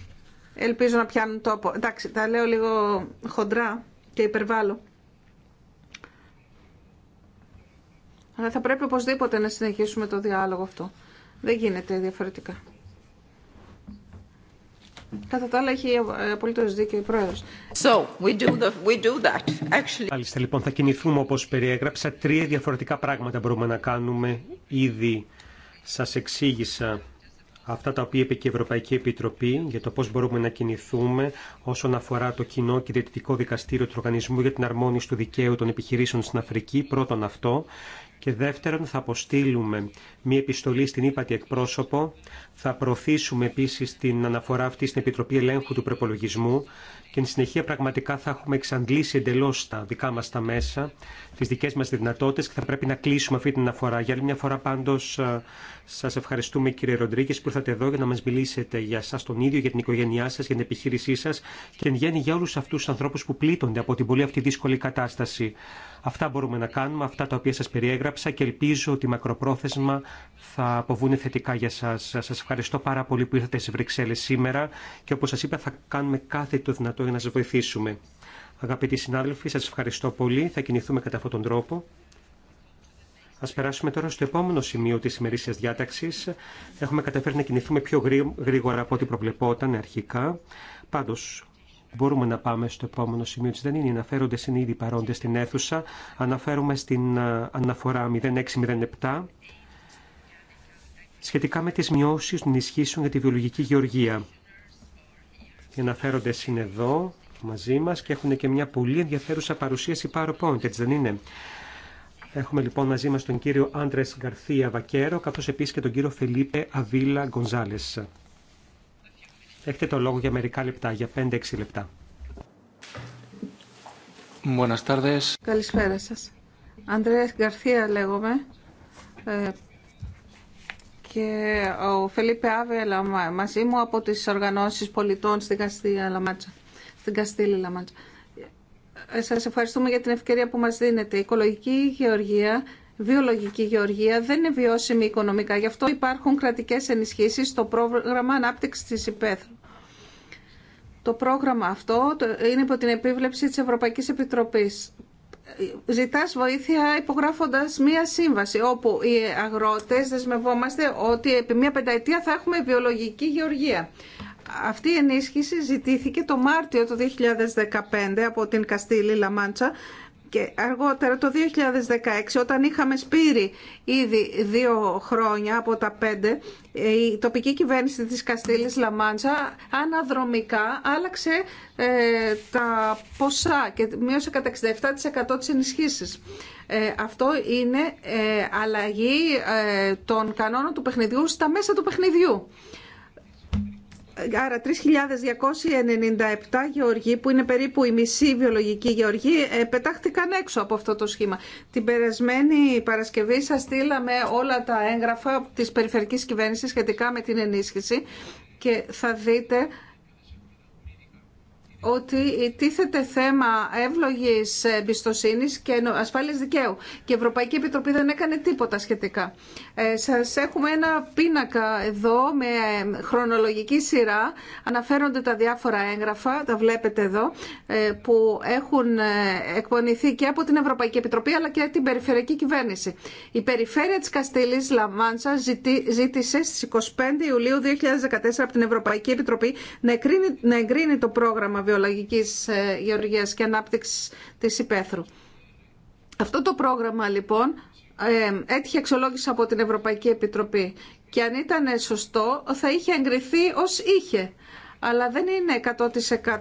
ελπίζω να πιάνουν τόπο. Εντάξει, τα λέω λίγο χοντρά και υπερβάλλω. Αλλά θα πρέπει οπωσδήποτε να συνεχίσουμε το διάλογο αυτό. Δεν γίνεται διαφορετικά. Κατά τα άλλα, έχει απολύτω δίκιο η πρόεδρο. So, actually. Μάλιστα, λοιπόν, θα κινηθούμε όπω περιέγραψα. Τρία διαφορετικά πράγματα μπορούμε να κάνουμε. Ήδη σα εξήγησα αυτά τα οποία είπε και η Ευρωπαϊκή Επιτροπή για το πώς μπορούμε να κινηθούμε όσον αφορά το κοινό και διαιτητικό δικαστήριο του Οργανισμού για την Αρμόνιση του Δικαίου των Επιχειρήσεων στην Αφρική, πρώτον αυτό, και δεύτερον θα αποστείλουμε μία επιστολή στην ύπατη εκπρόσωπο, θα προωθήσουμε επίση την αναφορά αυτή στην Επιτροπή Ελέγχου του Προπολογισμού και εν συνεχεία πραγματικά θα έχουμε εξαντλήσει εντελώ τα δικά μα τα μέσα τι δικέ μα δυνατότητε και θα πρέπει να κλείσουμε αυτή την αναφορά. Για άλλη μια φορά, πάντω, ε, σα ευχαριστούμε, κύριε Ροντρίγκε, που ήρθατε εδώ για να μα μιλήσετε για εσά τον ίδιο, για την οικογένειά σα, για την επιχείρησή σα και εν γέννη για όλου αυτού του ανθρώπου που πλήττονται από την πολύ αυτή δύσκολη κατάσταση. Αυτά μπορούμε να κάνουμε, αυτά τα οποία σα περιέγραψα και ελπίζω ότι μακροπρόθεσμα θα αποβούν θετικά για σα. Σα ευχαριστώ πάρα πολύ που ήρθατε σε Βρυξέλλε σήμερα και όπω σα είπα, θα κάνουμε κάθε το δυνατό για να σα βοηθήσουμε. Αγαπητοί συνάδελφοι, σας ευχαριστώ πολύ. Θα κινηθούμε κατά αυτόν τον τρόπο. Ας περάσουμε τώρα στο επόμενο σημείο της ημερήσιας διάταξης. Έχουμε καταφέρει να κινηθούμε πιο γρήγορα από ό,τι προβλεπόταν αρχικά. Πάντως, μπορούμε να πάμε στο επόμενο σημείο της. Δεν είναι οι αναφέροντες, είναι ήδη παρόντες στην αίθουσα. Αναφέρομαι στην αναφορά 0607 σχετικά με τις μειώσεις των ισχύσεων για τη βιολογική γεωργία. Οι αναφέροντες είναι εδώ, μαζί μας και έχουν και μια πολύ ενδιαφέρουσα παρουσίαση PowerPoint, έτσι δεν είναι. Έχουμε λοιπόν μαζί μας τον κύριο Άντρες Γκαρθία Βακέρο, καθώς επίσης και τον κύριο Φελίπε Αβίλα Γκονζάλες. Έχετε το λόγο για μερικά λεπτά, για 5-6 λεπτά. Καλησπέρα σας. Άντρες Γκαρθία λέγομαι ε, και ο Φελίπε Άβελα μαζί μου από τις οργανώσεις πολιτών στη Καστία Λαμάτσα στην Καστήλη ε, Σας ευχαριστούμε για την ευκαιρία που μα δίνετε. Η οικολογική γεωργία, βιολογική γεωργία δεν είναι βιώσιμη οικονομικά. Γι' αυτό υπάρχουν κρατικέ ενισχύσει στο πρόγραμμα ανάπτυξη τη υπαίθρου. Το πρόγραμμα αυτό είναι υπό την επίβλεψη τη Ευρωπαϊκή Επιτροπή. Ζητά βοήθεια υπογράφοντα μία σύμβαση. βοήθεια δεσμευμόμαστε ότι επειδή μία σύμβαση όπου οι αγροτε δεσμευόμαστε ότι επί μία πενταετία θα έχουμε βιολογική γεωργία. Αυτή η ενίσχυση ζητήθηκε το Μάρτιο του 2015 από την Καστήλη Λαμάντσα και αργότερα το 2016 όταν είχαμε σπείρει ήδη δύο χρόνια από τα πέντε η τοπική κυβέρνηση της Καστήλης Λαμάντσα αναδρομικά άλλαξε ε, τα ποσά και μείωσε κατά 67% τις ενισχύσεις. Ε, αυτό είναι ε, αλλαγή των κανόνων του παιχνιδιού στα μέσα του παιχνιδιού. Άρα 3.297 γεωργοί, που είναι περίπου η μισή βιολογική γεωργοί, ε, πετάχτηκαν έξω από αυτό το σχήμα. Την περασμένη Παρασκευή σας στείλαμε όλα τα έγγραφα της περιφερικής κυβέρνησης σχετικά με την ενίσχυση και θα δείτε ότι τίθεται θέμα εύλογη εμπιστοσύνη και ασφάλεια δικαίου. Και η Ευρωπαϊκή Επιτροπή δεν έκανε τίποτα σχετικά. Ε, Σα έχουμε ένα πίνακα εδώ με ε, χρονολογική σειρά. Αναφέρονται τα διάφορα έγγραφα, τα βλέπετε εδώ, ε, που έχουν ε, εκπονηθεί και από την Ευρωπαϊκή Επιτροπή αλλά και την Περιφερειακή Κυβέρνηση. Η Περιφέρεια τη Καστήλη Λαμάντσα ζήτησε στι 25 Ιουλίου 2014 από την Ευρωπαϊκή Επιτροπή να εγκρίνει το πρόγραμμα βιολογικής ε, γεωργίας και ανάπτυξης της υπαίθρου. Αυτό το πρόγραμμα λοιπόν έτυχε αξιολόγηση από την Ευρωπαϊκή Επιτροπή και αν ήταν σωστό θα είχε εγκριθεί ως είχε. Αλλά δεν είναι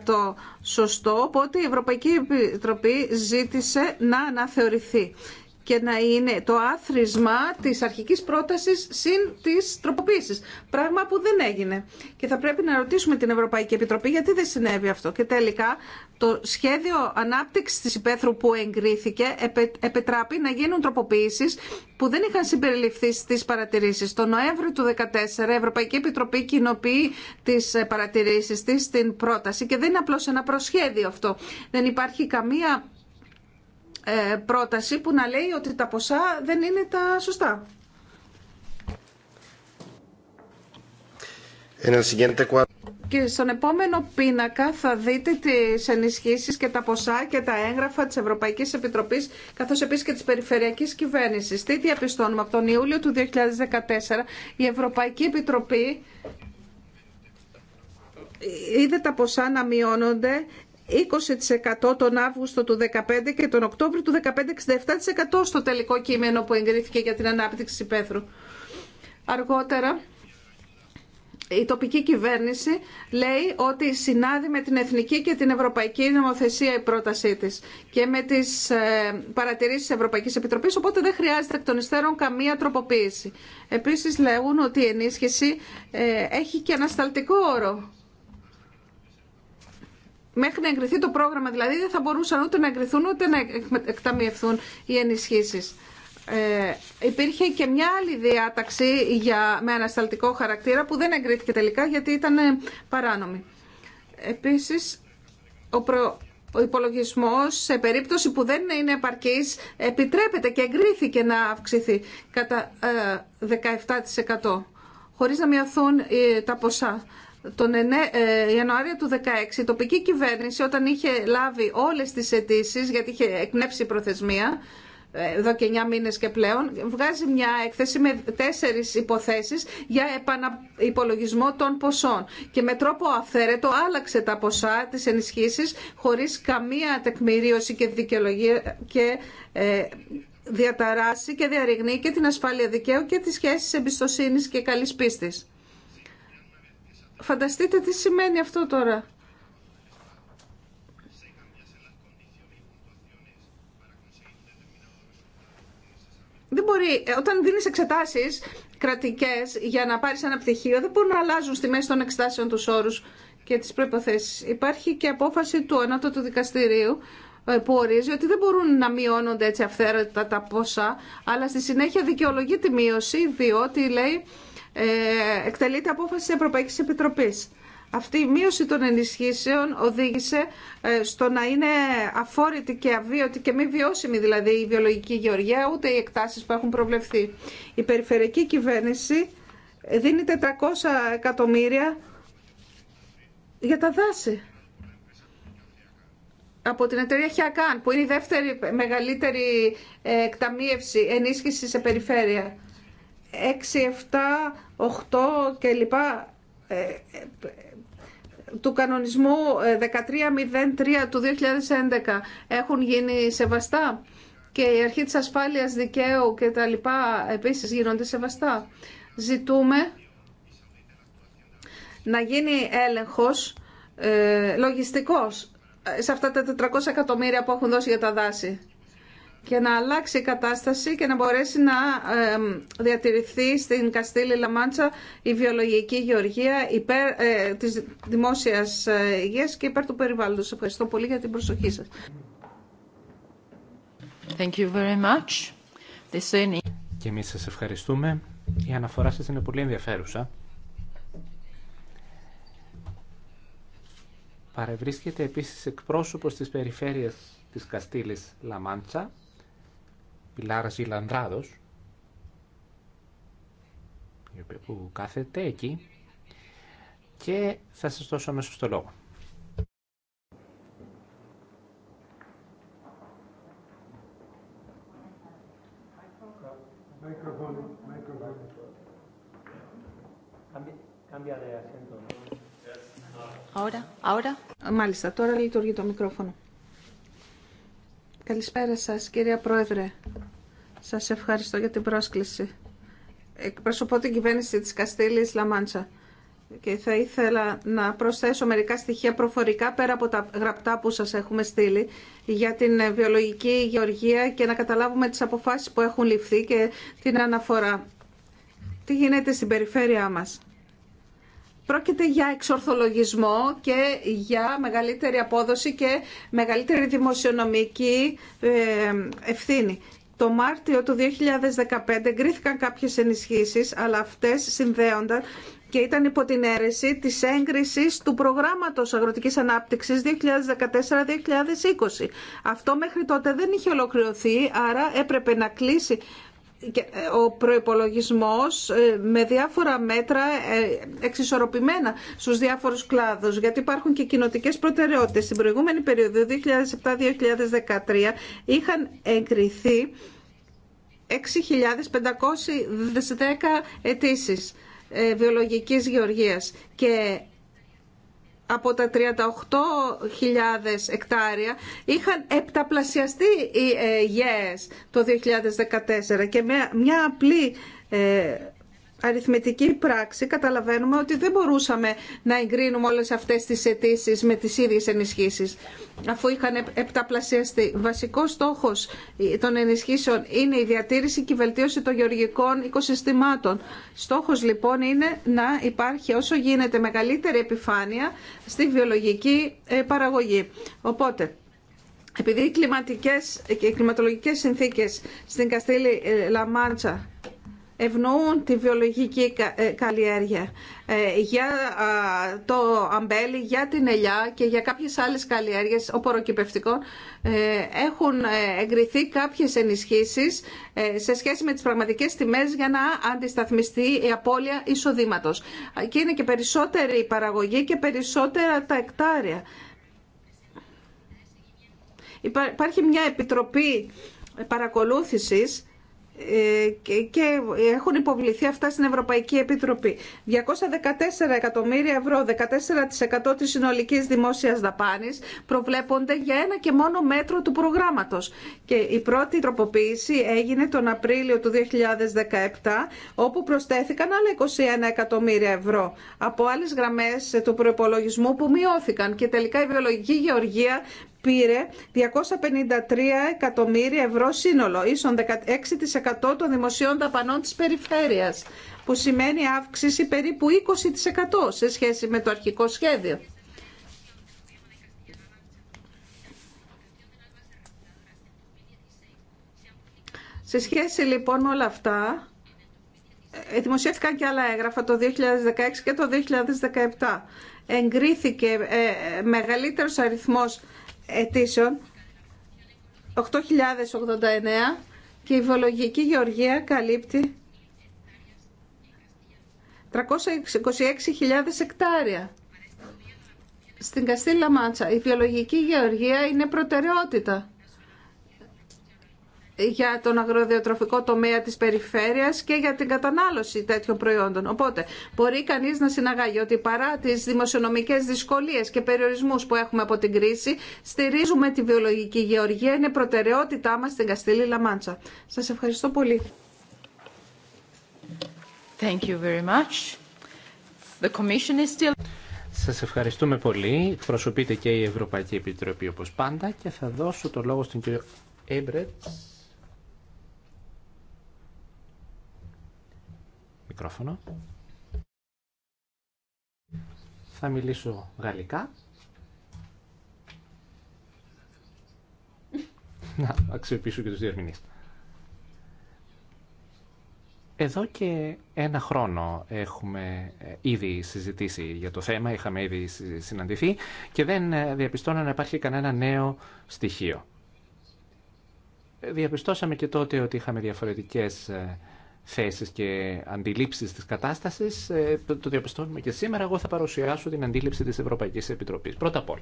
100% σωστό, οπότε η Ευρωπαϊκή Επιτροπή ζήτησε να αναθεωρηθεί και να είναι το άθροισμα τη αρχική πρόταση συν τη τροποποίηση, Πράγμα που δεν έγινε. Και θα πρέπει να ρωτήσουμε την Ευρωπαϊκή Επιτροπή γιατί δεν συνέβη αυτό. Και τελικά το σχέδιο ανάπτυξη τη υπαίθρου που εγκρίθηκε επιτράπει να γίνουν τροποποιήσει που δεν είχαν συμπεριληφθεί στι παρατηρήσει. Το Νοέμβριο του 2014 η Ευρωπαϊκή Επιτροπή κοινοποιεί τι παρατηρήσει τη στην πρόταση και δεν είναι απλώ ένα προσχέδιο αυτό. Δεν υπάρχει καμία ε, πρόταση που να λέει ότι τα ποσά δεν είναι τα σωστά. Και στον επόμενο πίνακα θα δείτε τις ενισχύσεις και τα ποσά και τα έγγραφα της Ευρωπαϊκής Επιτροπής καθώς επίσης και της Περιφερειακής Κυβέρνησης. Τι διαπιστώνουμε από τον Ιούλιο του 2014 η Ευρωπαϊκή Επιτροπή είδε τα ποσά να μειώνονται 20% τον Αύγουστο του 2015 και τον Οκτώβριο του 2015 67% στο τελικό κείμενο που εγκρίθηκε για την ανάπτυξη Πέθρου. Αργότερα η τοπική κυβέρνηση λέει ότι συνάδει με την εθνική και την ευρωπαϊκή νομοθεσία η πρότασή της και με τις ε, παρατηρήσεις της Ευρωπαϊκής Επιτροπής, οπότε δεν χρειάζεται εκ των υστέρων καμία τροποποίηση. Επίσης λέγουν ότι η ενίσχυση ε, έχει και ανασταλτικό όρο μέχρι να εγκριθεί το πρόγραμμα, δηλαδή δεν θα μπορούσαν ούτε να εγκριθούν ούτε να εκταμιευθούν οι ενισχύσεις. Ε, υπήρχε και μια άλλη διάταξη για, με ανασταλτικό χαρακτήρα που δεν εγκρίθηκε τελικά γιατί ήταν ε, παράνομη. Επίσης, ο, προ, ο υπολογισμός σε περίπτωση που δεν είναι επαρκής επιτρέπεται και εγκρίθηκε να αυξηθεί κατά 17% ε, χωρίς να μειωθούν ε, τα ποσά τον ε, Ιανουάριο του 2016 η τοπική κυβέρνηση όταν είχε λάβει όλες τις αιτήσει γιατί είχε εκνέψει η προθεσμία ε, εδώ και 9 μήνες και πλέον, βγάζει μια έκθεση με τέσσερις υποθέσεις για επαναυπολογισμό των ποσών. Και με τρόπο αυθαίρετο άλλαξε τα ποσά, της ενισχύσεις, χωρίς καμία τεκμηρίωση και δικαιολογία και ε, διαταράσει και διαρριγνεί και την ασφάλεια δικαίου και τις σχέσεις εμπιστοσύνης και καλής πίστης. Φανταστείτε τι σημαίνει αυτό τώρα. Δεν μπορεί, ε, όταν δίνεις εξετάσεις κρατικές για να πάρεις ένα πτυχίο, δεν μπορούν να αλλάζουν στη μέση των εξετάσεων τους όρους και τις προϋποθέσεις. Υπάρχει και απόφαση του ανώτατου δικαστηρίου ε, που ορίζει ότι δεν μπορούν να μειώνονται έτσι αυθαίρετα τα ποσά, αλλά στη συνέχεια δικαιολογεί τη μείωση, διότι λέει ε, εκτελείται απόφαση της Ευρωπαϊκής Επιτροπής. Αυτή η μείωση των ενισχύσεων οδήγησε ε, στο να είναι αφόρητη και αβίωτη και μη βιώσιμη δηλαδή η βιολογική γεωργία, ούτε οι εκτάσεις που έχουν προβλεφθεί. Η περιφερειακή κυβέρνηση δίνει 400 εκατομμύρια για τα δάση. Από την εταιρεία Χιακάν, που είναι η δεύτερη μεγαλύτερη ε, εκταμίευση ενίσχυση σε περιφέρεια. 6, 7, 8 λοιπά ε, ε, του κανονισμού 1303 ε, του 2011 έχουν γίνει σεβαστά και η αρχή της ασφάλειας δικαίου και τα λοιπά επίσης γίνονται σεβαστά. Ζητούμε να γίνει έλεγχος ε, λογιστικός σε αυτά τα 400 εκατομμύρια που έχουν δώσει για τα δάση και να αλλάξει η κατάσταση και να μπορέσει να διατηρηθεί στην Καστήλη Λαμάντσα η βιολογική γεωργία υπέρ ε, της δημόσιας ε, υγείας και υπέρ του περιβάλλοντος. Ευχαριστώ πολύ για την προσοχή σας. Thank you very much. This... Και εμείς σας ευχαριστούμε. Η αναφορά σας είναι πολύ ενδιαφέρουσα. Παρευρίσκεται επίσης εκπρόσωπος της περιφέρειας της Καστήλης Λαμάντσα Πιλάρ Ζηλανδράδο, η που κάθεται εκεί και θα σας δώσω αμέσως το λόγο. Μάλιστα, τώρα λειτουργεί το μικρόφωνο. Καλησπέρα σας, κυρία Πρόεδρε. Σας ευχαριστώ για την πρόσκληση. Εκπροσωπώ την κυβέρνηση της Καστήλης Λαμάντσα και θα ήθελα να προσθέσω μερικά στοιχεία προφορικά πέρα από τα γραπτά που σας έχουμε στείλει για την βιολογική γεωργία και να καταλάβουμε τις αποφάσεις που έχουν ληφθεί και την αναφορά. Τι γίνεται στην περιφέρειά μας. Πρόκειται για εξορθολογισμό και για μεγαλύτερη απόδοση και μεγαλύτερη δημοσιονομική ε, ευθύνη. Το Μάρτιο του 2015 εγκρίθηκαν κάποιες ενισχύσεις, αλλά αυτές συνδέονταν και ήταν υπό την αίρεση της έγκρισης του προγράμματος αγροτικής ανάπτυξης 2014-2020. Αυτό μέχρι τότε δεν είχε ολοκληρωθεί, άρα έπρεπε να κλείσει ε, ο προϋπολογισμός ε, με διάφορα μέτρα ε, εξισορροπημένα στους διάφορους κλάδους γιατί υπάρχουν και κοινοτικές προτεραιότητες. Στην προηγούμενη περίοδο 2007-2013 είχαν εγκριθεί 6.510 αιτήσει βιολογικής γεωργίας και από τα 38.000 εκτάρια είχαν επταπλασιαστεί οι ε, γέες το 2014 και μια απλή ε, αριθμητική πράξη καταλαβαίνουμε ότι δεν μπορούσαμε να εγκρίνουμε όλες αυτές τις αιτήσει με τις ίδιες ενισχύσεις αφού είχαν επταπλασιαστεί. Βασικός στόχος των ενισχύσεων είναι η διατήρηση και η βελτίωση των γεωργικών οικοσυστημάτων. Στόχος λοιπόν είναι να υπάρχει όσο γίνεται μεγαλύτερη επιφάνεια στη βιολογική ε, παραγωγή. Οπότε, επειδή οι κλιματικές ε, και οι κλιματολογικές συνθήκες στην Καστήλη ε, Λαμάντσα ευνοούν τη βιολογική ε, καλλιέργεια ε, για το αμπέλι, για την ελιά και για κάποιες άλλες καλλιέργειες οποροκυπευτικών ε, έχουν εγκριθεί κάποιες ενισχύσεις σε σχέση με τις πραγματικές τιμές για να αντισταθμιστεί η απώλεια εισοδήματος. Και είναι και περισσότερη η παραγωγή και περισσότερα τα εκτάρια. Υπάρχει μια επιτροπή παρακολούθησης ε, και έχουν υποβληθεί αυτά στην Ευρωπαϊκή Επιτροπή. 214 εκατομμύρια ευρώ, 14% της συνολικής δημόσιας δαπάνης προβλέπονται για ένα και μόνο μέτρο του προγράμματος. Και η πρώτη τροποποίηση έγινε τον Απρίλιο του 2017, όπου προσθέθηκαν άλλα 21 εκατομμύρια ευρώ από άλλες γραμμές του προπολογισμού που μειώθηκαν και τελικά η βιολογική γεωργία πήρε 253 εκατομμύρια ευρώ σύνολο, ίσον 16% των δημοσίων δαπανών της περιφέρειας, που σημαίνει αύξηση περίπου 20% σε σχέση με το αρχικό σχέδιο. Σε σχέση λοιπόν με όλα αυτά, ε, δημοσιεύτηκαν και άλλα έγγραφα το 2016 και το 2017. Εγκρίθηκε ε, ε, μεγαλύτερος αριθμός αιτήσεων 8.089 και η βιολογική γεωργία καλύπτει 326.000 εκτάρια. Στην Καστήλα Μάντσα. η βιολογική γεωργία είναι προτεραιότητα για τον αγροδιοτροφικό τομέα της περιφέρειας και για την κατανάλωση τέτοιων προϊόντων. Οπότε μπορεί κανείς να συναγάγει ότι παρά τις δημοσιονομικές δυσκολίες και περιορισμούς που έχουμε από την κρίση, στηρίζουμε τη βιολογική γεωργία, είναι προτεραιότητά μας στην Καστήλη Λαμάντσα. Σας ευχαριστώ πολύ. Thank you very much. The commission is still... Σας ευχαριστούμε πολύ. Προσωπείται και η Ευρωπαϊκή Επιτροπή όπως πάντα και θα δώσω το λόγο στην κυρία Έμπρετς Θα μιλήσω γαλλικά. Να αξιοποιήσω και τους διερμηνείς. Εδώ και ένα χρόνο έχουμε ε, ήδη συζητήσει για το θέμα, είχαμε ήδη συναντηθεί και δεν ε, διαπιστώνω να υπάρχει κανένα νέο στοιχείο. Ε, διαπιστώσαμε και τότε ότι είχαμε διαφορετικές θέσεις και αντιλήψεις της κατάστασης. Ε, το διαπιστώνουμε και σήμερα. Εγώ θα παρουσιάσω την αντίληψη της Ευρωπαϊκής Επιτροπής. Πρώτα απ' όλα,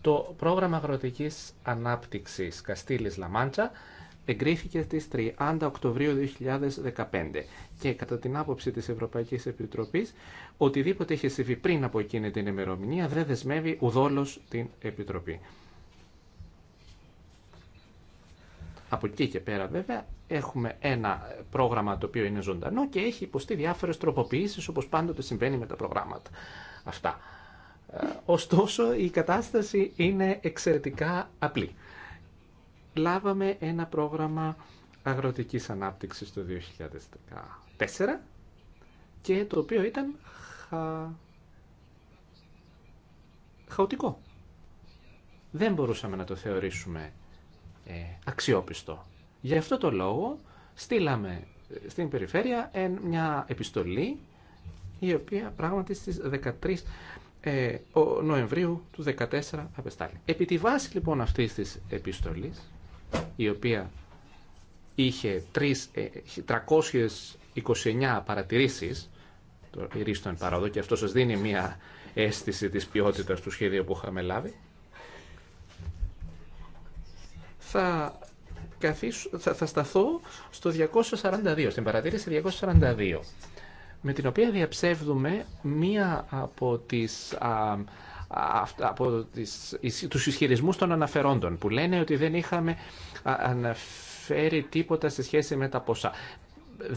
το πρόγραμμα αγροτικής ανάπτυξης Καστήλης Λαμάντσα εγκρίθηκε στις 30 Οκτωβρίου 2015 και κατά την άποψη της Ευρωπαϊκής Επιτροπής οτιδήποτε είχε συμβεί πριν από εκείνη την ημερομηνία δεν δεσμεύει ουδόλως την Επιτροπή. Από εκεί και πέρα βέβαια έχουμε ένα πρόγραμμα το οποίο είναι ζωντανό και έχει υποστεί διάφορες τροποποιήσεις όπως πάντοτε συμβαίνει με τα προγράμματα αυτά. Ε, ωστόσο η κατάσταση είναι εξαιρετικά απλή. Λάβαμε ένα πρόγραμμα αγροτικής ανάπτυξης το 2014 και το οποίο ήταν χαοτικό. Δεν μπορούσαμε να το θεωρήσουμε αξιόπιστο. Γι' αυτό το λόγο στείλαμε ε, στην περιφέρεια μια επιστολή η οποία πράγματι στις 13 ε, Νοεμβρίου του 14 απεστάλλει. Επί τη βάση λοιπόν αυτής της επιστολής, η οποία είχε 329 ε, παρατηρήσεις, το Ρίστον παραδό και αυτό σας δίνει μία αίσθηση της ποιότητας του σχέδιου που είχαμε λάβει, θα, καθίσω, θα, σταθώ στο 242, στην παρατήρηση 242 με την οποία διαψεύδουμε μία από τις, α, από τις, τους ισχυρισμούς των αναφερόντων που λένε ότι δεν είχαμε αναφέρει τίποτα σε σχέση με τα ποσά.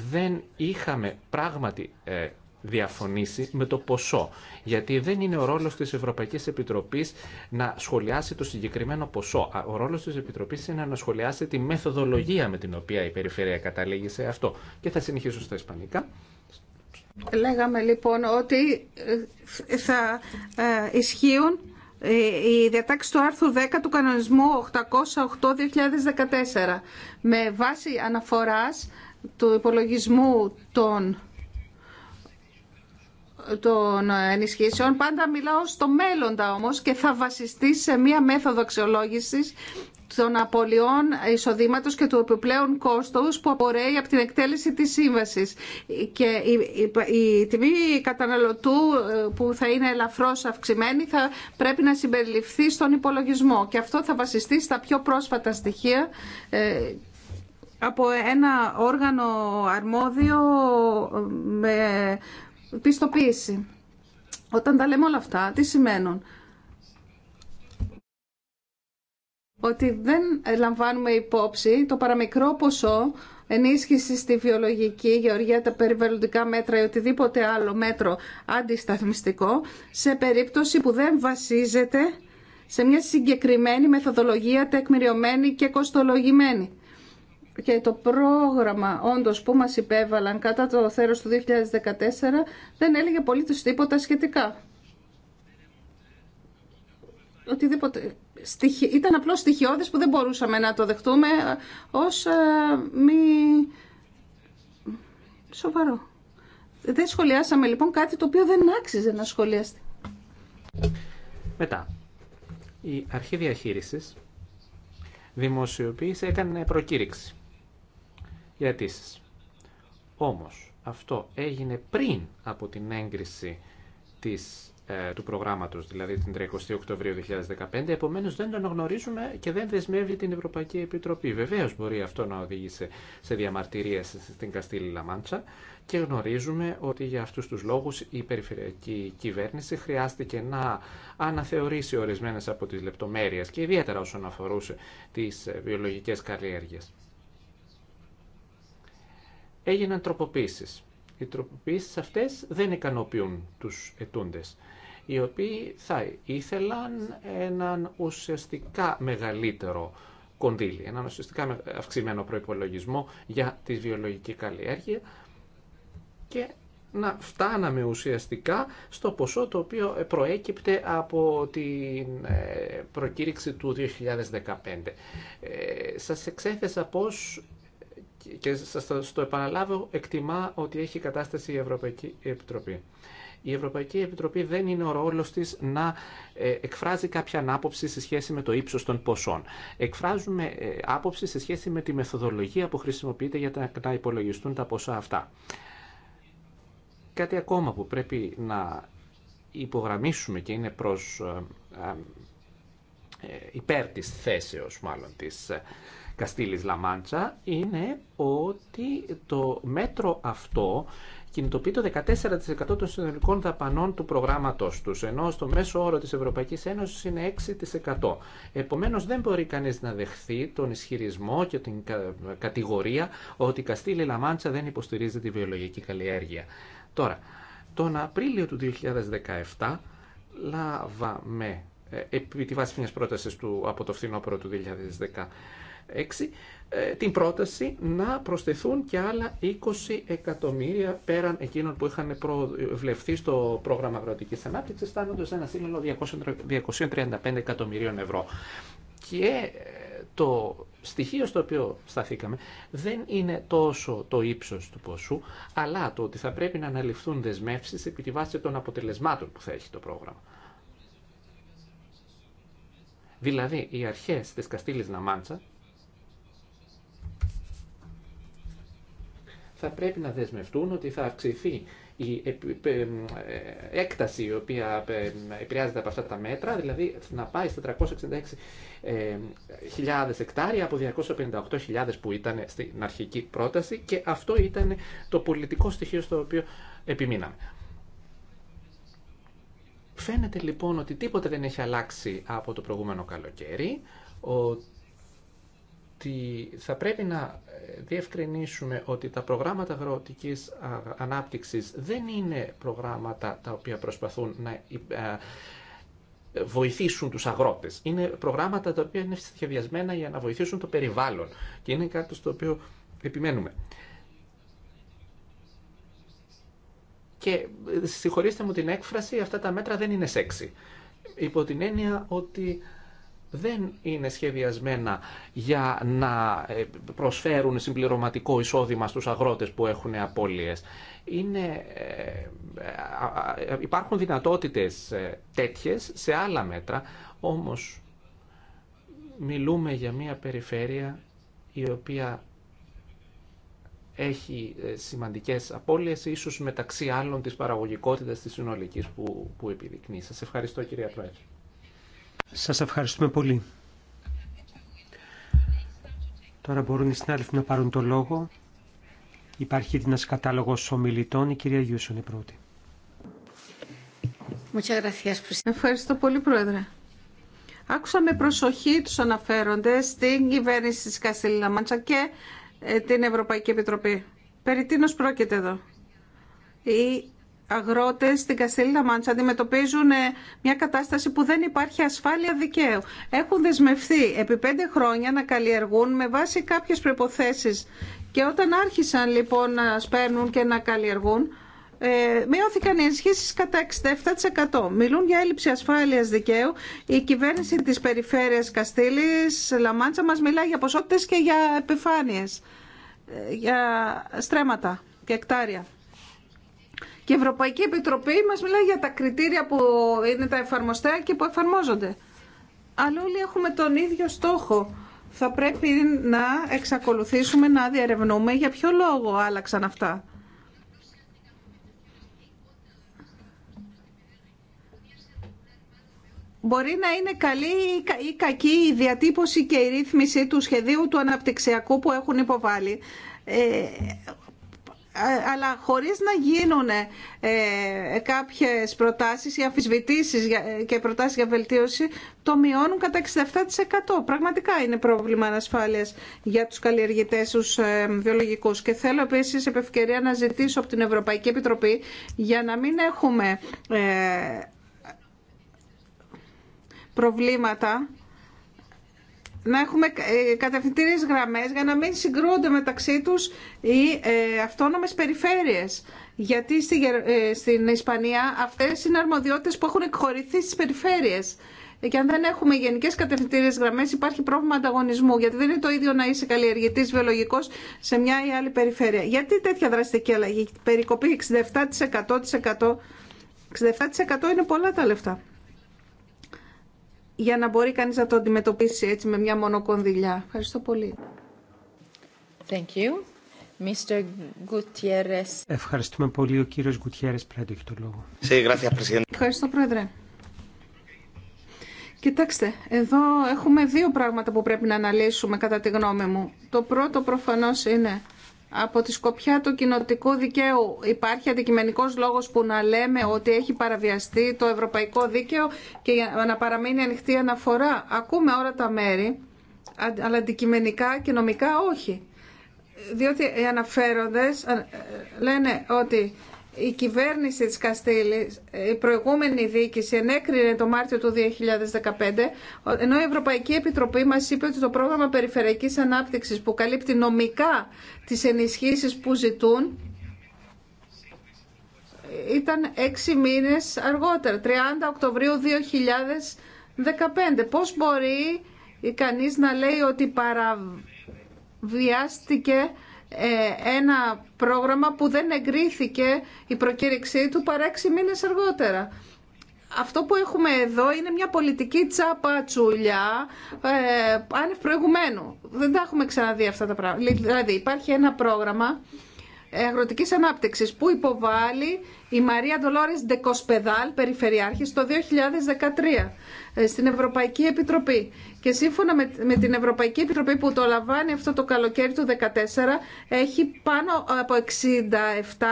Δεν είχαμε πράγματι ε, διαφωνήσει με το ποσό. Γιατί δεν είναι ο ρόλος της Ευρωπαϊκής Επιτροπής να σχολιάσει το συγκεκριμένο ποσό. Ο ρόλος της Επιτροπής είναι να σχολιάσει τη μεθοδολογία με την οποία η περιφέρεια καταλήγει σε αυτό. Και θα συνεχίσω στα ισπανικά. Λέγαμε λοιπόν ότι ε, θα ε, ισχύουν ε, οι διατάξει του άρθρου 10 του κανονισμού 808-2014 με βάση αναφοράς του υπολογισμού των των ενισχύσεων. Πάντα μιλάω στο μέλλοντα όμως και θα βασιστεί σε μία μέθοδο αξιολόγηση των απολειών εισοδήματος και του επιπλέον κόστος που απορρέει από την εκτέλεση της σύμβασης. Και η, τιμή καταναλωτού ε, που θα είναι ελαφρώς αυξημένη θα πρέπει να συμπεριληφθεί στον υπολογισμό και αυτό θα βασιστεί στα πιο πρόσφατα στοιχεία ε, από ένα όργανο αρμόδιο ε, με πιστοποίηση. Όταν τα λέμε όλα αυτά, τι σημαίνουν. Ότι δεν λαμβάνουμε υπόψη το παραμικρό ποσό ενίσχυση στη βιολογική γεωργία, τα περιβαλλοντικά μέτρα ή οτιδήποτε άλλο μέτρο αντισταθμιστικό, σε περίπτωση που δεν βασίζεται σε μια συγκεκριμένη μεθοδολογία τεκμηριωμένη και κοστολογημένη και το πρόγραμμα όντως που μας υπέβαλαν κατά το θέρος του 2014 δεν έλεγε τους τίποτα σχετικά. Οτιδήποτε. Ήταν απλώς στοιχειώδες που δεν μπορούσαμε να το δεχτούμε ε, ως ε, μη σοβαρό. Δεν σχολιάσαμε λοιπόν κάτι το οποίο δεν άξιζε να σχολιαστεί. Μετά, η αρχή διαχείρισης δημοσιοποίησε, έκανε προκήρυξη οι αιτήσει. Όμως αυτό έγινε πριν από την έγκριση της, ε, του προγράμματο, δηλαδή την 30 Οκτωβρίου 2015, επομένω δεν τον γνωρίζουμε και δεν δεσμεύει την Ευρωπαϊκή Επιτροπή. Βεβαίω μπορεί αυτό να οδηγήσει σε διαμαρτυρίε στην Καστήλη Λαμάντσα και γνωρίζουμε ότι για αυτούς τους λόγους η περιφερειακή κυβέρνηση χρειάστηκε να αναθεωρήσει ορισμένες από τις λεπτομέρειες και ιδιαίτερα όσον αφορούσε τις ε, βιολογικές καλλιέργειες έγιναν τροποποίησεις. Οι τροποποίησεις αυτές δεν ικανοποιούν τους ετούντες, οι οποίοι θα ήθελαν έναν ουσιαστικά μεγαλύτερο κονδύλι, έναν ουσιαστικά αυξημένο προϋπολογισμό για τη βιολογική καλλιέργεια και να φτάναμε ουσιαστικά στο ποσό το οποίο προέκυπτε από την ε, προκήρυξη του 2015. Ε, σας εξέθεσα πώς και σας το, επαναλάβω, εκτιμά ότι έχει κατάσταση η Ευρωπαϊκή Επιτροπή. Η Ευρωπαϊκή Επιτροπή δεν είναι ο ρόλο τη να ε, εκφράζει κάποια άποψη σε σχέση με το ύψο των ποσών. Εκφράζουμε ε, άποψη σε σχέση με τη μεθοδολογία που χρησιμοποιείται για να υπολογιστούν τα ποσά αυτά. Κάτι ακόμα που πρέπει να υπογραμμίσουμε και είναι προς ε, υπέρ της θέσεως μάλλον της Καστήλης Λαμάντσα είναι ότι το μέτρο αυτό κινητοποιεί το 14% των συνολικών δαπανών του προγράμματος τους, ενώ στο μέσο όρο της Ευρωπαϊκής Ένωσης είναι 6%. Επομένως δεν μπορεί κανείς να δεχθεί τον ισχυρισμό και την κατηγορία ότι η Καστήλη Λαμάντσα δεν υποστηρίζει τη βιολογική καλλιέργεια. Τώρα, τον Απρίλιο του 2017 λάβαμε ε, επί τη βάση μιας πρότασης του, από το φθινόπωρο του 2010, ε, την πρόταση να προσθεθούν και άλλα 20 εκατομμύρια πέραν εκείνων που είχαν προβλεφθεί στο πρόγραμμα αγροτικής ανάπτυξης, φτάνοντα ένα σύνολο 235 εκατομμυρίων ευρώ. Και ε, το στοιχείο στο οποίο σταθήκαμε δεν είναι τόσο το ύψος του ποσού, αλλά το ότι θα πρέπει να αναλυφθούν δεσμεύσεις επί τη βάση των αποτελεσμάτων που θα έχει το πρόγραμμα. Δηλαδή, οι αρχές της Καστήλης Ναμάντσα θα πρέπει να δεσμευτούν ότι θα αυξηθεί η ε, ε, έκταση η οποία ε, επηρεάζεται από αυτά τα μέτρα, δηλαδή να πάει στα 366.000 εκτάρια από 258.000 που ήταν στην αρχική πρόταση και αυτό ήταν το πολιτικό στοιχείο στο οποίο επιμείναμε. Φαίνεται λοιπόν ότι τίποτα δεν έχει αλλάξει από το προηγούμενο καλοκαίρι, ότι θα πρέπει να ε, διευκρινίσουμε ότι τα προγράμματα αγροτικής ανάπτυξης δεν είναι προγράμματα τα οποία προσπαθούν να ε, ε, βοηθήσουν τους αγρότες. Είναι προγράμματα τα οποία είναι σχεδιασμένα για να βοηθήσουν το περιβάλλον και είναι κάτι στο οποίο επιμένουμε. Και συγχωρήστε μου την έκφραση, αυτά τα μέτρα δεν είναι σεξι. Υπό την έννοια ότι δεν είναι σχεδιασμένα για να ε, προσφέρουν συμπληρωματικό εισόδημα στους αγρότες που έχουν απώλειες. Είναι, ε, υπάρχουν δυνατότητες ε, τέτοιες σε άλλα μέτρα, όμως μιλούμε για μια περιφέρεια η οποία έχει σημαντικές απώλειες, ίσως μεταξύ άλλων της παραγωγικότητας της συνολικής που, που επιδεικνύει. Σας ευχαριστώ κυρία Πρόεδρε. Σας ευχαριστούμε πολύ. Τώρα μπορούν οι συνάδελφοι να πάρουν το λόγο. Υπάρχει ένα κατάλογο ομιλητών. Η κυρία Γιούσον η πρώτη. Ευχαριστώ πολύ, Πρόεδρε. Άκουσα με προσοχή τους αναφέροντες στην κυβέρνηση της Καστήλινα Μάντσα και ε, την Ευρωπαϊκή Επιτροπή. Περί τίνος πρόκειται εδώ. Η αγρότες στην Καστελίνα Μάντσα αντιμετωπίζουν ε, μια κατάσταση που δεν υπάρχει ασφάλεια δικαίου. Έχουν δεσμευθεί επί πέντε χρόνια να καλλιεργούν με βάση κάποιες προϋποθέσεις και όταν άρχισαν λοιπόν να σπέρνουν και να καλλιεργούν ε, μειώθηκαν οι ενισχύσει κατά 67%. Μιλούν για έλλειψη ασφάλειας δικαίου. Η κυβέρνηση τη περιφέρεια Καστήλη, Λαμάντσα μα μιλά για ποσότητε και για επιφάνειες, ε, για στρέμματα και εκτάρια. Και η Ευρωπαϊκή Επιτροπή μας μιλάει για τα κριτήρια που είναι τα εφαρμοστέα και που εφαρμόζονται. Αλλά όλοι έχουμε τον ίδιο στόχο. Θα πρέπει να εξακολουθήσουμε να διαρευνούμε για ποιο λόγο άλλαξαν αυτά. Μπορεί να είναι καλή ή κακή η διατύπωση και η ρύθμιση του σχεδίου του αναπτυξιακού που έχουν υποβάλει. Ε, αλλά χωρίς να γίνουν ε, κάποιες προτάσεις ή αμφισβητήσεις ε, και προτάσεις για βελτίωση, το μειώνουν κατά 67%. Πραγματικά είναι πρόβλημα ανασφάλειας για τους καλλιεργητές τους ε, βιολογικούς. Και θέλω επίσης επ' ευκαιρία να ζητήσω από την Ευρωπαϊκή Επιτροπή για να μην έχουμε ε, προβλήματα να έχουμε ε, κατευθυντήριες γραμμές για να μην συγκρούονται μεταξύ τους οι ε, αυτόνομες περιφέρειες. Γιατί στη, ε, στην Ισπανία αυτές είναι αρμοδιότητες που έχουν εκχωρηθεί στις περιφέρειες. Και αν δεν έχουμε γενικέ κατευθυντήριε γραμμέ, υπάρχει πρόβλημα ανταγωνισμού. Γιατί δεν είναι το ίδιο να είσαι καλλιεργητή βιολογικό σε μια ή άλλη περιφέρεια. Γιατί τέτοια δραστική αλλαγή, περικοπή 67%, 67% είναι πολλά τα λεφτά για να μπορεί κανείς να το αντιμετωπίσει έτσι με μια μονοκονδυλιά. Ευχαριστώ πολύ. Thank you. Mr. Gutierrez. Ευχαριστούμε πολύ. Ο κύριος Γκουτιέρες πρέπει έχει το λόγο. Ευχαριστώ, Πρόεδρε. Κοιτάξτε, εδώ έχουμε δύο πράγματα που πρέπει να αναλύσουμε κατά τη γνώμη μου. Το πρώτο προφανώς είναι από τη σκοπιά του κοινοτικού δικαίου υπάρχει αντικειμενικός λόγος που να λέμε ότι έχει παραβιαστεί το ευρωπαϊκό δίκαιο και να παραμείνει ανοιχτή αναφορά. Ακούμε όλα τα μέρη, αλλά αντικειμενικά και νομικά όχι. Διότι οι αναφέροντες ε, ε, λένε ότι η κυβέρνηση της Καστήλης, η προηγούμενη διοίκηση ενέκρινε το Μάρτιο του 2015, ενώ η Ευρωπαϊκή Επιτροπή μας είπε ότι το πρόγραμμα περιφερειακής ανάπτυξης που καλύπτει νομικά τις ενισχύσεις που ζητούν, ήταν έξι μήνες αργότερα, 30 Οκτωβρίου 2015. Πώς μπορεί κανείς να λέει ότι παραβιάστηκε ε, ένα πρόγραμμα που δεν εγκρίθηκε η προκήρυξή του παρά έξι μήνες αργότερα. Αυτό που έχουμε εδώ είναι μια πολιτική τσάπα τσουλιά ε, άνευ Δεν τα έχουμε ξαναδεί αυτά τα πράγματα. Δηλαδή υπάρχει ένα πρόγραμμα αγροτική ανάπτυξη που υποβάλλει η Μαρία Ντολόρε Ντεκοσπεδάλ, Περιφερειάρχης, το 2013 ε, στην Ευρωπαϊκή Επιτροπή. Και σύμφωνα με την Ευρωπαϊκή Επιτροπή που το λαμβάνει αυτό το καλοκαίρι του 2014 έχει πάνω από 67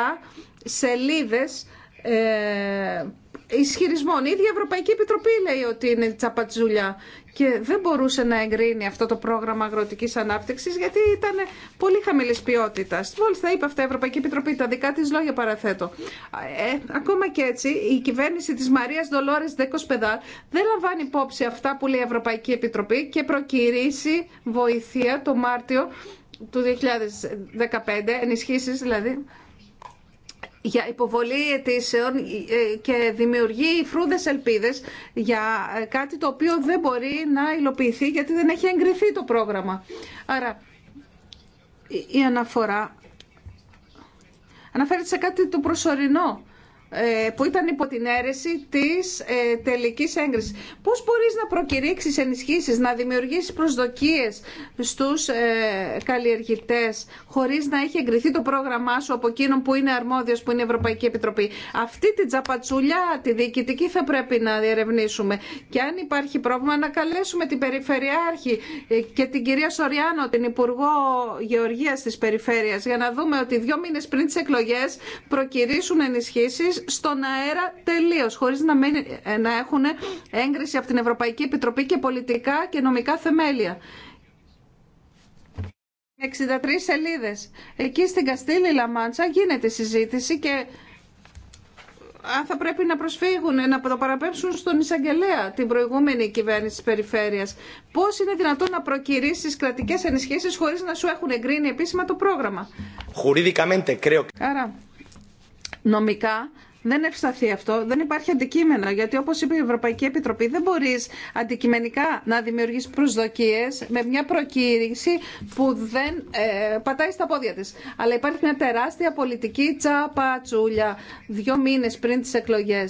σελίδες ε, ισχυρισμών. Η ίδια Ευρωπαϊκή Επιτροπή λέει ότι είναι τσαπατζούλια και δεν μπορούσε να εγκρίνει αυτό το πρόγραμμα αγροτικής ανάπτυξης γιατί ήταν πολύ χαμηλής ποιότητας. Μόλι θα είπε αυτά η Ευρωπαϊκή Επιτροπή, τα δικά της λόγια παραθέτω. Ε, ακόμα και έτσι, η κυβέρνηση της Μαρίας Ντολόρες Δέκος δεν λαμβάνει υπόψη αυτά που λέει η Ευρωπαϊκή Επιτροπή και προκυρήσει βοηθεία το Μάρτιο του 2015, ενισχύσεις δηλαδή, για υποβολή αιτήσεων ε, και δημιουργεί φρούδες ελπίδες για ε, κάτι το οποίο δεν μπορεί να υλοποιηθεί γιατί δεν έχει εγκριθεί το πρόγραμμα. Άρα η αναφορά αναφέρεται σε κάτι το προσωρινό ε, που ήταν υπό την αίρεση της ε, τελική έγκριση. Πώ μπορεί να προκηρύξει ενισχύσει, να δημιουργήσεις προσδοκίες στους ε, καλλιεργητέ, χωρί να έχει εγκριθεί το πρόγραμμά σου από εκείνον που είναι αρμόδιο που είναι η Ευρωπαϊκή Επιτροπή. Αυτή την τζαπατσουλιά, τη διοικητική θα πρέπει να διερευνήσουμε. Και αν υπάρχει πρόβλημα να καλέσουμε την Περιφερειάρχη και την κυρία Σοριάνο, την Υπουργό Γεωργία τη περιφέρεια, για να δούμε ότι δύο μήνε πριν τι εκλογέ προκυρίσουν ενισχύσει στον αέρα τελείως, χωρίς να, ε, να έχουν έγκριση από την Ευρωπαϊκή Επιτροπή και πολιτικά και νομικά θεμέλια. 63 σελίδες. Εκεί στην Καστήλη Λαμάντσα γίνεται συζήτηση και αν θα πρέπει να προσφύγουν, να το παραπέμψουν στον Ισαγγελέα την προηγούμενη κυβέρνηση τη περιφέρεια. Πώ είναι δυνατόν να προκυρήσει κρατικές κρατικέ ενισχύσει χωρί να σου έχουν εγκρίνει επίσημα το πρόγραμμα. Άρα, νομικά δεν ευσταθεί αυτό, δεν υπάρχει αντικείμενο, γιατί όπως είπε η Ευρωπαϊκή Επιτροπή δεν μπορεί αντικειμενικά να δημιουργεί προσδοκίε με μια προκήρυξη που δεν ε, πατάει στα πόδια της. Αλλά υπάρχει μια τεράστια πολιτική τσαπατσούλια δύο μήνες πριν τι εκλογέ.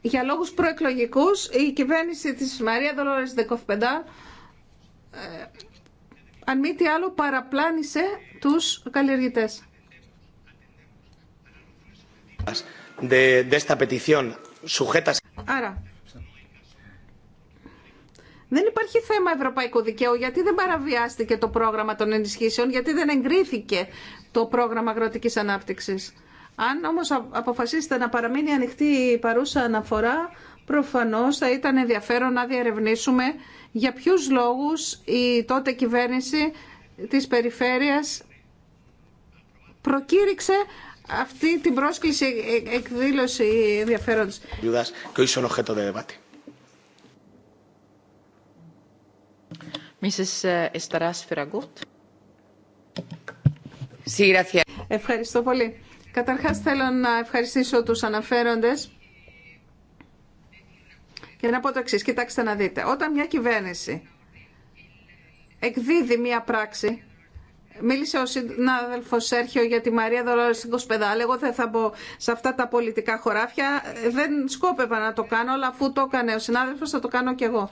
Για λόγους προεκλογικούς η κυβέρνηση της Μαρία Δολόρες Δεκοφπεντά ε, αν μη τι άλλο παραπλάνησε τους καλλιεργητές. De, de petición, sujetas... Άρα, δεν υπάρχει θέμα ευρωπαϊκού δικαίου γιατί δεν παραβιάστηκε το πρόγραμμα των ενισχύσεων, γιατί δεν εγκρίθηκε το πρόγραμμα αγροτικής ανάπτυξης. Αν όμως αποφασίσετε να παραμείνει ανοιχτή η παρούσα αναφορά, προφανώς θα ήταν ενδιαφέρον να διαρευνήσουμε για ποιους λόγους η τότε κυβέρνηση της περιφέρειας προκήρυξε αυτή την πρόσκληση εκδήλωση ενδιαφέροντος. Ε, Ευχαριστώ πολύ. Καταρχάς θέλω να ευχαριστήσω τους αναφέροντες και να πω το εξή, κοιτάξτε να δείτε. Όταν μια κυβέρνηση εκδίδει μια πράξη, μίλησε ο συνάδελφο Σέρχιο για τη Μαρία Δολόρε στην Κοσπεδάλη. Εγώ δεν θα μπω σε αυτά τα πολιτικά χωράφια. Δεν σκόπευα να το κάνω, αλλά αφού το έκανε ο συνάδελφο, θα το κάνω κι εγώ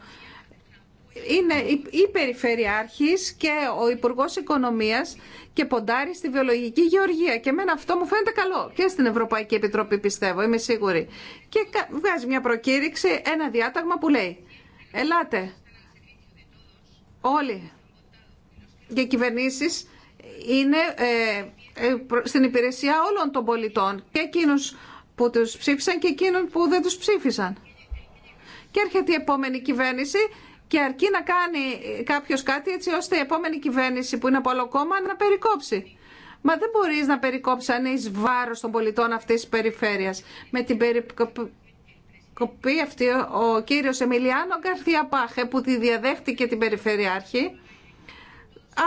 είναι η Περιφερειάρχης και ο Υπουργός Οικονομίας και ποντάρει στη βιολογική γεωργία. Και εμένα αυτό μου φαίνεται καλό. Και στην Ευρωπαϊκή Επιτροπή πιστεύω, είμαι σίγουρη. Και βγάζει μια προκήρυξη, ένα διάταγμα που λέει «Ελάτε όλοι και κυβερνήσεις είναι ε, ε, στην υπηρεσία όλων των πολιτών και εκείνους που τους ψήφισαν και εκείνους που δεν τους ψήφισαν». Και έρχεται η επόμενη κυβέρνηση και αρκεί να κάνει κάποιο κάτι έτσι ώστε η επόμενη κυβέρνηση που είναι από άλλο κόμμα να περικόψει. Μα δεν μπορεί να περικόψει αν είσαι βάρο των πολιτών αυτή τη περιφέρεια. Με την περικοπή αυτή, ο κύριο Εμιλιάνο Γκαρθία Πάχε, που τη διαδέχτηκε την Περιφερειάρχη,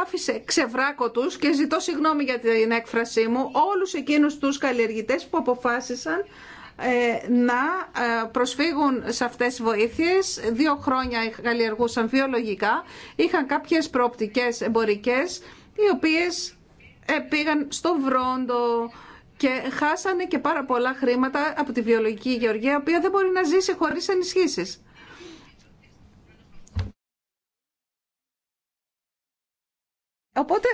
άφησε ξεβράκο τους και ζητώ συγγνώμη για την έκφρασή μου όλους εκείνους τους καλλιεργητές που αποφάσισαν ε, να ε, προσφύγουν σε αυτές τις βοήθειες. Δύο χρόνια καλλιεργούσαν βιολογικά, είχαν κάποιες προοπτικές εμπορικές, οι οποίες ε, πήγαν στο βρόντο και χάσανε και πάρα πολλά χρήματα από τη βιολογική γεωργία, η οποία δεν μπορεί να ζήσει χωρίς ενισχύσεις. Οπότε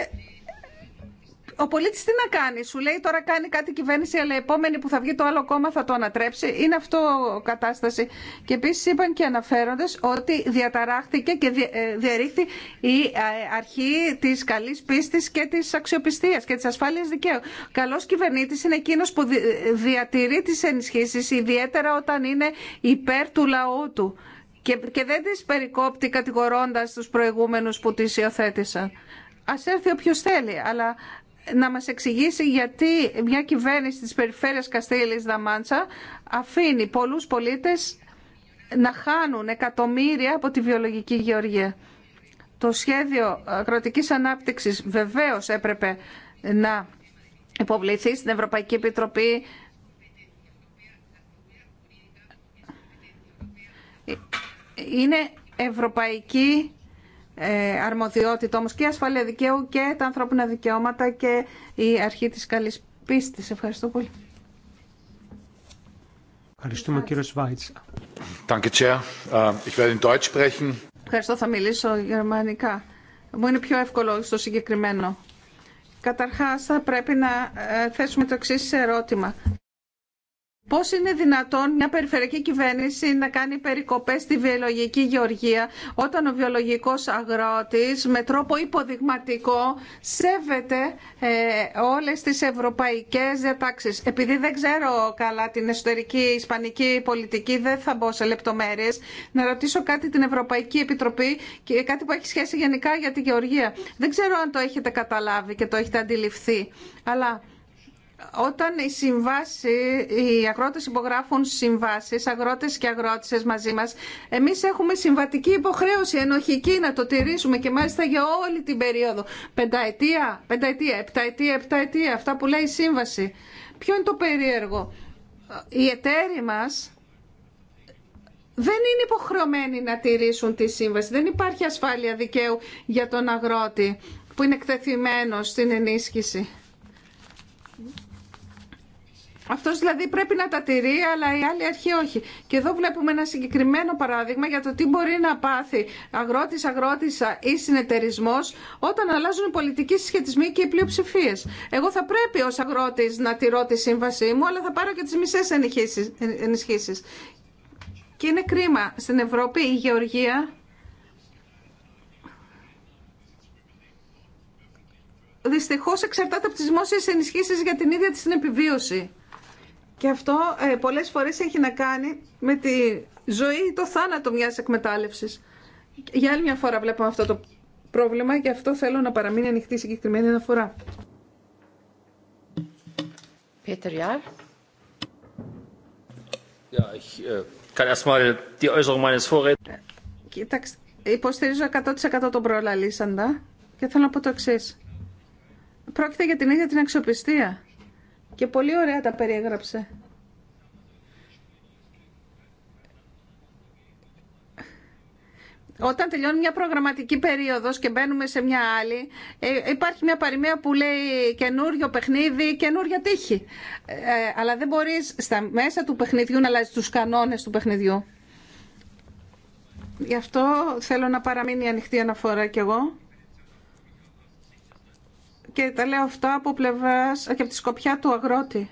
ο πολίτη τι να κάνει, σου λέει τώρα κάνει κάτι η κυβέρνηση, αλλά η επόμενη που θα βγει το άλλο κόμμα θα το ανατρέψει. Είναι αυτό κατάσταση. Και επίση είπαν και αναφέροντε ότι διαταράχθηκε και ε, διαρρήχθη η ε, αρχή τη καλή πίστη και τη αξιοπιστία και τη ασφάλεια δικαίου. Καλό κυβερνήτη είναι εκείνο που διατηρεί τι ενισχύσει, ιδιαίτερα όταν είναι υπέρ του λαού του. Και δεν τις περικόπτει κατηγορώντας τους προηγούμενους που τις υιοθέτησαν. Ας έρθει όποιος θέλει, αλλά να μας εξηγήσει γιατί μια κυβέρνηση της περιφέρειας Καστήλης Δαμάντσα αφήνει πολλούς πολίτες να χάνουν εκατομμύρια από τη βιολογική γεωργία. Το σχέδιο αγροτικής ανάπτυξης βεβαίως έπρεπε να υποβληθεί στην Ευρωπαϊκή Επιτροπή είναι ευρωπαϊκή ε, αρμοδιότητα όμως και ασφαλεία δικαίου και τα ανθρώπινα δικαιώματα και η αρχή της καλής πίστης. Ευχαριστώ πολύ. Ευχαριστούμε κύριο Σβάιτς. Ähm, Ευχαριστώ, θα μιλήσω γερμανικά. Μου είναι πιο εύκολο στο συγκεκριμένο. Καταρχάς θα πρέπει να ε, θέσουμε το εξή ερώτημα. Πώς είναι δυνατόν μια περιφερειακή κυβέρνηση να κάνει περικοπές στη βιολογική γεωργία όταν ο βιολογικός αγρότης με τρόπο υποδειγματικό σέβεται ε, όλες τις ευρωπαϊκές διατάξεις. Επειδή δεν ξέρω καλά την εσωτερική ισπανική πολιτική, δεν θα μπω σε λεπτομέρειες. Να ρωτήσω κάτι την Ευρωπαϊκή Επιτροπή και κάτι που έχει σχέση γενικά για τη γεωργία. Δεν ξέρω αν το έχετε καταλάβει και το έχετε αντιληφθεί, αλλά... Όταν οι συμβάσει, οι αγρότε υπογράφουν συμβάσει, αγρότε και αγρότησε μαζί μα, εμεί έχουμε συμβατική υποχρέωση ενοχική να το τηρήσουμε και μάλιστα για όλη την περίοδο. Πενταετία, πενταετία, επταετία, επταετία, αυτά που λέει η σύμβαση. Ποιο είναι το περίεργο. Οι εταίροι μα δεν είναι υποχρεωμένοι να τηρήσουν τη σύμβαση. Δεν υπάρχει ασφάλεια δικαίου για τον αγρότη που είναι εκτεθειμένο στην ενίσχυση. Αυτό δηλαδή πρέπει να τα τηρεί, αλλά η άλλη αρχή όχι. Και εδώ βλέπουμε ένα συγκεκριμένο παράδειγμα για το τι μπορεί να πάθει αγρότη, αγρότησα ή συνεταιρισμό όταν αλλάζουν οι πολιτικοί συσχετισμοί και οι πλειοψηφίε. Εγώ θα πρέπει ω αγρότη να τηρώ τη σύμβασή μου, αλλά θα πάρω και τι μισέ ενισχύσει. Και είναι κρίμα. Στην Ευρώπη η γεωργία δυστυχώς εξαρτάται από τις δημόσιες ενισχύσεις για την ίδια της την επιβίωση. Και αυτό ε, πολλές φορές έχει να κάνει με τη ζωή ή το θάνατο μιας εκμετάλλευσης. Για άλλη μια φορά βλέπουμε αυτό το πρόβλημα και αυτό θέλω να παραμείνει ανοιχτή συγκεκριμένη αναφορά. Peter Κοιτάξτε, υποστηρίζω 100% τον προλαλήσαντα και θέλω να πω το εξή. Πρόκειται για την ίδια την αξιοπιστία και πολύ ωραία τα περιέγραψε. Όταν τελειώνει μια προγραμματική περίοδος και μπαίνουμε σε μια άλλη, ε, υπάρχει μια παροιμία που λέει καινούριο παιχνίδι, καινούρια τύχη. Ε, αλλά δεν μπορείς στα μέσα του παιχνιδιού να αλλάζει τους κανόνες του παιχνιδιού. Γι' αυτό θέλω να παραμείνει ανοιχτή αναφορά κι εγώ και τα λέω αυτά από πλευράς και από τη σκοπιά του αγρότη.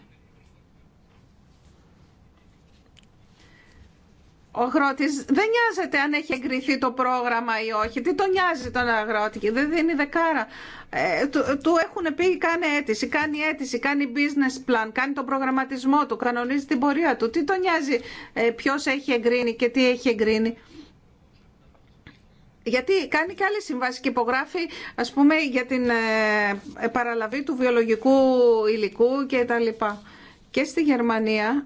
Ο αγρότη δεν νοιάζεται αν έχει εγκριθεί το πρόγραμμα ή όχι. Τι τον νοιάζει τον αγρότη, δεν δίνει δεκάρα. Ε, του, του έχουν πει κάνει αίτηση, κάνει αίτηση, κάνει business plan, κάνει τον προγραμματισμό του, κανονίζει την πορεία του. Τι τον νοιάζει ε, ποιο έχει εγκρίνει και τι έχει εγκρίνει γιατί κάνει και άλλε συμβάσει και υπογράφει ας πούμε για την ε, παραλαβή του βιολογικού υλικού και τα λοιπά. Και στη Γερμανία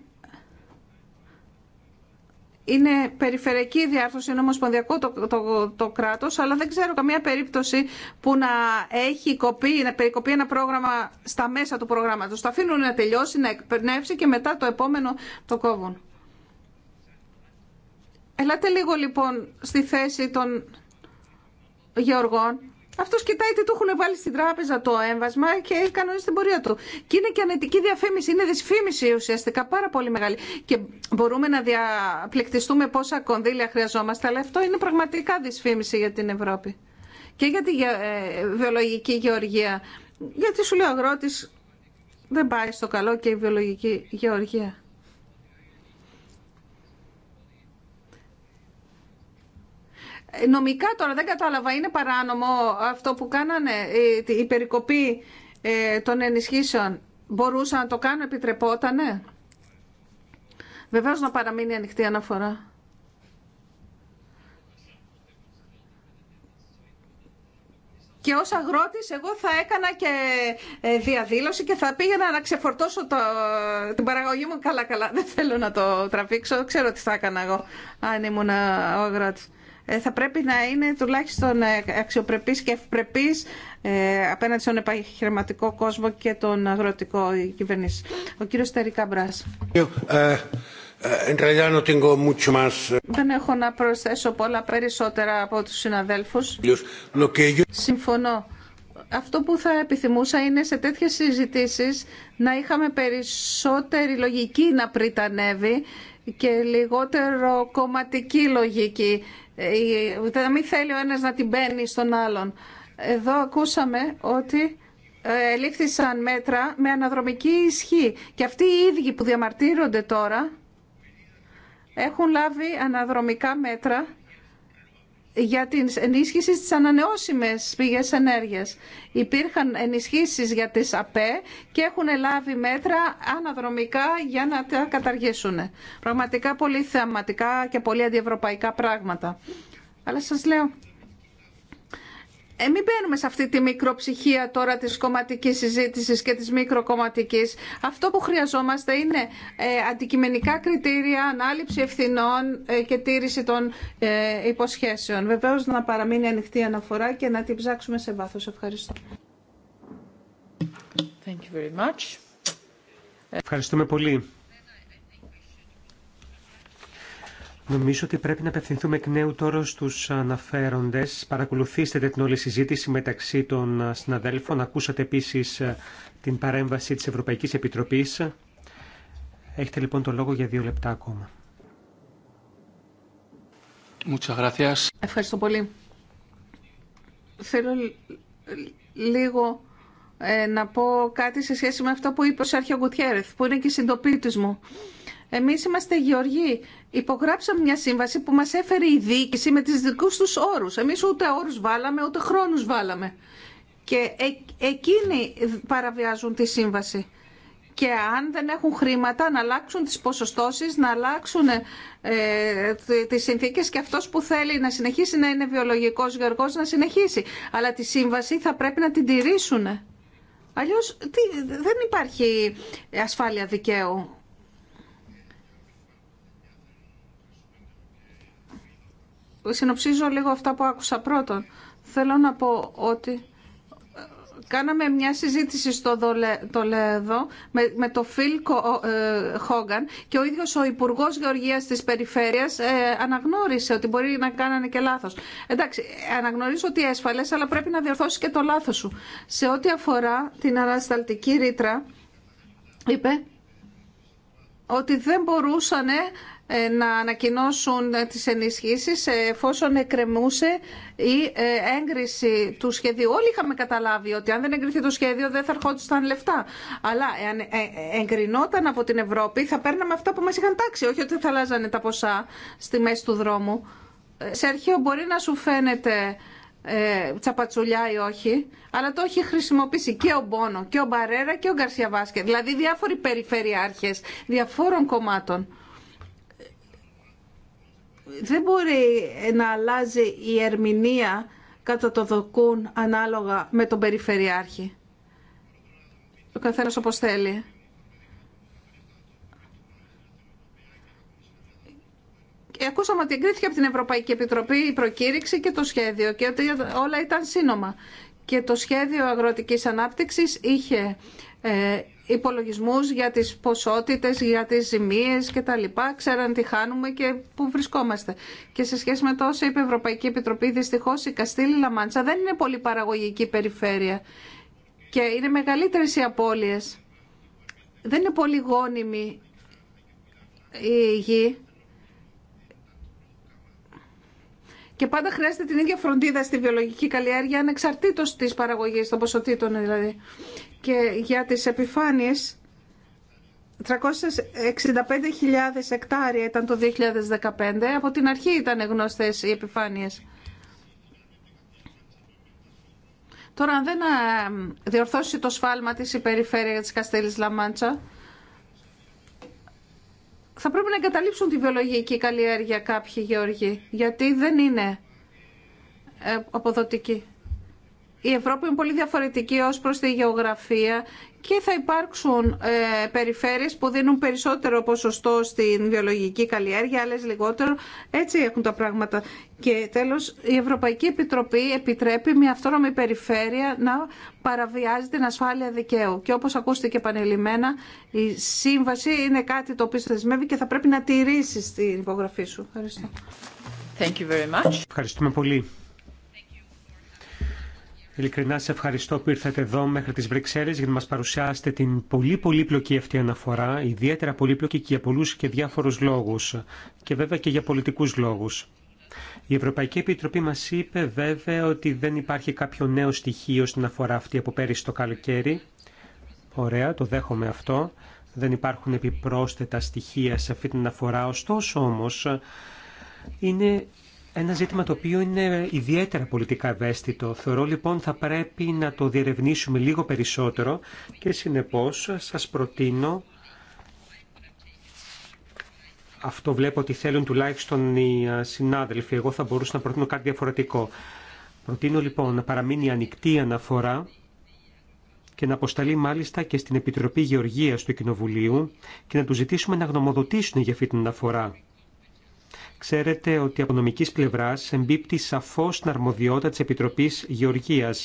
είναι περιφερειακή διάρθρωση, είναι ομοσπονδιακό το, το, κράτος, αλλά δεν ξέρω καμία περίπτωση που να έχει κοπεί, να περικοπεί ένα πρόγραμμα στα μέσα του προγράμματος. Το αφήνουν να τελειώσει, να εκπαιρνεύσει και μετά το επόμενο το κόβουν. Ελάτε λίγο λοιπόν στη θέση των γεωργών, αυτό κοιτάει τι του έχουν βάλει στην τράπεζα το έμβασμα και κανονίσει την πορεία του. Και είναι και ανετική διαφήμιση, είναι δυσφήμιση ουσιαστικά πάρα πολύ μεγάλη. Και μπορούμε να διαπληκτιστούμε πόσα κονδύλια χρειαζόμαστε, αλλά αυτό είναι πραγματικά δυσφήμιση για την Ευρώπη. Και για τη ε, βιολογική γεωργία. Γιατί σου λέει ο αγρότης δεν πάει στο καλό και η βιολογική γεωργία. Ε, νομικά τώρα δεν κατάλαβα, είναι παράνομο αυτό που κάνανε, η περικοπή ε, των ενισχύσεων. Μπορούσαν να το κάνουν, επιτρεπότανε. Βεβαίως να παραμείνει ανοιχτή αναφορά. Και ως αγρότης εγώ θα έκανα και ε, διαδήλωση και θα πήγαινα να ξεφορτώσω το, την παραγωγή μου καλά καλά. Δεν θέλω να το τραβήξω, ξέρω τι θα έκανα εγώ αν ήμουν αγρότης. Ε, θα πρέπει να είναι τουλάχιστον ε, αξιοπρεπής και ευπρεπής ε, απέναντι στον επαγγελματικό κόσμο και τον αγροτικό κυβερνήση. Ο κύριος Τερικά Μπράς. Δεν έχω να προσθέσω πολλά περισσότερα από τους συναδέλφους. Συμφωνώ. Αυτό που θα επιθυμούσα είναι σε τέτοιες συζητήσεις να είχαμε περισσότερη λογική να πριτανεύει και λιγότερο κομματική λογική. Να ε, μην θέλει ο ένας να την μπαίνει στον άλλον. Εδώ ακούσαμε ότι ε, ελήφθησαν μέτρα με αναδρομική ισχύ. Και αυτοί οι ίδιοι που διαμαρτύρονται τώρα έχουν λάβει αναδρομικά μέτρα για την ενίσχυση στις ανανεώσιμες πηγές ενέργειας. Υπήρχαν ενισχύσεις για τις ΑΠΕ και έχουν λάβει μέτρα αναδρομικά για να τα καταργήσουν. Πραγματικά πολύ θεαματικά και πολύ αντιευρωπαϊκά πράγματα. Αλλά σας λέω, ε, μην μπαίνουμε σε αυτή τη μικροψυχία τώρα της κομματικής συζήτησης και της μικροκομματικής. Αυτό που χρειαζόμαστε είναι ε, αντικειμενικά κριτήρια, ανάληψη ευθυνών ε, και τήρηση των ε, υποσχέσεων. Βεβαίως να παραμείνει ανοιχτή η αναφορά και να την ψάξουμε σε βάθος. Ευχαριστώ. Thank you very much. Ευχαριστούμε πολύ. Νομίζω ότι πρέπει να απευθυνθούμε εκ νέου τώρα στους αναφέροντε. Παρακολουθήστε την όλη συζήτηση μεταξύ των συναδέλφων. Ακούσατε επίση ε, την παρέμβαση τη Ευρωπαϊκή Επιτροπή. Έχετε λοιπόν το λόγο για δύο λεπτά ακόμα. Ευχαριστώ πολύ. Θέλω λίγο ε, να πω κάτι σε σχέση με αυτό που είπε ο Σάρχιο Γκουτιέρεθ, που είναι και συντοπίτη μου. Εμείς είμαστε γεωργοί. Υπογράψαμε μια σύμβαση που μας έφερε η διοίκηση με τις δικούς τους όρους. Εμείς ούτε όρους βάλαμε, ούτε χρόνους βάλαμε. Και ε, εκείνοι παραβιάζουν τη σύμβαση. Και αν δεν έχουν χρήματα να αλλάξουν τις ποσοστώσεις, να αλλάξουν ε, τις συνθήκες και αυτός που θέλει να συνεχίσει να είναι βιολογικός γεωργός να συνεχίσει. Αλλά τη σύμβαση θα πρέπει να την τηρήσουν. Αλλιώς δεν υπάρχει ασφάλεια δικαίου συνοψίζω λίγο αυτά που άκουσα πρώτον. Θέλω να πω ότι ε, κάναμε μια συζήτηση στο ΛΕΔΟ με, το Φιλ ε, Χόγκαν και ο ίδιος ο Υπουργός Γεωργίας της Περιφέρειας ε, αναγνώρισε ότι μπορεί να κάνανε και λάθος. Εντάξει, αναγνωρίζω ότι έσφαλες, αλλά πρέπει να διορθώσεις και το λάθος σου. Σε ό,τι αφορά την ανασταλτική ρήτρα, είπε ότι δεν μπορούσανε ε, να ανακοινώσουν ε, τις ενισχύσεις ε, εφόσον εκκρεμούσε η έγκριση του σχεδίου. Όλοι είχαμε καταλάβει ότι αν δεν εγκριθεί το σχέδιο δεν θα ερχόντουσαν λεφτά. Αλλά εάν εγκρινόταν από την Ευρώπη θα παίρναμε αυτά που μας είχαν τάξει, όχι ότι θα αλλάζανε τα ποσά στη μέση του δρόμου. Σε αρχαίο μπορεί να σου φαίνεται ε, τσαπατσουλιά ή όχι, αλλά το έχει χρησιμοποιήσει και ο Μπόνο και ο Μπαρέρα και ο Γκαρσιαβάσκε, δηλαδή διάφοροι περιφερειάρχες διαφόρων κομμάτων δεν μπορεί να αλλάζει η ερμηνεία κατά το δοκούν ανάλογα με τον Περιφερειάρχη. Ο καθένας όπως θέλει. Και ακούσαμε ότι εγκρίθηκε από την Ευρωπαϊκή Επιτροπή η προκήρυξη και το σχέδιο και ότι όλα ήταν σύνομα. Και το σχέδιο αγροτικής ανάπτυξης είχε ε, υπολογισμούς για τις ποσότητες, για τις ζημίες και τα λοιπά. Ξέραν τι χάνουμε και πού βρισκόμαστε. Και σε σχέση με το είπε η Ευρωπαϊκή Επιτροπή, δυστυχώς η Καστήλη Λαμάντσα δεν είναι πολύ παραγωγική περιφέρεια και είναι μεγαλύτερες οι απώλειες. Δεν είναι πολύ γόνιμη η γη. Και πάντα χρειάζεται την ίδια φροντίδα στη βιολογική καλλιέργεια, ανεξαρτήτως της παραγωγής, των ποσοτήτων δηλαδή και για τις επιφάνειες 365.000 εκτάρια ήταν το 2015. Από την αρχή ήταν γνωστές οι επιφάνειες. Τώρα, αν δεν ε, διορθώσει το σφάλμα της η περιφέρεια της Καστέλης Λαμάντσα, θα πρέπει να εγκαταλείψουν τη βιολογική καλλιέργεια κάποιοι γεωργοί, γιατί δεν είναι ε, αποδοτική η Ευρώπη είναι πολύ διαφορετική ως προς τη γεωγραφία και θα υπάρξουν ε, περιφέρειες που δίνουν περισσότερο ποσοστό στην βιολογική καλλιέργεια, άλλες λιγότερο. Έτσι έχουν τα πράγματα. Και τέλος, η Ευρωπαϊκή Επιτροπή επιτρέπει μια αυτόνομη περιφέρεια να παραβιάζει την ασφάλεια δικαίου. Και όπως ακούστηκε επανειλημμένα, η σύμβαση είναι κάτι το οποίο θεσμεύει και θα πρέπει να τηρήσεις την υπογραφή σου. Ευχαριστώ. Thank Ευχαριστούμε πολύ. Ειλικρινά σε ευχαριστώ που ήρθατε εδώ μέχρι τις Βρυξέλλες για να μας παρουσιάσετε την πολύ πολύπλοκη αυτή αναφορά, ιδιαίτερα πολύπλοκη και για πολλούς και διάφορους λόγους και βέβαια και για πολιτικούς λόγους. Η Ευρωπαϊκή Επιτροπή μας είπε βέβαια ότι δεν υπάρχει κάποιο νέο στοιχείο στην αφορά αυτή από πέρυσι το καλοκαίρι. Ωραία, το δέχομαι αυτό. Δεν υπάρχουν επιπρόσθετα στοιχεία σε αυτή την αναφορά, Ωστόσο όμως είναι ένα ζήτημα το οποίο είναι ιδιαίτερα πολιτικά ευαίσθητο. Θεωρώ λοιπόν θα πρέπει να το διερευνήσουμε λίγο περισσότερο και συνεπώς σας προτείνω αυτό βλέπω ότι θέλουν τουλάχιστον οι συνάδελφοι. Εγώ θα μπορούσα να προτείνω κάτι διαφορετικό. Προτείνω λοιπόν να παραμείνει ανοιχτή η αναφορά και να αποσταλεί μάλιστα και στην Επιτροπή Γεωργίας του Κοινοβουλίου και να του ζητήσουμε να γνωμοδοτήσουν για αυτή την αναφορά. Ξέρετε ότι από νομική πλευρά εμπίπτει σαφώ στην αρμοδιότητα τη Επιτροπής Γεωργία.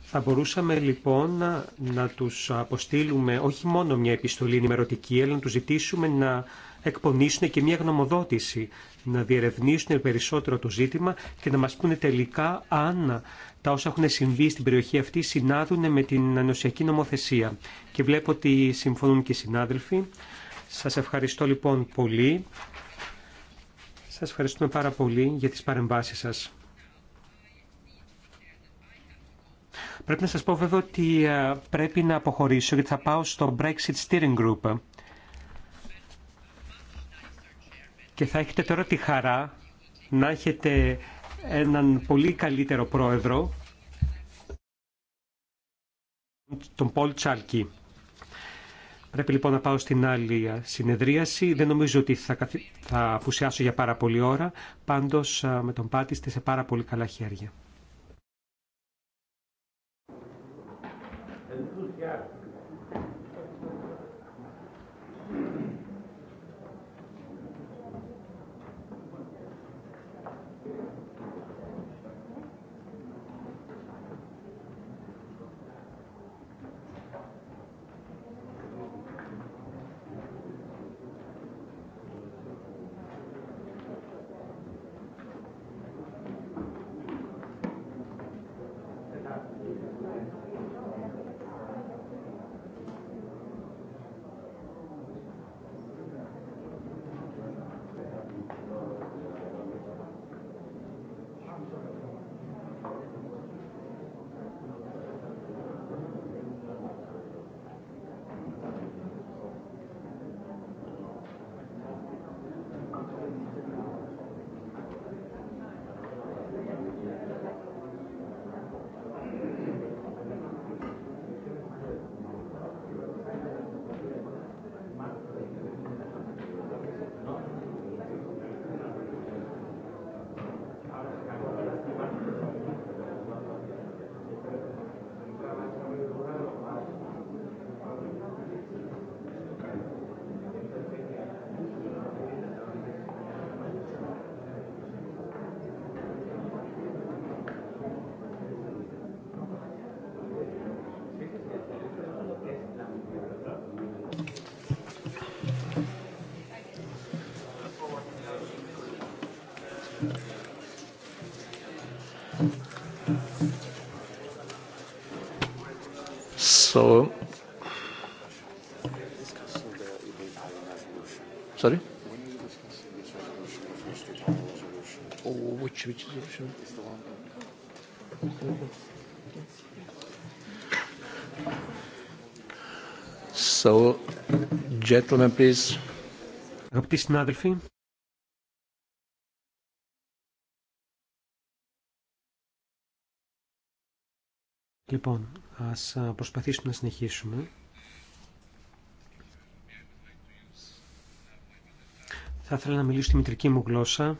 Θα μπορούσαμε λοιπόν να τους αποστείλουμε όχι μόνο μια επιστολή ενημερωτική, αλλά να τους ζητήσουμε να εκπονήσουν και μια γνωμοδότηση, να διερευνήσουν περισσότερο το ζήτημα και να μας πούνε τελικά αν τα όσα έχουν συμβεί στην περιοχή αυτή συνάδουν με την ανοσιακή νομοθεσία. Και βλέπω ότι συμφωνούν και οι συνάδελφοι. Σας ευχαριστώ λοιπόν πολύ. Σας ευχαριστούμε πάρα πολύ για τις παρεμβάσεις σας. Πρέπει να σας πω βέβαια ότι ε, πρέπει να αποχωρήσω γιατί θα πάω στο Brexit Steering Group. Και θα έχετε τώρα τη χαρά να έχετε έναν πολύ καλύτερο πρόεδρο, τον Πολ Τσάλκι. Πρέπει λοιπόν να πάω στην άλλη συνεδρίαση. Δεν νομίζω ότι θα, θα για πάρα πολλή ώρα. Πάντως με τον Πάτη είστε σε πάρα πολύ καλά χέρια. So, gentlemen, please. Αγαπητοί συνάδελφοι, λοιπόν, ας προσπαθήσουμε να συνεχίσουμε. Θα ήθελα να μιλήσω στη μητρική μου γλώσσα,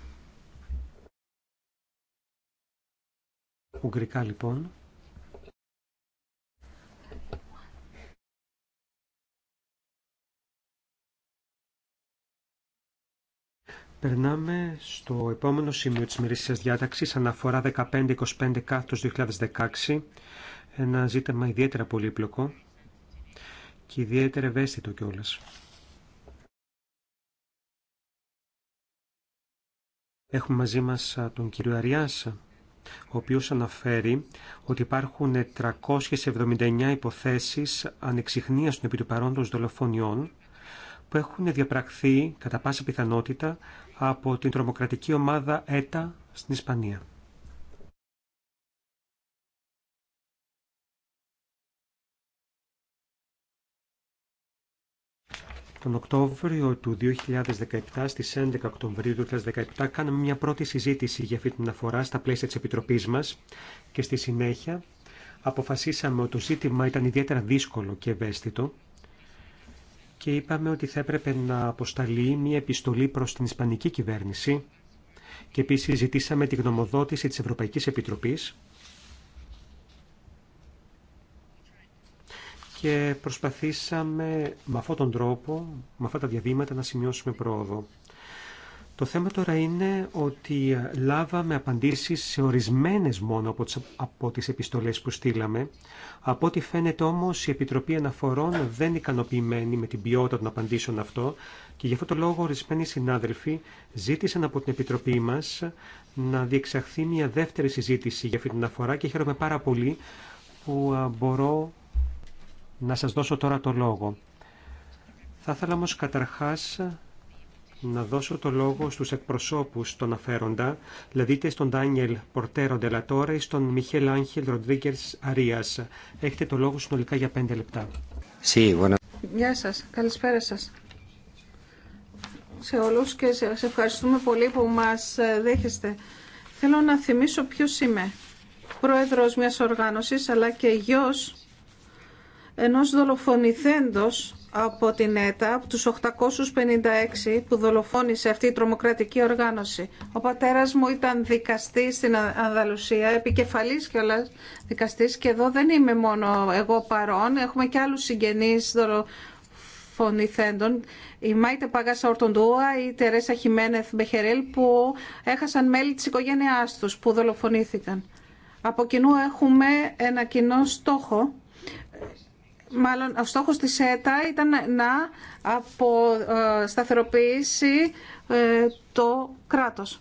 Ουγγρικά λοιπόν. Περνάμε στο επόμενο σημείο της μερισσιας διαταξης διάταξης, αναφορά 15-25 2016, ένα ζήτημα ιδιαίτερα πολύπλοκο και ιδιαίτερα ευαίσθητο κιόλας. Έχουμε μαζί μας τον κύριο Αριάσα, ο οποίος αναφέρει ότι υπάρχουν 379 υποθέσεις ανεξιχνίας των επί του παρόντος δολοφονιών που έχουν διαπραχθεί κατά πάσα πιθανότητα από την τρομοκρατική ομάδα ΕΤΑ στην Ισπανία. Τον Οκτώβριο του 2017, στις 11 Οκτωβρίου του 2017, κάναμε μια πρώτη συζήτηση για αυτή την αφορά στα πλαίσια της Επιτροπής μας και στη συνέχεια αποφασίσαμε ότι το ζήτημα ήταν ιδιαίτερα δύσκολο και ευαίσθητο και είπαμε ότι θα έπρεπε να αποσταλεί μια επιστολή προς την Ισπανική κυβέρνηση και επίσης ζητήσαμε τη γνωμοδότηση της Ευρωπαϊκής Επιτροπής και προσπαθήσαμε με αυτόν τον τρόπο, με αυτά τα διαβήματα, να σημειώσουμε πρόοδο. Το θέμα τώρα είναι ότι λάβαμε απαντήσεις σε ορισμένες μόνο από τις, από επιστολές που στείλαμε. Από ό,τι φαίνεται όμως η Επιτροπή Αναφορών δεν είναι ικανοποιημένη με την ποιότητα των απαντήσεων αυτό και γι' αυτό το λόγο ορισμένοι συνάδελφοι ζήτησαν από την Επιτροπή μας να διεξαχθεί μια δεύτερη συζήτηση για αυτή την αναφορά και χαίρομαι πάρα πολύ που μπορώ να σας δώσω τώρα το λόγο. Θα ήθελα όμως καταρχάς να δώσω το λόγο στους εκπροσώπους των αφέροντα, δηλαδή είτε στον Ντάνιελ Πορτέρο τώρα ή στον Μιχέλ Άγχελ Ροντρίγκερς Αρίας. Έχετε το λόγο συνολικά για πέντε λεπτά. Γεια σας. Καλησπέρα σας σε όλους και σε ευχαριστούμε πολύ που μας ε, δέχεστε. Θέλω να θυμίσω ποιος είμαι. Πρόεδρος μιας οργάνωσης αλλά και γιος ενός δολοφονηθέντος από την ΕΤΑ, από τους 856 που δολοφόνησε αυτή η τρομοκρατική οργάνωση. Ο πατέρας μου ήταν δικαστής στην Ανδαλουσία, επικεφαλής κιόλα δικαστής και εδώ δεν είμαι μόνο εγώ παρόν, έχουμε και άλλους συγγενείς δολοφονηθέντων. Η Μάιτε Παγάσα Ορτοντούα, η Τερέσα Χιμένεθ Μπεχερέλ που έχασαν μέλη της οικογένειάς τους που δολοφονήθηκαν. Από κοινού έχουμε ένα κοινό στόχο μάλλον ο στόχος της ΕΤΑ ήταν να αποσταθεροποιήσει ε, ε, το κράτος.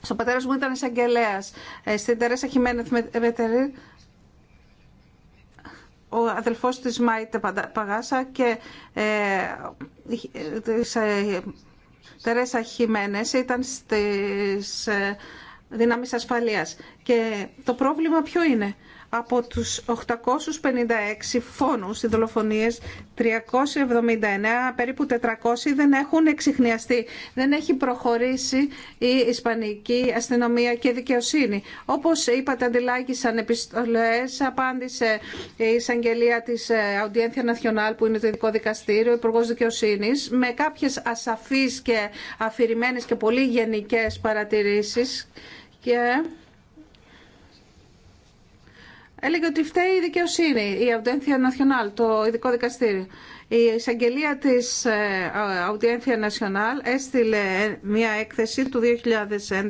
Στο πατέρα μου ήταν εισαγγελέα. Ε, στην Τερέσα Χιμένεθ Μετερή, ο αδελφός της Μάιτε Παγάσα και ε, της Τερέσα Χιμένες ήταν στις ε, δυνάμεις ασφαλείας. Και το πρόβλημα ποιο είναι από τους 856 φόνους στις δολοφονίες, 379, περίπου 400 δεν έχουν εξηχνιαστεί. Δεν έχει προχωρήσει η Ισπανική αστυνομία και δικαιοσύνη. Όπως είπατε, αντιλάγησαν επιστολές, απάντησε η εισαγγελία της ε, Audiência Nacional, που είναι το ειδικό δικαστήριο, υπουργό δικαιοσύνη, με κάποιες ασαφείς και αφηρημένες και πολύ γενικές παρατηρήσεις και έλεγε ότι φταίει η δικαιοσύνη, η Audiencia νασιονάλ το ειδικό δικαστήριο. Η εισαγγελία της ε, Audiencia νασιονάλ έστειλε μια έκθεση του 2011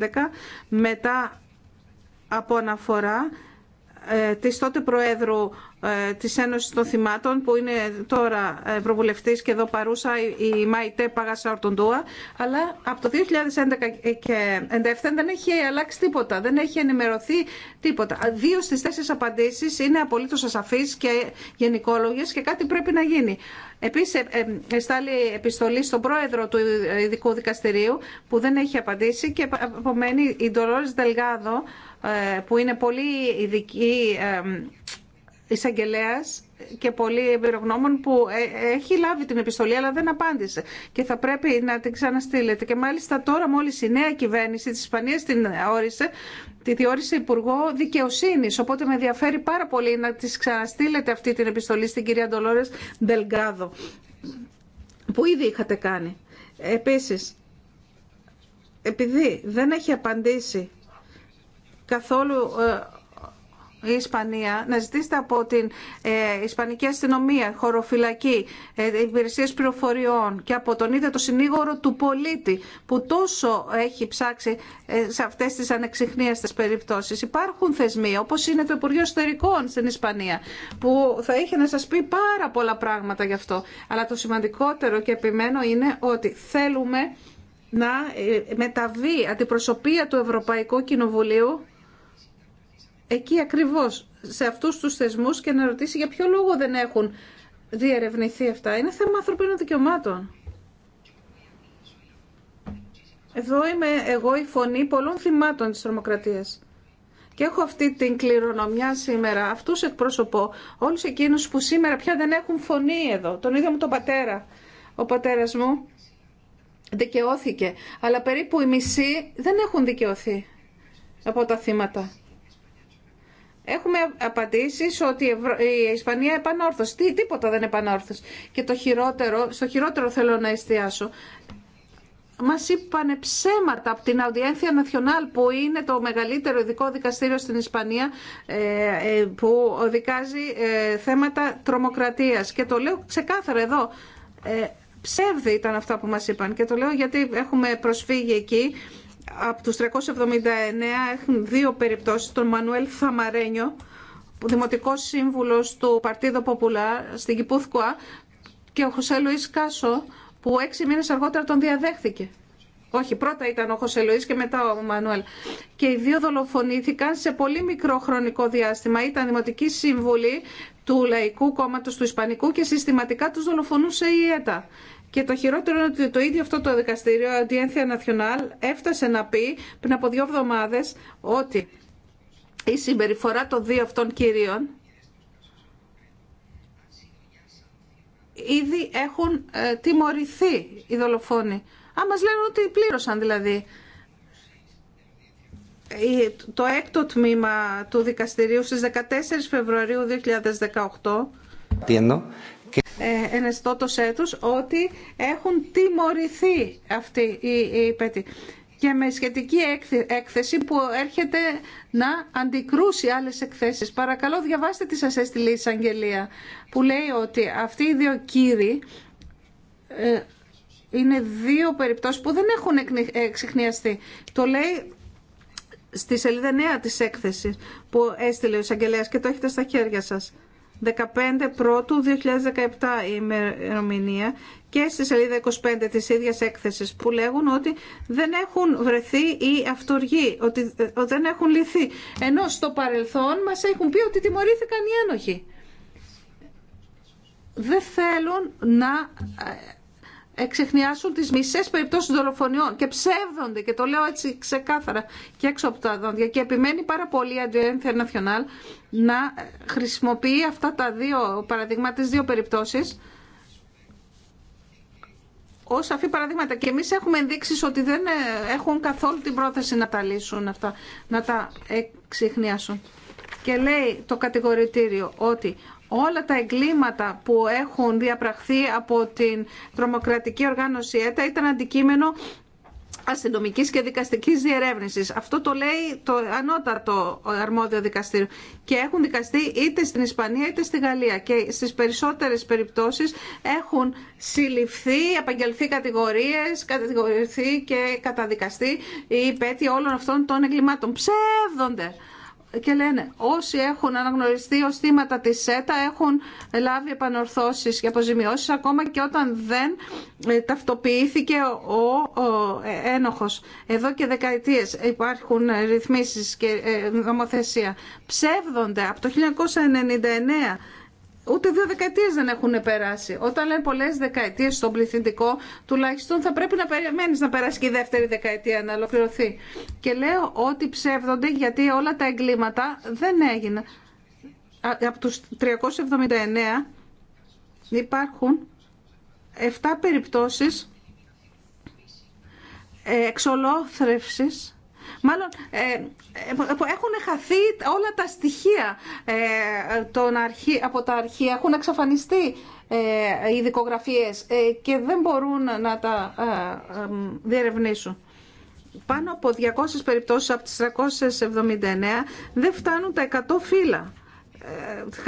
μετά από αναφορά ε, της τότε Προέδρου ε, της Ένωσης των Θυμάτων που είναι τώρα ε, προβουλευτής και εδώ παρούσα η Μαϊτέ Παγάσα Ορτοντούα αλλά από το 2011 και 2017 δεν έχει αλλάξει τίποτα, δεν έχει ενημερωθεί τίποτα. Δύο στις τέσσερις απαντήσεις είναι απολύτως ασαφείς και γενικόλογες και κάτι πρέπει να γίνει. Επίσης εστάλει ε, επιστολή στον πρόεδρο του ειδικού δικαστηρίου που δεν έχει απαντήσει και απομένει η Ντολόρης Δελγάδο που είναι πολύ ειδική εισαγγελέα και πολλοί εμπειρογνώμων που ε, έχει λάβει την επιστολή αλλά δεν απάντησε και θα πρέπει να την ξαναστείλετε. Και μάλιστα τώρα μόλις η νέα κυβέρνηση της Ισπανίας την όρισε, τη διόρισε Υπουργό Δικαιοσύνης. Οπότε με ενδιαφέρει πάρα πολύ να της ξαναστείλετε αυτή την επιστολή στην κυρία Ντολόρες Ντελγκάδο που ήδη είχατε κάνει. Επίσης, επειδή δεν έχει απαντήσει καθόλου ε, η Ισπανία να ζητήσετε από την ε, Ισπανική αστυνομία, χωροφυλακή, ε, υπηρεσίε πληροφοριών και από τον ίδιο το συνήγορο του πολίτη που τόσο έχει ψάξει ε, σε αυτέ τι ανεξιχνίαστε περιπτώσει. Υπάρχουν θεσμοί, όπω είναι το Υπουργείο Εσωτερικών στην Ισπανία, που θα είχε να σα πει πάρα πολλά πράγματα γι' αυτό. Αλλά το σημαντικότερο και επιμένω είναι ότι θέλουμε να ε, μεταβεί αντιπροσωπεία του Ευρωπαϊκού Κοινοβουλίου εκεί ακριβώς σε αυτούς τους θεσμούς και να ρωτήσει για ποιο λόγο δεν έχουν διερευνηθεί αυτά. Είναι θέμα ανθρωπίνων δικαιωμάτων. Εδώ είμαι εγώ η φωνή πολλών θυμάτων της τρομοκρατίας. Και έχω αυτή την κληρονομιά σήμερα. Αυτούς εκπροσωπώ. Όλους εκείνους που σήμερα πια δεν έχουν φωνή εδώ. Τον ίδιο τον πατέρα. Ο πατέρας μου δικαιώθηκε. Αλλά περίπου οι μισοί δεν έχουν δικαιωθεί από τα θύματα. Έχουμε απαντήσει ότι η Ισπανία επανόρθωσε. Τι, τίποτα δεν επανόρθωσε. Και το χειρότερο, στο χειρότερο θέλω να εστιάσω. Μας είπαν ψέματα από την Αουδιένθια Nacional που είναι το μεγαλύτερο ειδικό δικαστήριο στην Ισπανία ε, ε, που δικάζει ε, θέματα τρομοκρατίας. Και το λέω ξεκάθαρα εδώ. Ψεύδι ήταν αυτά που μα είπαν και το λέω γιατί έχουμε προσφύγει εκεί από τους 379 έχουν δύο περιπτώσεις, τον Μανουέλ Θαμαρένιο, δημοτικός σύμβουλος του Παρτίδο Ποπουλά στην Κυπούθκουα και ο Χωσέ Λουίς Κάσο που έξι μήνες αργότερα τον διαδέχθηκε. Όχι, πρώτα ήταν ο Χωσέ Λουίς και μετά ο Μανουέλ. Και οι δύο δολοφονήθηκαν σε πολύ μικρό χρονικό διάστημα. Ήταν δημοτική σύμβουλη του Λαϊκού Κόμματος του Ισπανικού και συστηματικά τους δολοφονούσε η ΕΤΑ. Και το χειρότερο είναι ότι το ίδιο αυτό το δικαστήριο, Αντιένθια Ναθιονάλ, έφτασε να πει πριν από δύο εβδομάδε ότι η συμπεριφορά των δύο αυτών κυρίων ήδη έχουν ε, τιμωρηθεί οι δολοφόνοι. Α, μας λένε ότι πλήρωσαν δηλαδή. Το έκτο τμήμα του δικαστηρίου στις 14 Φεβρουαρίου 2018 ε, σε έτους ότι έχουν τιμωρηθεί αυτοί οι, οι και με σχετική έκθεση που έρχεται να αντικρούσει άλλες εκθέσεις. Παρακαλώ διαβάστε τι σας έστειλε εισαγγελία που λέει ότι αυτοί οι δύο κύριοι ε, είναι δύο περιπτώσεις που δεν έχουν εξυχνιαστεί. Ε, το λέει στη σελίδα νέα της έκθεσης που έστειλε ο εισαγγελέας και το έχετε στα χέρια σας. 15 Πρώτου 2017 η ημερομηνία και στη σελίδα 25 της ίδιας έκθεσης που λέγουν ότι δεν έχουν βρεθεί η αυτοργοί, ότι ε, δεν έχουν λυθεί. Ενώ στο παρελθόν μας έχουν πει ότι τιμωρήθηκαν οι ένοχοι. Δεν θέλουν να ε, εξεχνιάσουν τις μισές περιπτώσεις δολοφονιών και ψεύδονται και το λέω έτσι ξεκάθαρα και έξω από τα δόντια και επιμένει πάρα πολύ η International να χρησιμοποιεί αυτά τα δύο παραδείγματα, τις δύο περιπτώσεις ω σαφή παραδείγματα. Και εμεί έχουμε ενδείξει ότι δεν ε, έχουν καθόλου την πρόθεση να τα λύσουν αυτά, να τα εξηχνιάσουν. Και λέει το κατηγορητήριο ότι όλα τα εγκλήματα που έχουν διαπραχθεί από την τρομοκρατική οργάνωση ΕΤΑ ήταν αντικείμενο αστυνομικής και δικαστικής διερεύνησης. Αυτό το λέει το ανώτατο αρμόδιο δικαστήριο. Και έχουν δικαστεί είτε στην Ισπανία είτε στη Γαλλία. Και στις περισσότερες περιπτώσεις έχουν συλληφθεί, απαγγελθεί κατηγορίες, κατηγορηθεί και καταδικαστεί η υπέτειοι όλων αυτών των εγκλημάτων. Ψεύδονται και λένε όσοι έχουν αναγνωριστεί ως θύματα της ΣΕΤΑ έχουν λάβει επανορθώσεις και αποζημιώσεις ακόμα και όταν δεν ε, ταυτοποιήθηκε ο, ο ε, ένοχος. Εδώ και δεκαετίες υπάρχουν ε, ρυθμίσεις και νομοθεσία. Ψεύδονται από το 1999 Ούτε δύο δεκαετίε δεν έχουν περάσει. Όταν λένε πολλέ δεκαετίε στον πληθυντικό, τουλάχιστον θα πρέπει να περιμένει να περάσει και η δεύτερη δεκαετία να ολοκληρωθεί. Και λέω ότι ψεύδονται γιατί όλα τα εγκλήματα δεν έγιναν. Από τους 379 υπάρχουν 7 περιπτώσεις ε, εξολόθρευσης μάλλον ε, ε, που έχουν χαθεί όλα τα στοιχεία ε, τον από τα αρχεία, έχουν εξαφανιστεί οι δικογραφίες και δεν μπορούν να τα διερευνήσουν. Πάνω από 200 περιπτώσεις από τις 379 δεν φτάνουν τα 100 φύλλα,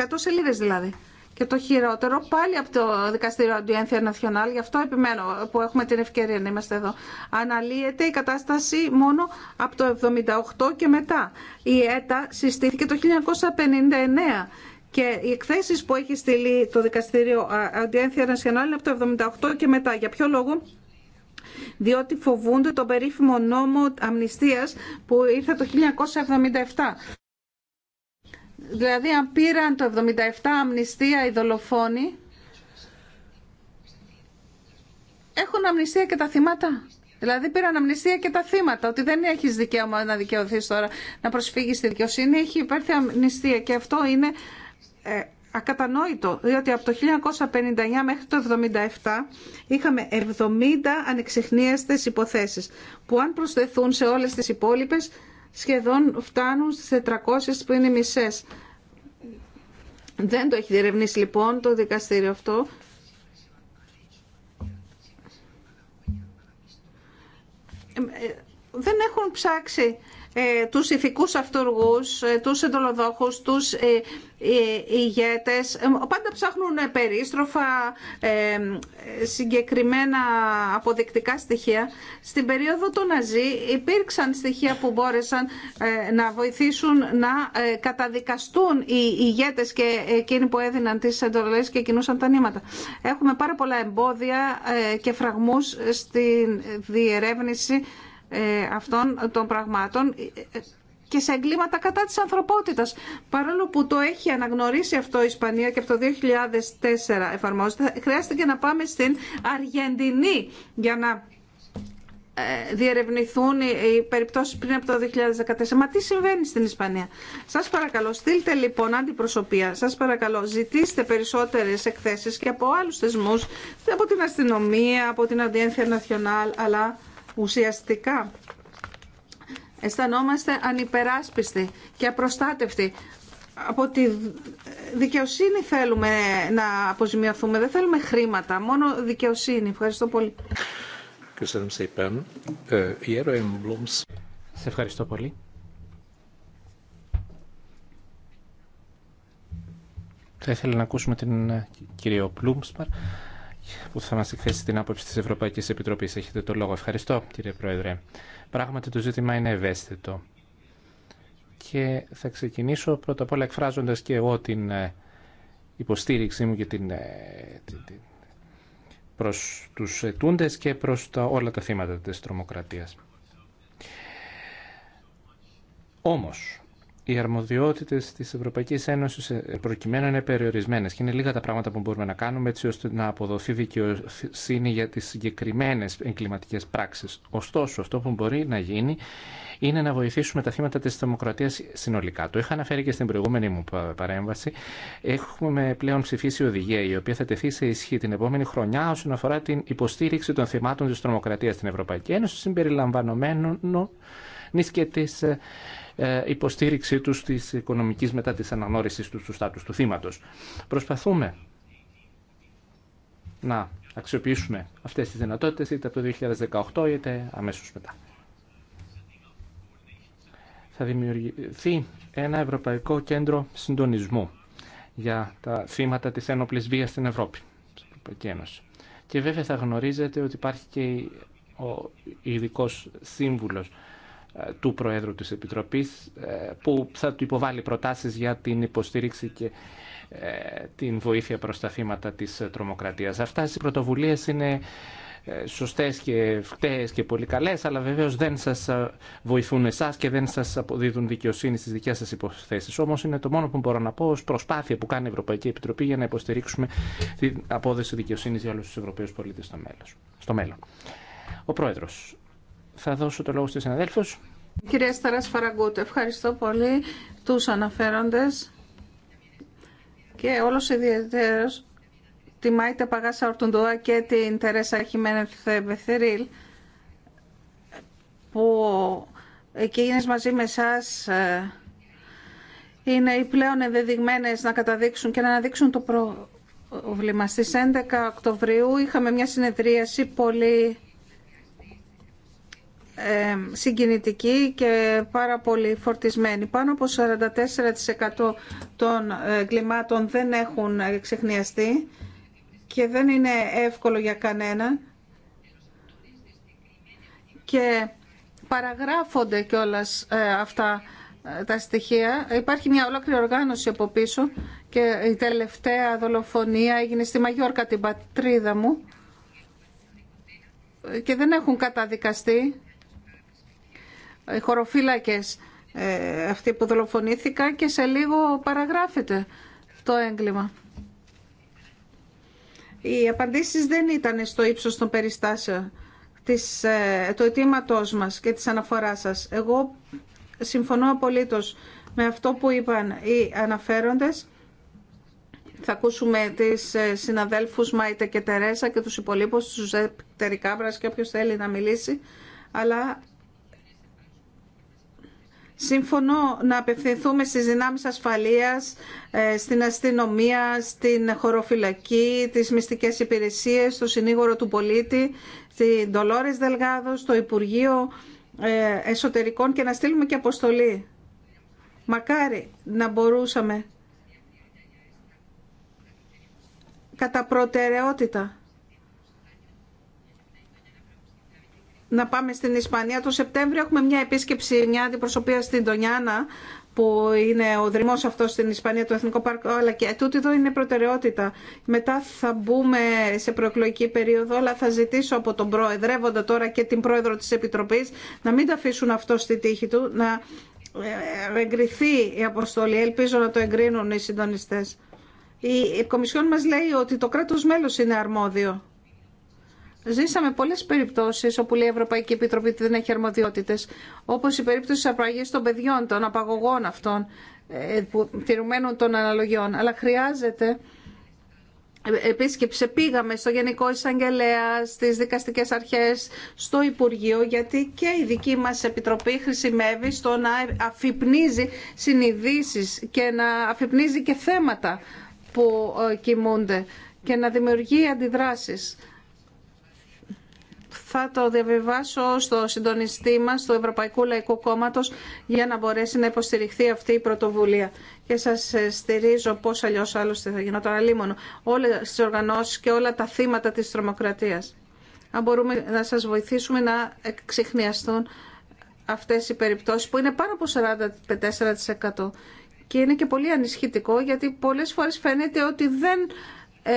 100 σελίδες δηλαδή και το χειρότερο πάλι από το Δικαστήριο Αντιένθια Ναθιονάλ, γι' αυτό επιμένω που έχουμε την ευκαιρία να είμαστε εδώ. Αναλύεται η κατάσταση μόνο από το 1978 και μετά. Η ΕΤΑ συστήθηκε το 1959 και οι εκθέσεις που έχει στείλει το Δικαστήριο Αντιένθια Ναθιονάλ είναι από το 1978 και μετά. Για ποιο λόγο? διότι φοβούνται τον περίφημο νόμο αμνηστίας που ήρθε το 1977. Δηλαδή αν πήραν το 77 αμνηστία οι δολοφόνοι, έχουν αμνηστία και τα θύματα. Δηλαδή πήραν αμνηστία και τα θύματα, ότι δεν έχει δικαίωμα να δικαιωθεί τώρα, να προσφύγει στη δικαιοσύνη. Έχει υπέρθει αμνηστία και αυτό είναι ε, ακατανόητο, διότι από το 1959 μέχρι το 1977 είχαμε 70 ανεξιχνίαστες υποθέσεις, που αν προσθεθούν σε όλες τις υπόλοιπες σχεδόν φτάνουν στις 400 που είναι μισές. Δεν το έχει διερευνήσει λοιπόν το δικαστήριο αυτό. Ε, ε, δεν έχουν ψάξει ε, τους ηθικούς αυτοργούς, ε, τους εντολοδόχους, τους ε, ηγέτες. Πάντα ψάχνουν περίστροφα, συγκεκριμένα αποδεικτικά στοιχεία. Στην περίοδο των Ναζί υπήρξαν στοιχεία που μπόρεσαν να βοηθήσουν να καταδικαστούν οι ηγέτες και εκείνοι που έδιναν τις εντολές και κινούσαν τα νήματα. Έχουμε πάρα πολλά εμπόδια και φραγμούς στην διερεύνηση ε, αυτών των πραγμάτων και σε εγκλήματα κατά της ανθρωπότητας. Παρόλο που το έχει αναγνωρίσει αυτό η Ισπανία και από το 2004 εφαρμόζεται, χρειάστηκε να πάμε στην Αργεντινή για να ε, διερευνηθούν οι περιπτώσεις πριν από το 2014. Μα τι συμβαίνει στην Ισπανία. Σας παρακαλώ, στείλτε λοιπόν αντιπροσωπεία. Σας παρακαλώ, ζητήστε περισσότερες εκθέσεις και από άλλους θεσμούς, από την αστυνομία, από την Αντιένθια Νασιονάλ, αλλά ουσιαστικά αισθανόμαστε ανυπεράσπιστοι και απροστάτευτοι. Από τη δικαιοσύνη θέλουμε να αποζημιωθούμε, δεν θέλουμε χρήματα, μόνο δικαιοσύνη. Ευχαριστώ πολύ. Σε ευχαριστώ πολύ. Θα ήθελα να ακούσουμε την ε, κυρία Πλούμσπαρ που θα μα εκθέσει την άποψη της Ευρωπαϊκή Επιτροπής. Έχετε το λόγο. Ευχαριστώ κύριε Πρόεδρε. Πράγματι το ζήτημα είναι ευαίσθητο. Και θα ξεκινήσω πρώτα απ' όλα εκφράζοντας και εγώ την ε, υποστήριξή μου και ε, την, προς τους ετούντες και προς τα, όλα τα θύματα της τρομοκρατίας. Όμως, οι αρμοδιότητε τη Ευρωπαϊκή Ένωση ε, προκειμένου είναι περιορισμένε και είναι λίγα τα πράγματα που μπορούμε να κάνουμε έτσι ώστε να αποδοθεί δικαιοσύνη για τι συγκεκριμένε εγκληματικέ πράξει. Ωστόσο, αυτό που μπορεί να γίνει είναι να βοηθήσουμε τα θύματα τη δημοκρατία συνολικά. Το είχα αναφέρει και στην προηγούμενη μου παρέμβαση. Έχουμε πλέον ψηφίσει οδηγία η οποία θα τεθεί σε ισχύ την επόμενη χρονιά όσον αφορά την υποστήριξη των θυμάτων τη τρομοκρατία στην Ευρωπαϊκή Ένωση συμπεριλαμβανομένων και τη ε, ε, υποστήριξή τους της οικονομικής μετά της αναγνώρισης του στάτους του θύματος. Προσπαθούμε να αξιοποιήσουμε αυτές τις δυνατότητες είτε από το 2018 είτε αμέσως μετά. Θα δημιουργηθεί ένα Ευρωπαϊκό Κέντρο Συντονισμού για τα θύματα της ένοπλης βίας στην Ευρώπη, στην Και βέβαια θα γνωρίζετε ότι υπάρχει και ο ειδικό σύμβουλος του Προέδρου της Επιτροπής ε, που θα του υποβάλει προτάσεις για την υποστήριξη και ε, την βοήθεια προς τα θύματα της τρομοκρατίας. Αυτά οι πρωτοβουλίες είναι ε, σωστές και φταίες και πολύ καλές, αλλά βεβαίως δεν σας βοηθούν εσάς και δεν σας αποδίδουν δικαιοσύνη στις δικές σας υποθέσεις. Όμως είναι το μόνο που μπορώ να πω ως προσπάθεια που κάνει η Ευρωπαϊκή Επιτροπή για να υποστηρίξουμε την απόδοση δικαιοσύνης για όλους τους Ευρωπαίους πολίτες στο μέλλον. Ο Πρόεδρος, θα δώσω το λόγο στους συναδέλφους. Κυρία Σταράς Φαραγκούτ, ευχαριστώ πολύ τους αναφέροντες και όλος ιδιαίτερος τη Μάιτα Παγάσα Ορτουντούα και την Τερέσα Χιμένεθ Μπεθερίλ που εκείνες μαζί με εσάς ε, είναι οι πλέον ενδεδειγμένες να καταδείξουν και να αναδείξουν το πρόβλημα. Στις 11 Οκτωβρίου είχαμε μια συνεδρίαση πολύ συγκινητική και πάρα πολύ φορτισμένη. Πάνω από 44% των ε, εγκλημάτων δεν έχουν ε, ξεχνιαστεί και δεν είναι εύκολο για κανένα και παραγράφονται κιόλας ε, αυτά τα στοιχεία. Υπάρχει μια ολόκληρη οργάνωση από πίσω και η τελευταία δολοφονία έγινε στη Μαγιόρκα την πατρίδα μου και δεν έχουν καταδικαστεί οι ε, χωροφύλακες ε, αυτοί που δολοφονήθηκαν και σε λίγο παραγράφεται το έγκλημα. Οι απαντήσεις δεν ήταν στο ύψος των περιστάσεων της, ε, του αιτήματό μας και της αναφοράς σας. Εγώ συμφωνώ απολύτως με αυτό που είπαν οι αναφέροντες. Θα ακούσουμε τις συναδέλφους Μάιτε και Τερέσα και τους υπολείπους, τους Ζεπ, και όποιος θέλει να μιλήσει. Αλλά Σύμφωνο να απευθυνθούμε στις δυνάμεις ασφαλείας, ε, στην αστυνομία, στην χωροφυλακή, τις μυστικές υπηρεσίες, στο συνήγορο του πολίτη, στην Ντολόρες Δελγάδο, στο Υπουργείο ε, Εσωτερικών και να στείλουμε και αποστολή. Μακάρι να μπορούσαμε κατά προτεραιότητα να πάμε στην Ισπανία. Το Σεπτέμβριο έχουμε μια επίσκεψη, μια αντιπροσωπεία στην Τονιάνα που είναι ο δρυμός αυτός στην Ισπανία, το Εθνικό Πάρκο, αλλά και τούτη εδώ είναι προτεραιότητα. Μετά θα μπούμε σε προεκλογική περίοδο, αλλά θα ζητήσω από τον Προεδρεύοντα τώρα και την Πρόεδρο της Επιτροπής να μην τα αφήσουν αυτό στη τύχη του, να ε, εγκριθεί η αποστολή. Ελπίζω να το εγκρίνουν οι συντονιστές. Η Κομισιόν μας λέει ότι το κράτος μέλος είναι αρμόδιο. Ζήσαμε πολλές περιπτώσεις όπου λέει η Ευρωπαϊκή Επιτροπή ότι δεν έχει αρμοδιότητες, όπως η περίπτωση της απαγωγής των παιδιών, των απαγωγών αυτών, ε, που, τηρουμένων των αναλογιών. Αλλά χρειάζεται ε, επίσκεψη. Πήγαμε στο Γενικό Εισαγγελέα, στις δικαστικές αρχές, στο Υπουργείο, γιατί και η δική μας Επιτροπή χρησιμεύει στο να αφυπνίζει συνειδήσεις και να αφυπνίζει και θέματα που ε, κοιμούνται και να δημιουργεί αντιδράσεις θα το διαβιβάσω στο συντονιστή μας του Ευρωπαϊκού Λαϊκού Κόμματος για να μπορέσει να υποστηριχθεί αυτή η πρωτοβουλία. Και σας στηρίζω πώ αλλιώ άλλωστε θα γινόταν αλίμονο όλες τις οργανώσεις και όλα τα θύματα της τρομοκρατίας. Αν μπορούμε να σας βοηθήσουμε να ξεχνιαστούν αυτές οι περιπτώσεις που είναι πάνω από 44% και είναι και πολύ ανισχυτικό γιατί πολλές φορές φαίνεται ότι δεν ε,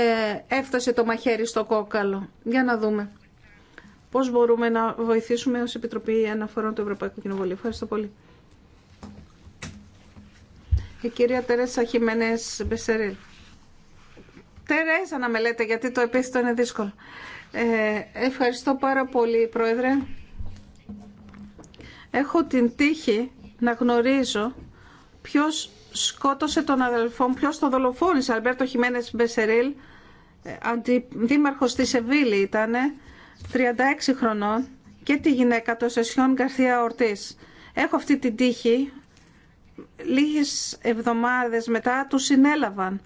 έφτασε το μαχαίρι στο κόκαλο. Για να δούμε. Πώ μπορούμε να βοηθήσουμε ω Επιτροπή Αναφορών του Ευρωπαϊκού Κοινοβουλίου. Ευχαριστώ πολύ. Η κυρία Τερέσα Χιμένε Μπεσερίλ. Τερέσα να με λέτε, γιατί το επίθετο είναι δύσκολο. Ε, ευχαριστώ πάρα πολύ, Πρόεδρε. Έχω την τύχη να γνωρίζω ποιος σκότωσε τον αδελφό μου, ποιος τον δολοφόνησε, Αλμπέρτο Χιμένες Μπεσερίλ, ε, αντιδήμαρχος της Σεβίλη ήτανε, 36 χρονών και τη γυναίκα των Σεσιών Γκαρθία Ορτής. Έχω αυτή την τύχη. Λίγες εβδομάδες μετά τους συνέλαβαν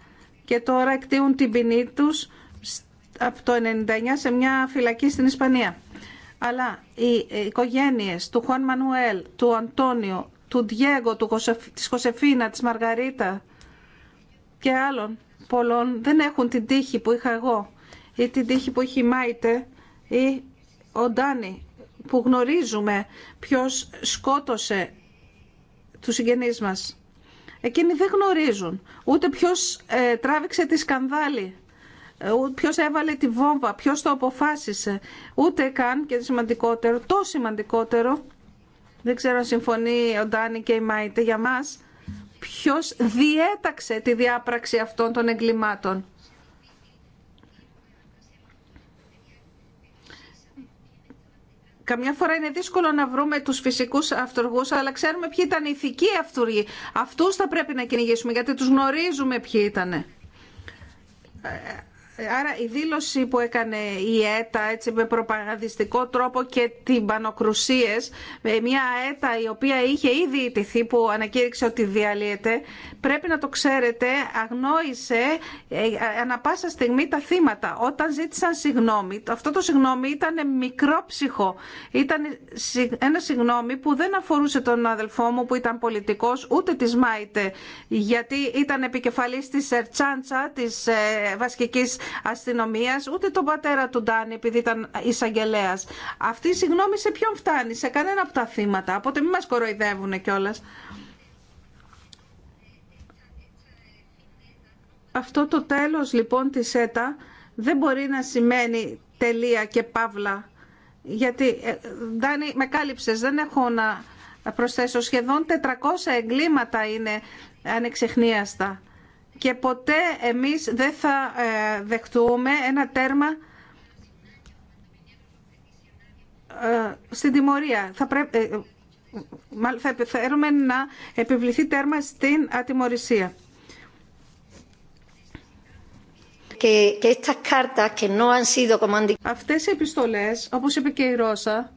και τώρα εκτείουν την ποινή τους από το 99 σε μια φυλακή στην Ισπανία. Αλλά οι οικογένειες του Χουάν Μανουέλ, του Αντώνιο, του Ντιέγκο, του της Χωσεφίνα, της Μαργαρίτα και άλλων πολλών δεν έχουν την τύχη που είχα εγώ ή την τύχη που είχε η Μάιτε ή ο Ντάνι που γνωρίζουμε ποιος σκότωσε τους συγγενείς μας. Εκείνοι δεν γνωρίζουν ούτε ποιος ε, τράβηξε τη σκανδάλη, ε, ποιος έβαλε τη βόμβα, ποιος το αποφάσισε, ούτε καν και σημαντικότερο, το σημαντικότερο, δεν ξέρω αν συμφωνεί ο Ντάνι και η Μάιτε για μας, ποιος διέταξε τη διάπραξη αυτών των εγκλημάτων. Καμιά φορά είναι δύσκολο να βρούμε τους φυσικούς αυτοργούς, αλλά ξέρουμε ποιοι ήταν οι ηθικοί αυτούργοι. Αυτούς θα πρέπει να κυνηγήσουμε, γιατί τους γνωρίζουμε ποιοι ήταν. Ε, Άρα η δήλωση που έκανε η ΕΤΑ έτσι, με προπαγανδιστικό τρόπο και τυμπανοκρουσίες, με μια ΕΤΑ η οποία είχε ήδη ιτηθεί που ανακήρυξε ότι διαλύεται, πρέπει να το ξέρετε, αγνόησε ε, ανα πάσα στιγμή τα θύματα. Όταν ζήτησαν συγγνώμη, αυτό το συγγνώμη ήταν μικρόψυχο. Ήταν ένα συγγνώμη που δεν αφορούσε τον αδελφό μου που ήταν πολιτικός, ούτε τη Μάιτε, γιατί ήταν επικεφαλής της Ερτσάντσα, της ε, βασικής Αστυνομία ούτε τον πατέρα του Ντάνι επειδή ήταν εισαγγελέα. Αυτή η συγγνώμη σε ποιον φτάνει, σε κανένα από τα θύματα. Οπότε μην μα κοροϊδεύουν κιόλας. Αυτό το τέλος λοιπόν της ΕΤΑ δεν μπορεί να σημαίνει τελεία και παύλα. Γιατί, ε, Ντάνι, με κάλυψες, δεν έχω να προσθέσω. Σχεδόν 400 εγκλήματα είναι ανεξεχνίαστα και ποτέ εμείς δεν θα ε, δεχτούμε ένα τέρμα ε, στην τιμωρία. Θα πρέπει, ε, θέλουμε να επιβληθεί τέρμα στην ατιμορρησία. Αυτές οι επιστολές, όπως είπε και η Ρώσα,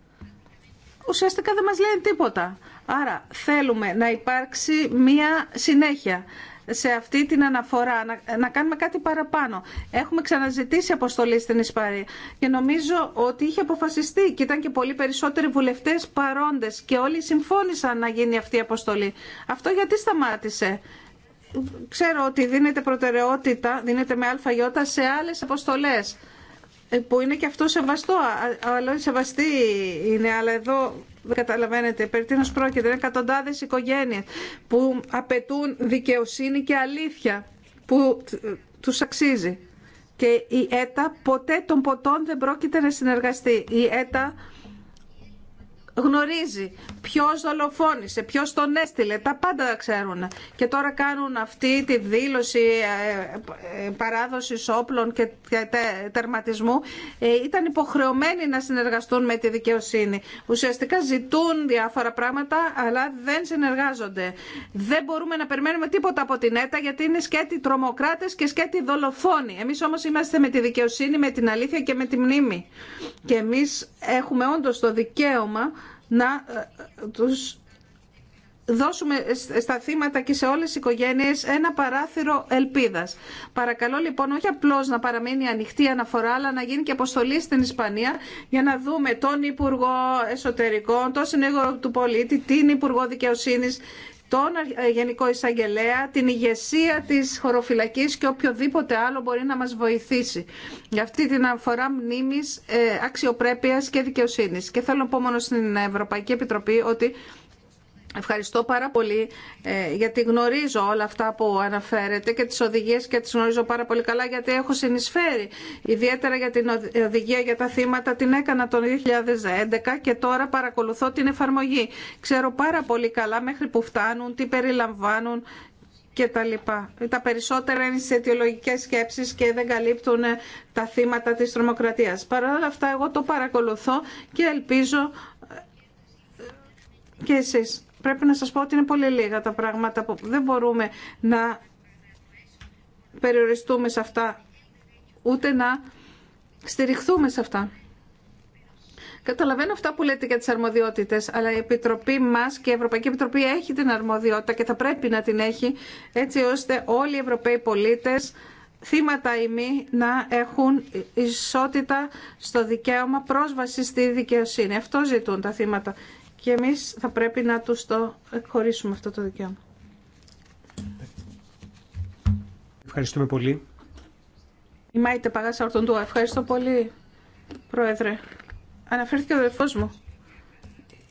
ουσιαστικά δεν μας λένε τίποτα. Άρα θέλουμε να υπάρξει μία συνέχεια σε αυτή την αναφορά, να, κάνουμε κάτι παραπάνω. Έχουμε ξαναζητήσει αποστολή στην Ισπαρία και νομίζω ότι είχε αποφασιστεί και ήταν και πολύ περισσότεροι βουλευτές παρόντε και όλοι συμφώνησαν να γίνει αυτή η αποστολή. Αυτό γιατί σταμάτησε ξέρω ότι δίνεται προτεραιότητα, δίνεται με ΑΙ σε άλλε αποστολές ε, που είναι και αυτό σεβαστό, αλλά σεβαστή είναι, αλλά εδώ δεν καταλαβαίνετε περί τίνος πρόκειται. Είναι εκατοντάδες οικογένειες που απαιτούν δικαιοσύνη και αλήθεια που τους αξίζει. Και η ΕΤΑ ποτέ των ποτών δεν πρόκειται να συνεργαστεί. Η ΕΤΑ γνωρίζει Ποιο δολοφόνησε, ποιο τον έστειλε, τα πάντα τα ξέρουν. Και τώρα κάνουν αυτή τη δήλωση ε, ε, παράδοση όπλων και τερματισμού. Ε, ήταν υποχρεωμένοι να συνεργαστούν με τη δικαιοσύνη. Ουσιαστικά ζητούν διάφορα πράγματα, αλλά δεν συνεργάζονται. Δεν μπορούμε να περιμένουμε τίποτα από την ΕΤΑ, γιατί είναι σκέτη τρομοκράτες και σκέτη δολοφόνοι. Εμεί όμω είμαστε με τη δικαιοσύνη, με την αλήθεια και με τη μνήμη. Και εμεί έχουμε όντω το δικαίωμα να ε, τους δώσουμε στα θύματα και σε όλες τις οικογένειες ένα παράθυρο ελπίδας. Παρακαλώ λοιπόν όχι απλώς να παραμείνει ανοιχτή αναφορά, αλλά να γίνει και αποστολή στην Ισπανία για να δούμε τον Υπουργό Εσωτερικών, τον Συνέγορο του Πολίτη, την Υπουργό Δικαιοσύνης τον ε, Γενικό Εισαγγελέα, την ηγεσία της χωροφυλακής και οποιοδήποτε άλλο μπορεί να μας βοηθήσει. Για αυτή την αφορά μνήμης ε, αξιοπρέπειας και δικαιοσύνης. Και θέλω να πω μόνο στην Ευρωπαϊκή Επιτροπή ότι Ευχαριστώ πάρα πολύ ε, γιατί γνωρίζω όλα αυτά που αναφέρετε και τις οδηγίες και τις γνωρίζω πάρα πολύ καλά γιατί έχω συνεισφέρει. Ιδιαίτερα για την οδηγία για τα θύματα την έκανα το 2011 και τώρα παρακολουθώ την εφαρμογή. Ξέρω πάρα πολύ καλά μέχρι που φτάνουν, τι περιλαμβάνουν και τα λοιπά. Τα περισσότερα είναι σε αιτιολογικές σκέψεις και δεν καλύπτουν ε, τα θύματα της τρομοκρατίας. Παρ' όλα αυτά εγώ το παρακολουθώ και ελπίζω ε, και εσείς πρέπει να σας πω ότι είναι πολύ λίγα τα πράγματα που δεν μπορούμε να περιοριστούμε σε αυτά, ούτε να στηριχθούμε σε αυτά. Καταλαβαίνω αυτά που λέτε για τις αρμοδιότητες, αλλά η Επιτροπή μας και η Ευρωπαϊκή Επιτροπή έχει την αρμοδιότητα και θα πρέπει να την έχει, έτσι ώστε όλοι οι Ευρωπαίοι πολίτες, θύματα μη να έχουν ισότητα στο δικαίωμα πρόσβαση στη δικαιοσύνη. Αυτό ζητούν τα θύματα και εμείς θα πρέπει να τους το εκχωρήσουμε αυτό το δικαίωμα. Ευχαριστούμε πολύ. Η Μάιτε Παγάσα Ευχαριστώ πολύ, Πρόεδρε. Αναφέρθηκε ο αδερφός μου.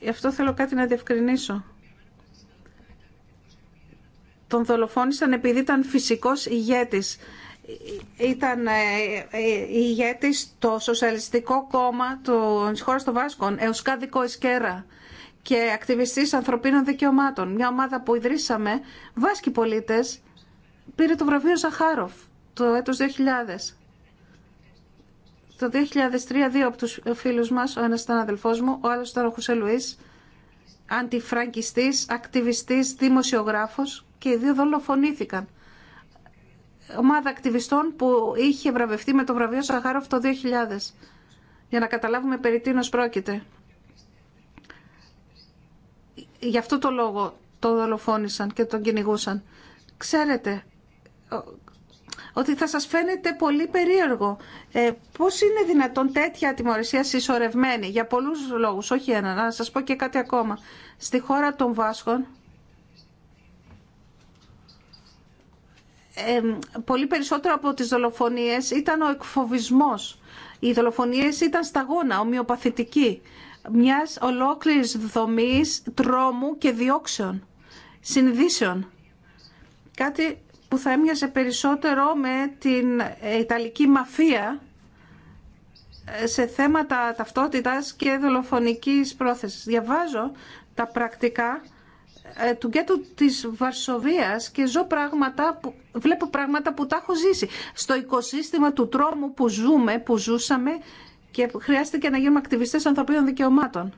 Γι' αυτό θέλω κάτι να διευκρινίσω. Τον δολοφόνησαν επειδή ήταν φυσικός ηγέτης. Ήταν ε, ε, ηγέτης το Σοσιαλιστικό Κόμμα του χώρα των Βάσκων, Εουσκάδικο Εσκέρα και ακτιβιστής ανθρωπίνων δικαιωμάτων. Μια ομάδα που ιδρύσαμε, Βάσκοι πολίτες, πήρε το βραβείο Ζαχάροφ το έτος 2000. Το 2003 δύο από τους φίλους μας, ο ένας ήταν αδελφός μου, ο άλλος ήταν ο Χουσέ Λουίς, αντιφραγκιστής, ακτιβιστής, δημοσιογράφος και οι δύο δολοφονήθηκαν. Ομάδα ακτιβιστών που είχε βραβευτεί με το βραβείο Σαχάροφ το 2000. Για να καταλάβουμε περί τίνος πρόκειται. Γι' αυτό το λόγο το δολοφόνησαν και τον κυνηγούσαν. Ξέρετε ότι θα σας φαίνεται πολύ περίεργο. Ε, πώς είναι δυνατόν τέτοια ατιμορρησία συσσωρευμένη, για πολλούς λόγους, όχι ένα. Να σας πω και κάτι ακόμα. Στη χώρα των Βάσκων, ε, πολύ περισσότερο από τις δολοφονίες ήταν ο εκφοβισμός. Οι δολοφονίες ήταν σταγόνα, ομοιοπαθητικοί μιας ολόκληρης δομής τρόμου και διώξεων, συνδύσεων. Κάτι που θα έμοιαζε περισσότερο με την Ιταλική μαφία ε, σε θέματα ταυτότητας και δολοφονικής πρόθεσης. Διαβάζω τα πρακτικά ε, του γκέτου της Βαρσοβίας και ζω πράγματα που, βλέπω πράγματα που τα έχω ζήσει. Στο οικοσύστημα του τρόμου που ζούμε, που ζούσαμε και χρειάζεται να γίνουμε ακτιβιστέ ανθρωπίνων δικαιωμάτων.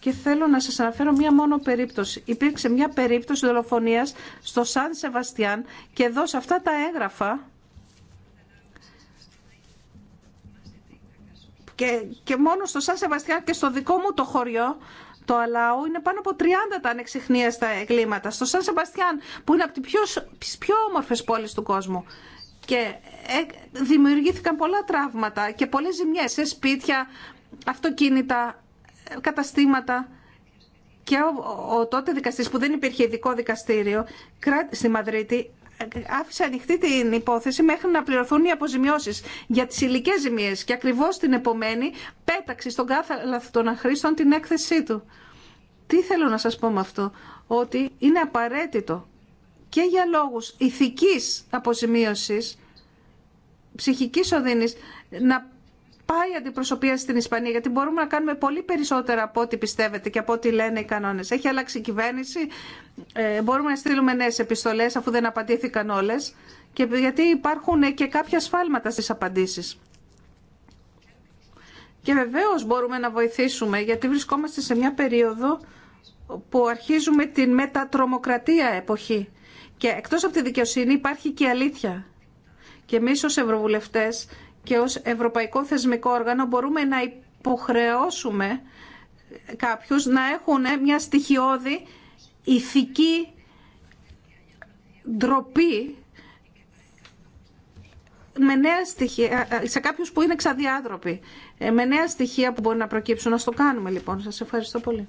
Και θέλω να σας αναφέρω μία μόνο περίπτωση. Υπήρξε μία περίπτωση δολοφονία στο Σαν Σεβαστιάν και εδώ σε αυτά τα έγγραφα και, και μόνο στο Σαν Σεβαστιάν και στο δικό μου το χωριό το Αλάου είναι πάνω από 30 τα ανεξιχνία στα εγκλήματα. Στο Σαν Σεβαστιάν που είναι από τι πιο, πιο του κόσμου και ε, δημιουργήθηκαν πολλά τραύματα και πολλές ζημιές σε σπίτια, αυτοκίνητα, καταστήματα. Και ο, τότε δικαστής που δεν υπήρχε ειδικό δικαστήριο στη Μαδρίτη άφησε ανοιχτή την υπόθεση μέχρι να πληρωθούν οι αποζημιώσει για τι υλικέ ζημίε. Και ακριβώ την επομένη πέταξε στον κάθε των αχρήστων την έκθεσή του. Τι θέλω να σας πω με αυτό, ότι είναι απαραίτητο και για λόγους ηθικής αποζημιώση. Ψυχική οδύνη να πάει αντιπροσωπεία στην Ισπανία, γιατί μπορούμε να κάνουμε πολύ περισσότερα από ό,τι πιστεύετε και από ό,τι λένε οι κανόνε. Έχει αλλάξει η κυβέρνηση. Ε, μπορούμε να στείλουμε νέε επιστολέ, αφού δεν απαντήθηκαν όλε. Και γιατί υπάρχουν ε, και κάποια σφάλματα στι απαντήσει. Και βεβαίω μπορούμε να βοηθήσουμε, γιατί βρισκόμαστε σε μια περίοδο που αρχίζουμε την μετατρομοκρατία εποχή. Και εκτός από τη δικαιοσύνη υπάρχει και η αλήθεια. Και εμεί ω ευρωβουλευτέ, και ως Ευρωπαϊκό Θεσμικό Όργανο μπορούμε να υποχρεώσουμε κάποιους να έχουν μια στοιχειώδη ηθική ντροπή με νέα στοιχεία, σε κάποιους που είναι ξαδιάδροποι, ε, με νέα στοιχεία που μπορεί να προκύψουν. Να το κάνουμε λοιπόν. Σας ευχαριστώ πολύ.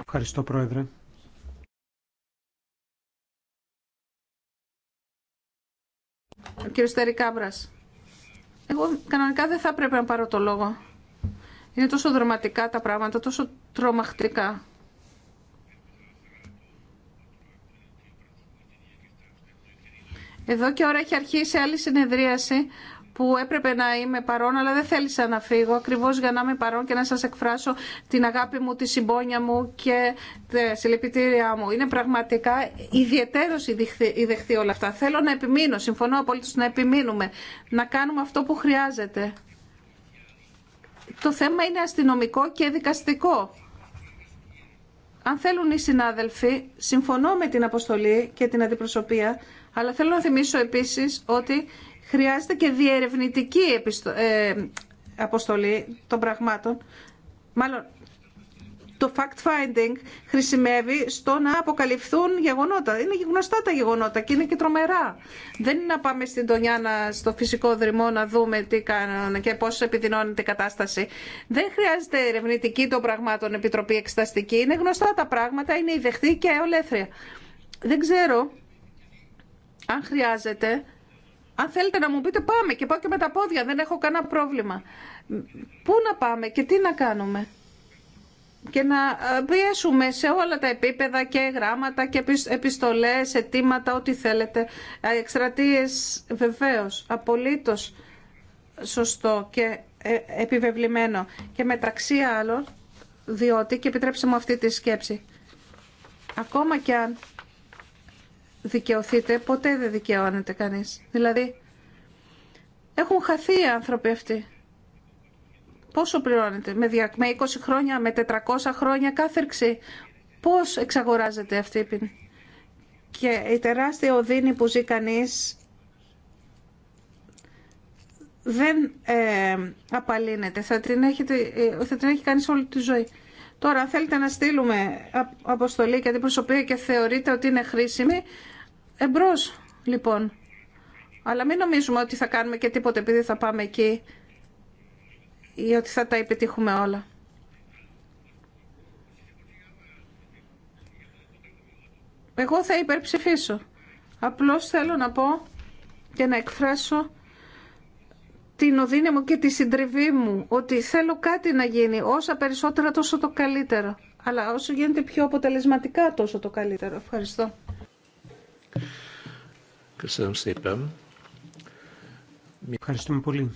Ευχαριστώ, Πρόεδρε. Ο κύριος Εγώ κανονικά δεν θα έπρεπε να πάρω το λόγο. Είναι τόσο δραματικά τα πράγματα, τόσο τρομακτικά. Εδώ και ώρα έχει αρχίσει άλλη συνεδρίαση που έπρεπε να είμαι παρόν, αλλά δεν θέλησα να φύγω Ακριβώ για να είμαι παρόν και να σας εκφράσω την αγάπη μου, τη συμπόνια μου και τη συλληπιτήριά μου. Είναι πραγματικά ιδιαίτερο η δεχτή όλα αυτά. Θέλω να επιμείνω, συμφωνώ απόλυτα να επιμείνουμε, να κάνουμε αυτό που χρειάζεται. Το θέμα είναι αστυνομικό και δικαστικό. Αν θέλουν οι συνάδελφοι, συμφωνώ με την αποστολή και την αντιπροσωπεία, αλλά θέλω να θυμίσω επίσης ότι χρειάζεται και διερευνητική ε, αποστολή των πραγμάτων. Μάλλον το fact-finding χρησιμεύει στο να αποκαλυφθούν γεγονότα. Είναι γνωστά τα γεγονότα και είναι και τρομερά. Δεν είναι να πάμε στην Τονιάνα, στο φυσικό δρυμό, να δούμε τι κάνουν και πώς επιδεινώνεται η κατάσταση. Δεν χρειάζεται ερευνητική των πραγμάτων επιτροπή εξεταστική. Είναι γνωστά τα πράγματα, είναι η και ολέθρια. Δεν ξέρω αν χρειάζεται αν θέλετε να μου πείτε πάμε και πάω και με τα πόδια, δεν έχω κανένα πρόβλημα. Πού να πάμε και τι να κάνουμε. Και να ε, πιέσουμε σε όλα τα επίπεδα και γράμματα και επιστολές, αιτήματα, ό,τι θέλετε. Εκστρατείες βεβαίως, απολύτως σωστό και ε, επιβεβλημένο. Και μεταξύ άλλων, διότι, και επιτρέψτε μου αυτή τη σκέψη, ακόμα και αν δικαιωθείτε, ποτέ δεν δικαιώνεται κανείς. Δηλαδή, έχουν χαθεί οι άνθρωποι αυτοί. Πόσο πληρώνεται, με 20 χρόνια, με 400 χρόνια κάθερξη. Πώς εξαγοράζεται αυτή η ποινή. Και η τεράστια οδύνη που ζει κανείς δεν ε, απαλύνεται. Θα την, έχετε, ε, θα την έχει κανείς όλη τη ζωή. Τώρα, αν θέλετε να στείλουμε αποστολή και αντιπροσωπεία και θεωρείτε ότι είναι χρήσιμη, Εμπρός, λοιπόν. Αλλά μην νομίζουμε ότι θα κάνουμε και τίποτε επειδή θα πάμε εκεί ή ότι θα τα επιτύχουμε όλα. Εγώ θα υπερψηφίσω. Απλώς θέλω να πω και να εκφράσω την οδύνη μου και τη συντριβή μου ότι θέλω κάτι να γίνει. Όσα περισσότερα τόσο το καλύτερο. Αλλά όσο γίνεται πιο αποτελεσματικά τόσο το καλύτερο. Ευχαριστώ. Ευχαριστούμε πολύ.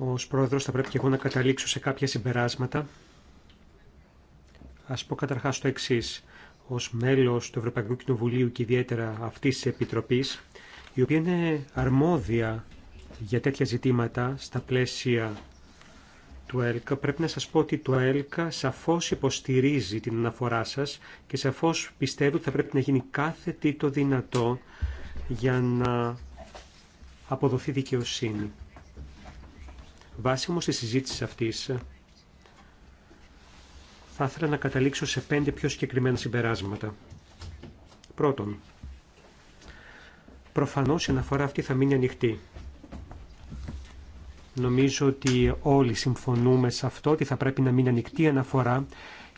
Ω πρόεδρος θα πρέπει και εγώ να καταλήξω σε κάποια συμπεράσματα. Ας πω καταρχάς το εξής. Ως μέλος του Ευρωπαϊκού Κοινοβουλίου και ιδιαίτερα αυτής της Επιτροπής, η οποία είναι αρμόδια για τέτοια ζητήματα στα πλαίσια του ΕΛΚΑ, πρέπει να σας πω ότι το ΕΛΚΑ σαφώς υποστηρίζει την αναφορά σας και σαφώς πιστεύω ότι θα πρέπει να γίνει κάθε τι το δυνατό για να αποδοθεί δικαιοσύνη. Βάσει όμως της συζήτηση αυτής, θα ήθελα να καταλήξω σε πέντε πιο συγκεκριμένα συμπεράσματα. Πρώτον, προφανώς η αναφορά αυτή θα μείνει ανοιχτή. Νομίζω ότι όλοι συμφωνούμε σε αυτό ότι θα πρέπει να μην ανοιχτή αναφορά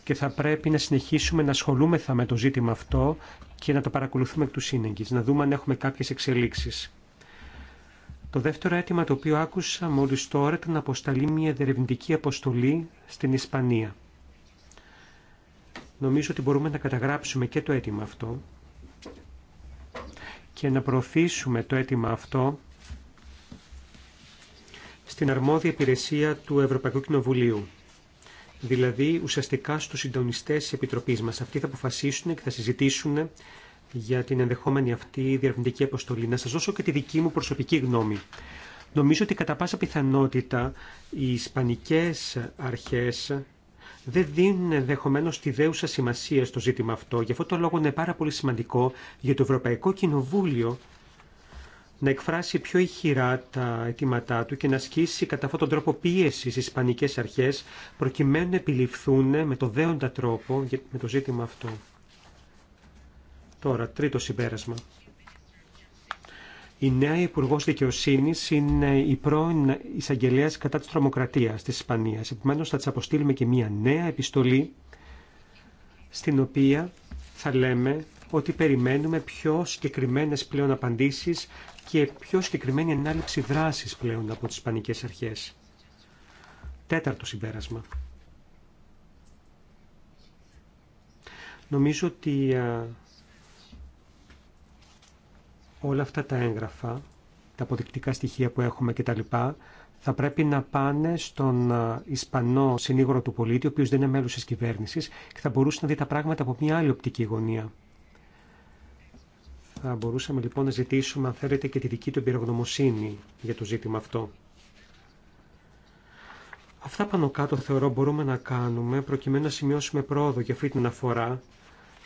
και θα πρέπει να συνεχίσουμε να ασχολούμεθα με το ζήτημα αυτό και να το παρακολουθούμε εκ του σύνεγγυς, να δούμε αν έχουμε κάποιες εξελίξεις. Το δεύτερο αίτημα το οποίο άκουσα μόλι τώρα ήταν να αποσταλεί μια διερευνητική αποστολή στην Ισπανία. Νομίζω ότι μπορούμε να καταγράψουμε και το αίτημα αυτό και να προωθήσουμε το αίτημα αυτό στην αρμόδια υπηρεσία του Ευρωπαϊκού Κοινοβουλίου. Δηλαδή ουσιαστικά στους συντονιστέ τη Επιτροπής μας. Αυτοί θα αποφασίσουν και θα συζητήσουν για την ενδεχόμενη αυτή διαρευνητική αποστολή. Να σα δώσω και τη δική μου προσωπική γνώμη. Νομίζω ότι κατά πάσα πιθανότητα οι ισπανικές αρχές δεν δίνουν ενδεχομένω τη δέουσα σημασία στο ζήτημα αυτό. Γι' αυτό το λόγο είναι πάρα πολύ σημαντικό για το Ευρωπαϊκό Κοινοβούλιο να εκφράσει πιο ηχηρά τα αιτήματά του και να ασκήσει κατά αυτόν τον τρόπο πίεση στι ισπανικέ αρχές προκειμένου να επιληφθούν με το δέοντα τρόπο με το ζήτημα αυτό. Τώρα, τρίτο συμπέρασμα. Η νέα Υπουργό Δικαιοσύνη είναι η πρώην εισαγγελέα κατά τη τρομοκρατία τη Ισπανία. Επομένω, θα τη αποστείλουμε και μια νέα επιστολή στην οποία θα λέμε ότι περιμένουμε πιο συγκεκριμένες πλέον απαντήσεις και πιο συγκεκριμένη ανάληψη δράσης πλέον από τις Ισπανικές Αρχές. Τέταρτο συμπέρασμα. Νομίζω ότι όλα αυτά τα έγγραφα, τα αποδεικτικά στοιχεία που έχουμε κτλ. θα πρέπει να πάνε στον Ισπανό συνήγορο του πολίτη, ο οποίος δεν είναι μέλος της κυβέρνησης και θα μπορούσε να δει τα πράγματα από μια άλλη οπτική γωνία. Θα μπορούσαμε λοιπόν να ζητήσουμε, αν θέλετε, και τη δική του εμπειρογνωμοσύνη για το ζήτημα αυτό. Αυτά πάνω κάτω θεωρώ μπορούμε να κάνουμε προκειμένου να σημειώσουμε πρόοδο για αυτή την αναφορά.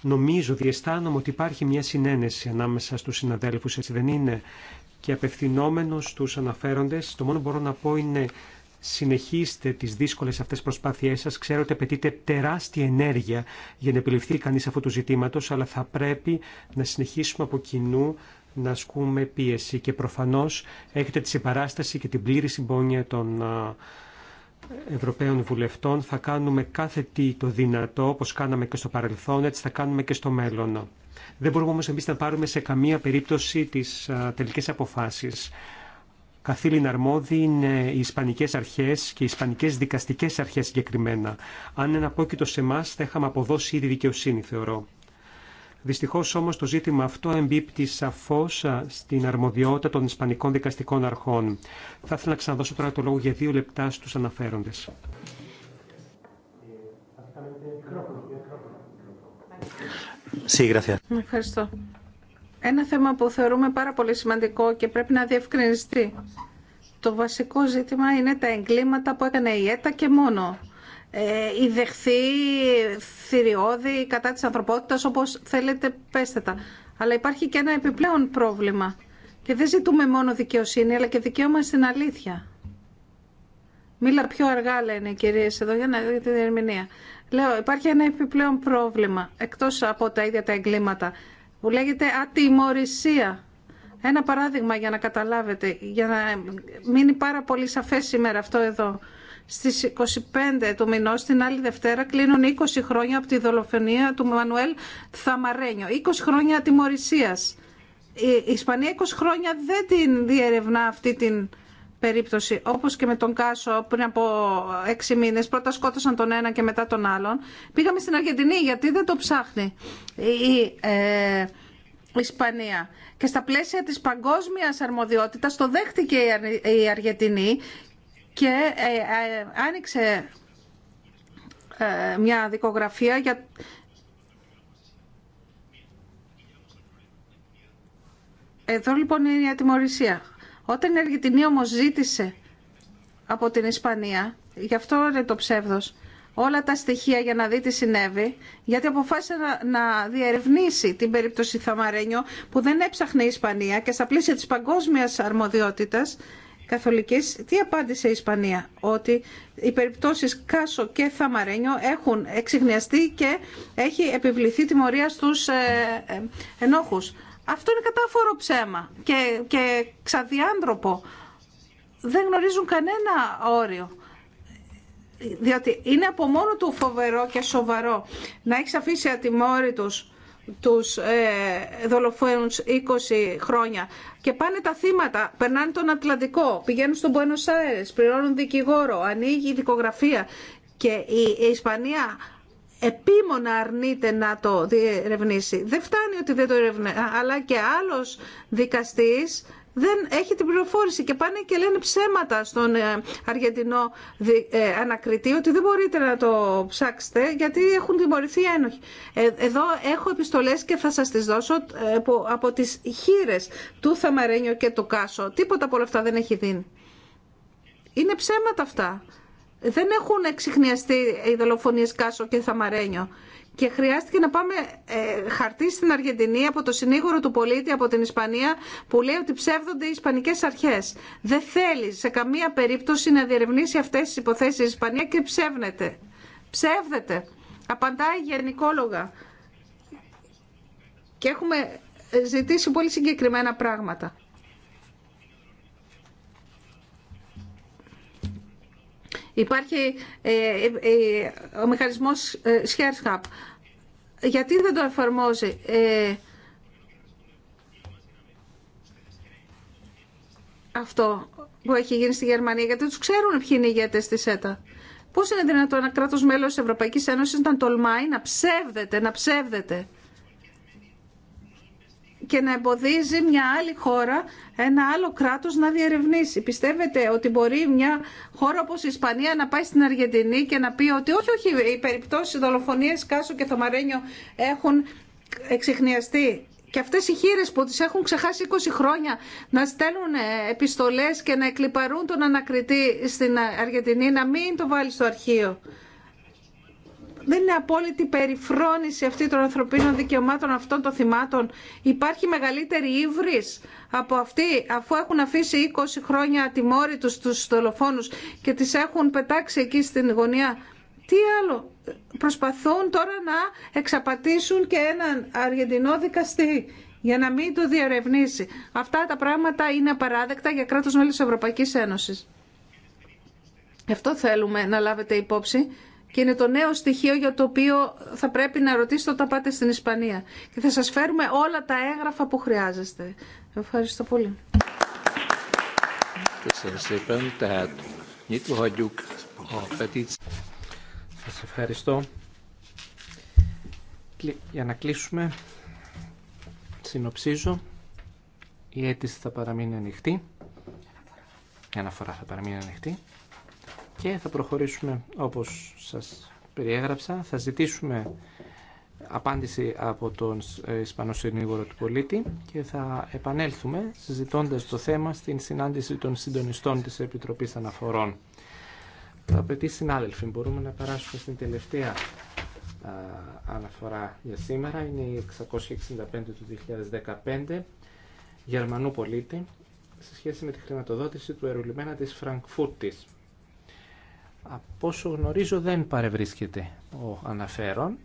Νομίζω, διαισθάνομαι ότι υπάρχει μια συνένεση ανάμεσα στους συναδέλφους, έτσι δεν είναι. Και απευθυνόμενο στους αναφέροντες, το μόνο που μπορώ να πω είναι συνεχίστε τις δύσκολες αυτές προσπάθειές σας. Ξέρω ότι απαιτείται τεράστια ενέργεια για να επιληφθεί κανείς αυτού του ζητήματος, αλλά θα πρέπει να συνεχίσουμε από κοινού να ασκούμε πίεση και προφανώς έχετε τη συμπαράσταση και την πλήρη συμπόνια των Ευρωπαίων Βουλευτών. Θα κάνουμε κάθε τι το δυνατό, όπως κάναμε και στο παρελθόν, έτσι θα κάνουμε και στο μέλλον. Δεν μπορούμε όμως εμείς να πάρουμε σε καμία περίπτωση τις τελικές αποφάσεις καθήλυνα αρμόδιοι είναι οι Ισπανικές αρχές και οι Ισπανικές δικαστικές αρχέ συγκεκριμένα. Αν είναι απόκειτο σε εμά θα είχαμε αποδώσει ήδη δικαιοσύνη, θεωρώ. Δυστυχώς όμως το ζήτημα αυτό εμπίπτει σαφώς στην αρμοδιότητα των Ισπανικών δικαστικών αρχών. Θα ήθελα να ξαναδώσω τώρα το λόγο για δύο λεπτά στους αναφέροντες. Ευχαριστώ. Ένα θέμα που θεωρούμε πάρα πολύ σημαντικό και πρέπει να διευκρινιστεί. Το βασικό ζήτημα είναι τα εγκλήματα που έκανε η ΕΤΑ και μόνο. Ε, η δεχθή, θηριώδη, κατά της ανθρωπότητας, όπως θέλετε πέστε τα. Αλλά υπάρχει και ένα επιπλέον πρόβλημα. Και δεν ζητούμε μόνο δικαιοσύνη, αλλά και δικαίωμα στην αλήθεια. Μίλα πιο αργά, λένε οι κυρίες εδώ, για, να, δείτε την ερμηνεία. Λέω, υπάρχει ένα επιπλέον πρόβλημα, εκτός από τα ίδια τα εγκλήματα που λέγεται ατιμορρησία. Ένα παράδειγμα για να καταλάβετε, για να μείνει πάρα πολύ σαφές σήμερα αυτό εδώ. Στις 25 του μηνός, την άλλη Δευτέρα, κλείνουν 20 χρόνια από τη δολοφονία του Μανουέλ Θαμαρένιο. 20 χρόνια ατιμορρησίας. Η Ισπανία 20 χρόνια δεν την διερευνά αυτή την περίπτωση. Όπως και με τον Κάσο πριν από έξι μήνες, πρώτα σκότωσαν τον ένα και μετά τον άλλον. Πήγαμε στην Αργεντινή γιατί δεν το ψάχνει η ε, Ισπανία. Και στα πλαίσια της παγκόσμιας αρμοδιότητας το δέχτηκε η Αργεντινή και ε, ε, άνοιξε μια δικογραφία για Εδώ λοιπόν είναι η ατιμορρησία. Όταν η Αργεντινή όμω ζήτησε από την Ισπανία, γι' αυτό είναι το ψεύδος, όλα τα στοιχεία για να δει τι συνέβη, γιατί αποφάσισε να, διερευνήσει την περίπτωση Θαμαρένιο που δεν έψαχνε η Ισπανία και στα πλαίσια της παγκόσμια αρμοδιότητα καθολικής, τι απάντησε η Ισπανία, ότι οι περιπτώσει Κάσο και Θαμαρένιο έχουν εξηγνιαστεί και έχει επιβληθεί τιμωρία στους ε, ε, ενόχους. Αυτό είναι κατάφορο ψέμα και, και ξαδιάντροπο. Δεν γνωρίζουν κανένα όριο. Διότι είναι από μόνο του φοβερό και σοβαρό να έχει αφήσει ατιμόρυτους τους ε, δολοφόνους 20 χρόνια και πάνε τα θύματα, περνάνε τον Ατλαντικό, πηγαίνουν στον Buenos Aires, πληρώνουν δικηγόρο, ανοίγει η δικογραφία και η Ισπανία επίμονα αρνείται να το διερευνήσει. Δεν φτάνει ότι δεν το ερευνά, αλλά και άλλος δικαστής δεν έχει την πληροφόρηση και πάνε και λένε ψέματα στον ε, Αργεντινό ε, ανακριτή ότι δεν μπορείτε να το ψάξετε γιατί έχουν τιμωρηθεί ένοχοι. Ε, εδώ έχω επιστολές και θα σας τις δώσω από τις χείρε του Θαμαρένιο και του Κάσο. Τίποτα από όλα αυτά δεν έχει δίνει. Είναι ψέματα αυτά δεν έχουν εξηχνιαστεί οι δολοφονίες Κάσο και Θαμαρένιο. Και χρειάστηκε να πάμε ε, χαρτί στην Αργεντινή από το συνήγορο του πολίτη από την Ισπανία που λέει ότι ψεύδονται οι Ισπανικέ αρχέ. Δεν θέλει σε καμία περίπτωση να διερευνήσει αυτέ τι υποθέσει η Ισπανία και ψεύνεται. Ψεύδεται. Απαντάει γενικόλογα. Και έχουμε ε, ζητήσει πολύ συγκεκριμένα πράγματα. Υπάρχει ε, ε, ε, ο μηχανισμός Share Γιατί δεν το εφαρμόζει. αυτό που έχει γίνει στη Γερμανία, γιατί τους ξέρουν ποιοι είναι οι ηγέτες της ΕΤΑ. Πώς είναι δυνατόν ένα κράτος μέλος της Ευρωπαϊκής Ένωσης να τολμάει, να ψεύδεται, να ψεύδεται και να εμποδίζει μια άλλη χώρα, ένα άλλο κράτος να διερευνήσει. Πιστεύετε ότι μπορεί μια χώρα όπως η Ισπανία να πάει στην Αργεντινή και να πει ότι όχι, όχι, οι περιπτώσεις δολοφονίες Κάσο και Θωμαρένιο έχουν εξηχνιαστεί και αυτές οι χείρες που τις έχουν ξεχάσει 20 χρόνια να στέλνουν επιστολές και να εκλυπαρούν τον ανακριτή στην Αργεντινή να μην το βάλει στο αρχείο δεν είναι απόλυτη περιφρόνηση αυτή των ανθρωπίνων δικαιωμάτων αυτών των θυμάτων. Υπάρχει μεγαλύτερη ύβρις από αυτή, αφού έχουν αφήσει 20 χρόνια ατιμόρυτους τους δολοφόνους και τις έχουν πετάξει εκεί στην γωνία. Τι άλλο, προσπαθούν τώρα να εξαπατήσουν και έναν Αργεντινό δικαστή για να μην το διαρευνήσει. Αυτά τα πράγματα είναι απαράδεκτα για κράτος μέλης της Ευρωπαϊκής Ένωσης. Αυτό θέλουμε να λάβετε υπόψη και είναι το νέο στοιχείο για το οποίο θα πρέπει να ρωτήσετε όταν πάτε στην Ισπανία. Και θα σας φέρουμε όλα τα έγγραφα που χρειάζεστε. Ευχαριστώ πολύ. Σας ευχαριστώ. Για να κλείσουμε, συνοψίζω, η αίτηση θα παραμείνει ανοιχτή. Η αναφορά θα παραμείνει ανοιχτή και θα προχωρήσουμε όπως σας περιέγραψα. Θα ζητήσουμε απάντηση από τον ε, Ισπανό του Πολίτη και θα επανέλθουμε συζητώντας το θέμα στην συνάντηση των συντονιστών της Επιτροπής Αναφορών. Θα απαιτεί συνάδελφοι, μπορούμε να περάσουμε στην τελευταία αναφορά για σήμερα. Είναι η 665 του 2015, Γερμανού πολίτη, σε σχέση με τη χρηματοδότηση του ερουλημένα της Φραγκφούρτης. Από όσο γνωρίζω δεν παρευρίσκεται ο αναφέρον.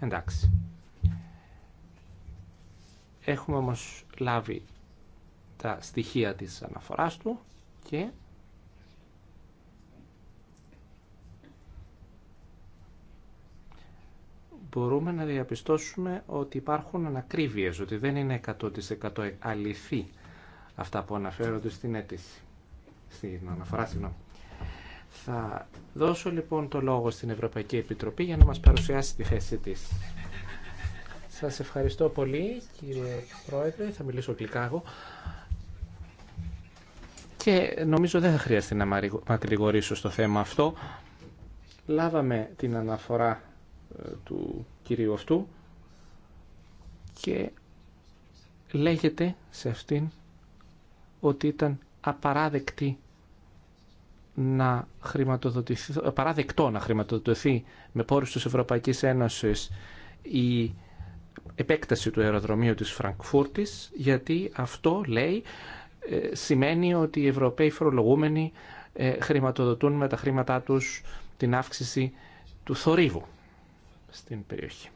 Εντάξει. Έχουμε όμως λάβει τα στοιχεία της αναφοράς του και μπορούμε να διαπιστώσουμε ότι υπάρχουν ανακρίβειες, ότι δεν είναι 100% αληθή αυτά που αναφέρονται στην αίτηση στην αναφορά, συγγνώμη. Θα δώσω λοιπόν το λόγο στην Ευρωπαϊκή Επιτροπή για να μας παρουσιάσει τη θέση της. Σας ευχαριστώ πολύ κύριε Πρόεδρε, θα μιλήσω γλυκά εγώ. Και νομίζω δεν θα χρειαστεί να μακρηγορήσω στο θέμα αυτό. Λάβαμε την αναφορά ε, του κυρίου αυτού και λέγεται σε αυτήν ότι ήταν απαράδεκτη να χρηματοδοτηθεί, απαράδεκτό να χρηματοδοτηθεί με πόρους της Ευρωπαϊκής Ένωσης η επέκταση του αεροδρομίου της Φραγκφούρτης, γιατί αυτό, λέει, ε, σημαίνει ότι οι Ευρωπαίοι φορολογούμενοι ε, χρηματοδοτούν με τα χρήματά τους την αύξηση του θορύβου στην περιοχή.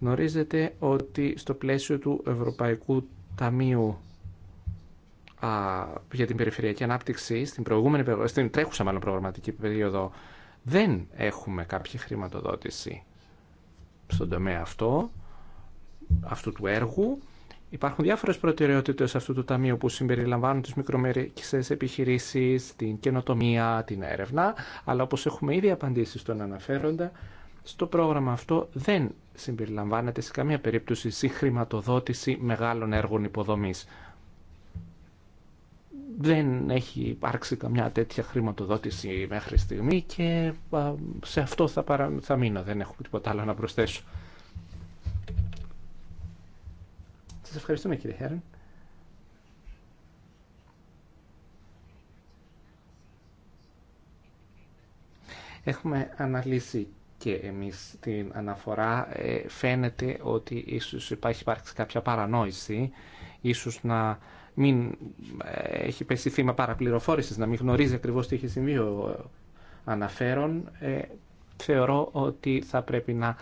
Γνωρίζετε ότι στο πλαίσιο του Ευρωπαϊκού Ταμείου για την περιφερειακή ανάπτυξη στην, προηγούμενη, στην τρέχουσα μάλλον προγραμματική περίοδο δεν έχουμε κάποια χρηματοδότηση στον τομέα αυτό, αυτού του έργου. Υπάρχουν διάφορες προτεραιότητες αυτού του ταμείου που συμπεριλαμβάνουν τις μικρομερικές επιχειρήσεις, την καινοτομία, την έρευνα, αλλά όπως έχουμε ήδη απαντήσει στον αναφέροντα, στο πρόγραμμα αυτό δεν συμπεριλαμβάνεται σε καμία περίπτωση συγχρηματοδότηση μεγάλων έργων υποδομής δεν έχει υπάρξει καμιά τέτοια χρηματοδότηση μέχρι στιγμή και σε αυτό θα, θα μείνω. Δεν έχω τίποτα άλλο να προσθέσω. Σας ευχαριστούμε κύριε Χέρν. Έχουμε αναλύσει και εμείς την αναφορά. Ε, φαίνεται ότι ίσως υπάρχει υπάρξει κάποια παρανόηση. Ίσως να μην ε, έχει πέσει θύμα παραπληροφόρησης, να μην γνωρίζει ακριβώς τι έχει συμβεί ο αναφέρον, ε, θεωρώ ότι θα πρέπει να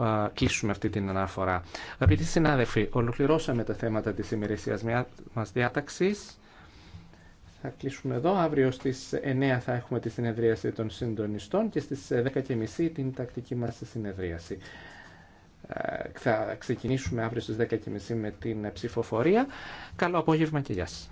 ε, κλείσουμε αυτή την αναφορά. Αγαπητοί συνάδελφοι, ολοκληρώσαμε τα θέματα της ημερησίας μας διάταξης. Θα κλείσουμε εδώ. Αύριο στις 9 θα έχουμε τη συνεδρίαση των συντονιστών και στις 10.30 την τακτική μας συνεδρίαση. Ε, θα ξεκινήσουμε αύριο στις 10.30 με την ψηφοφορία. Καλό απόγευμα και γεια σας.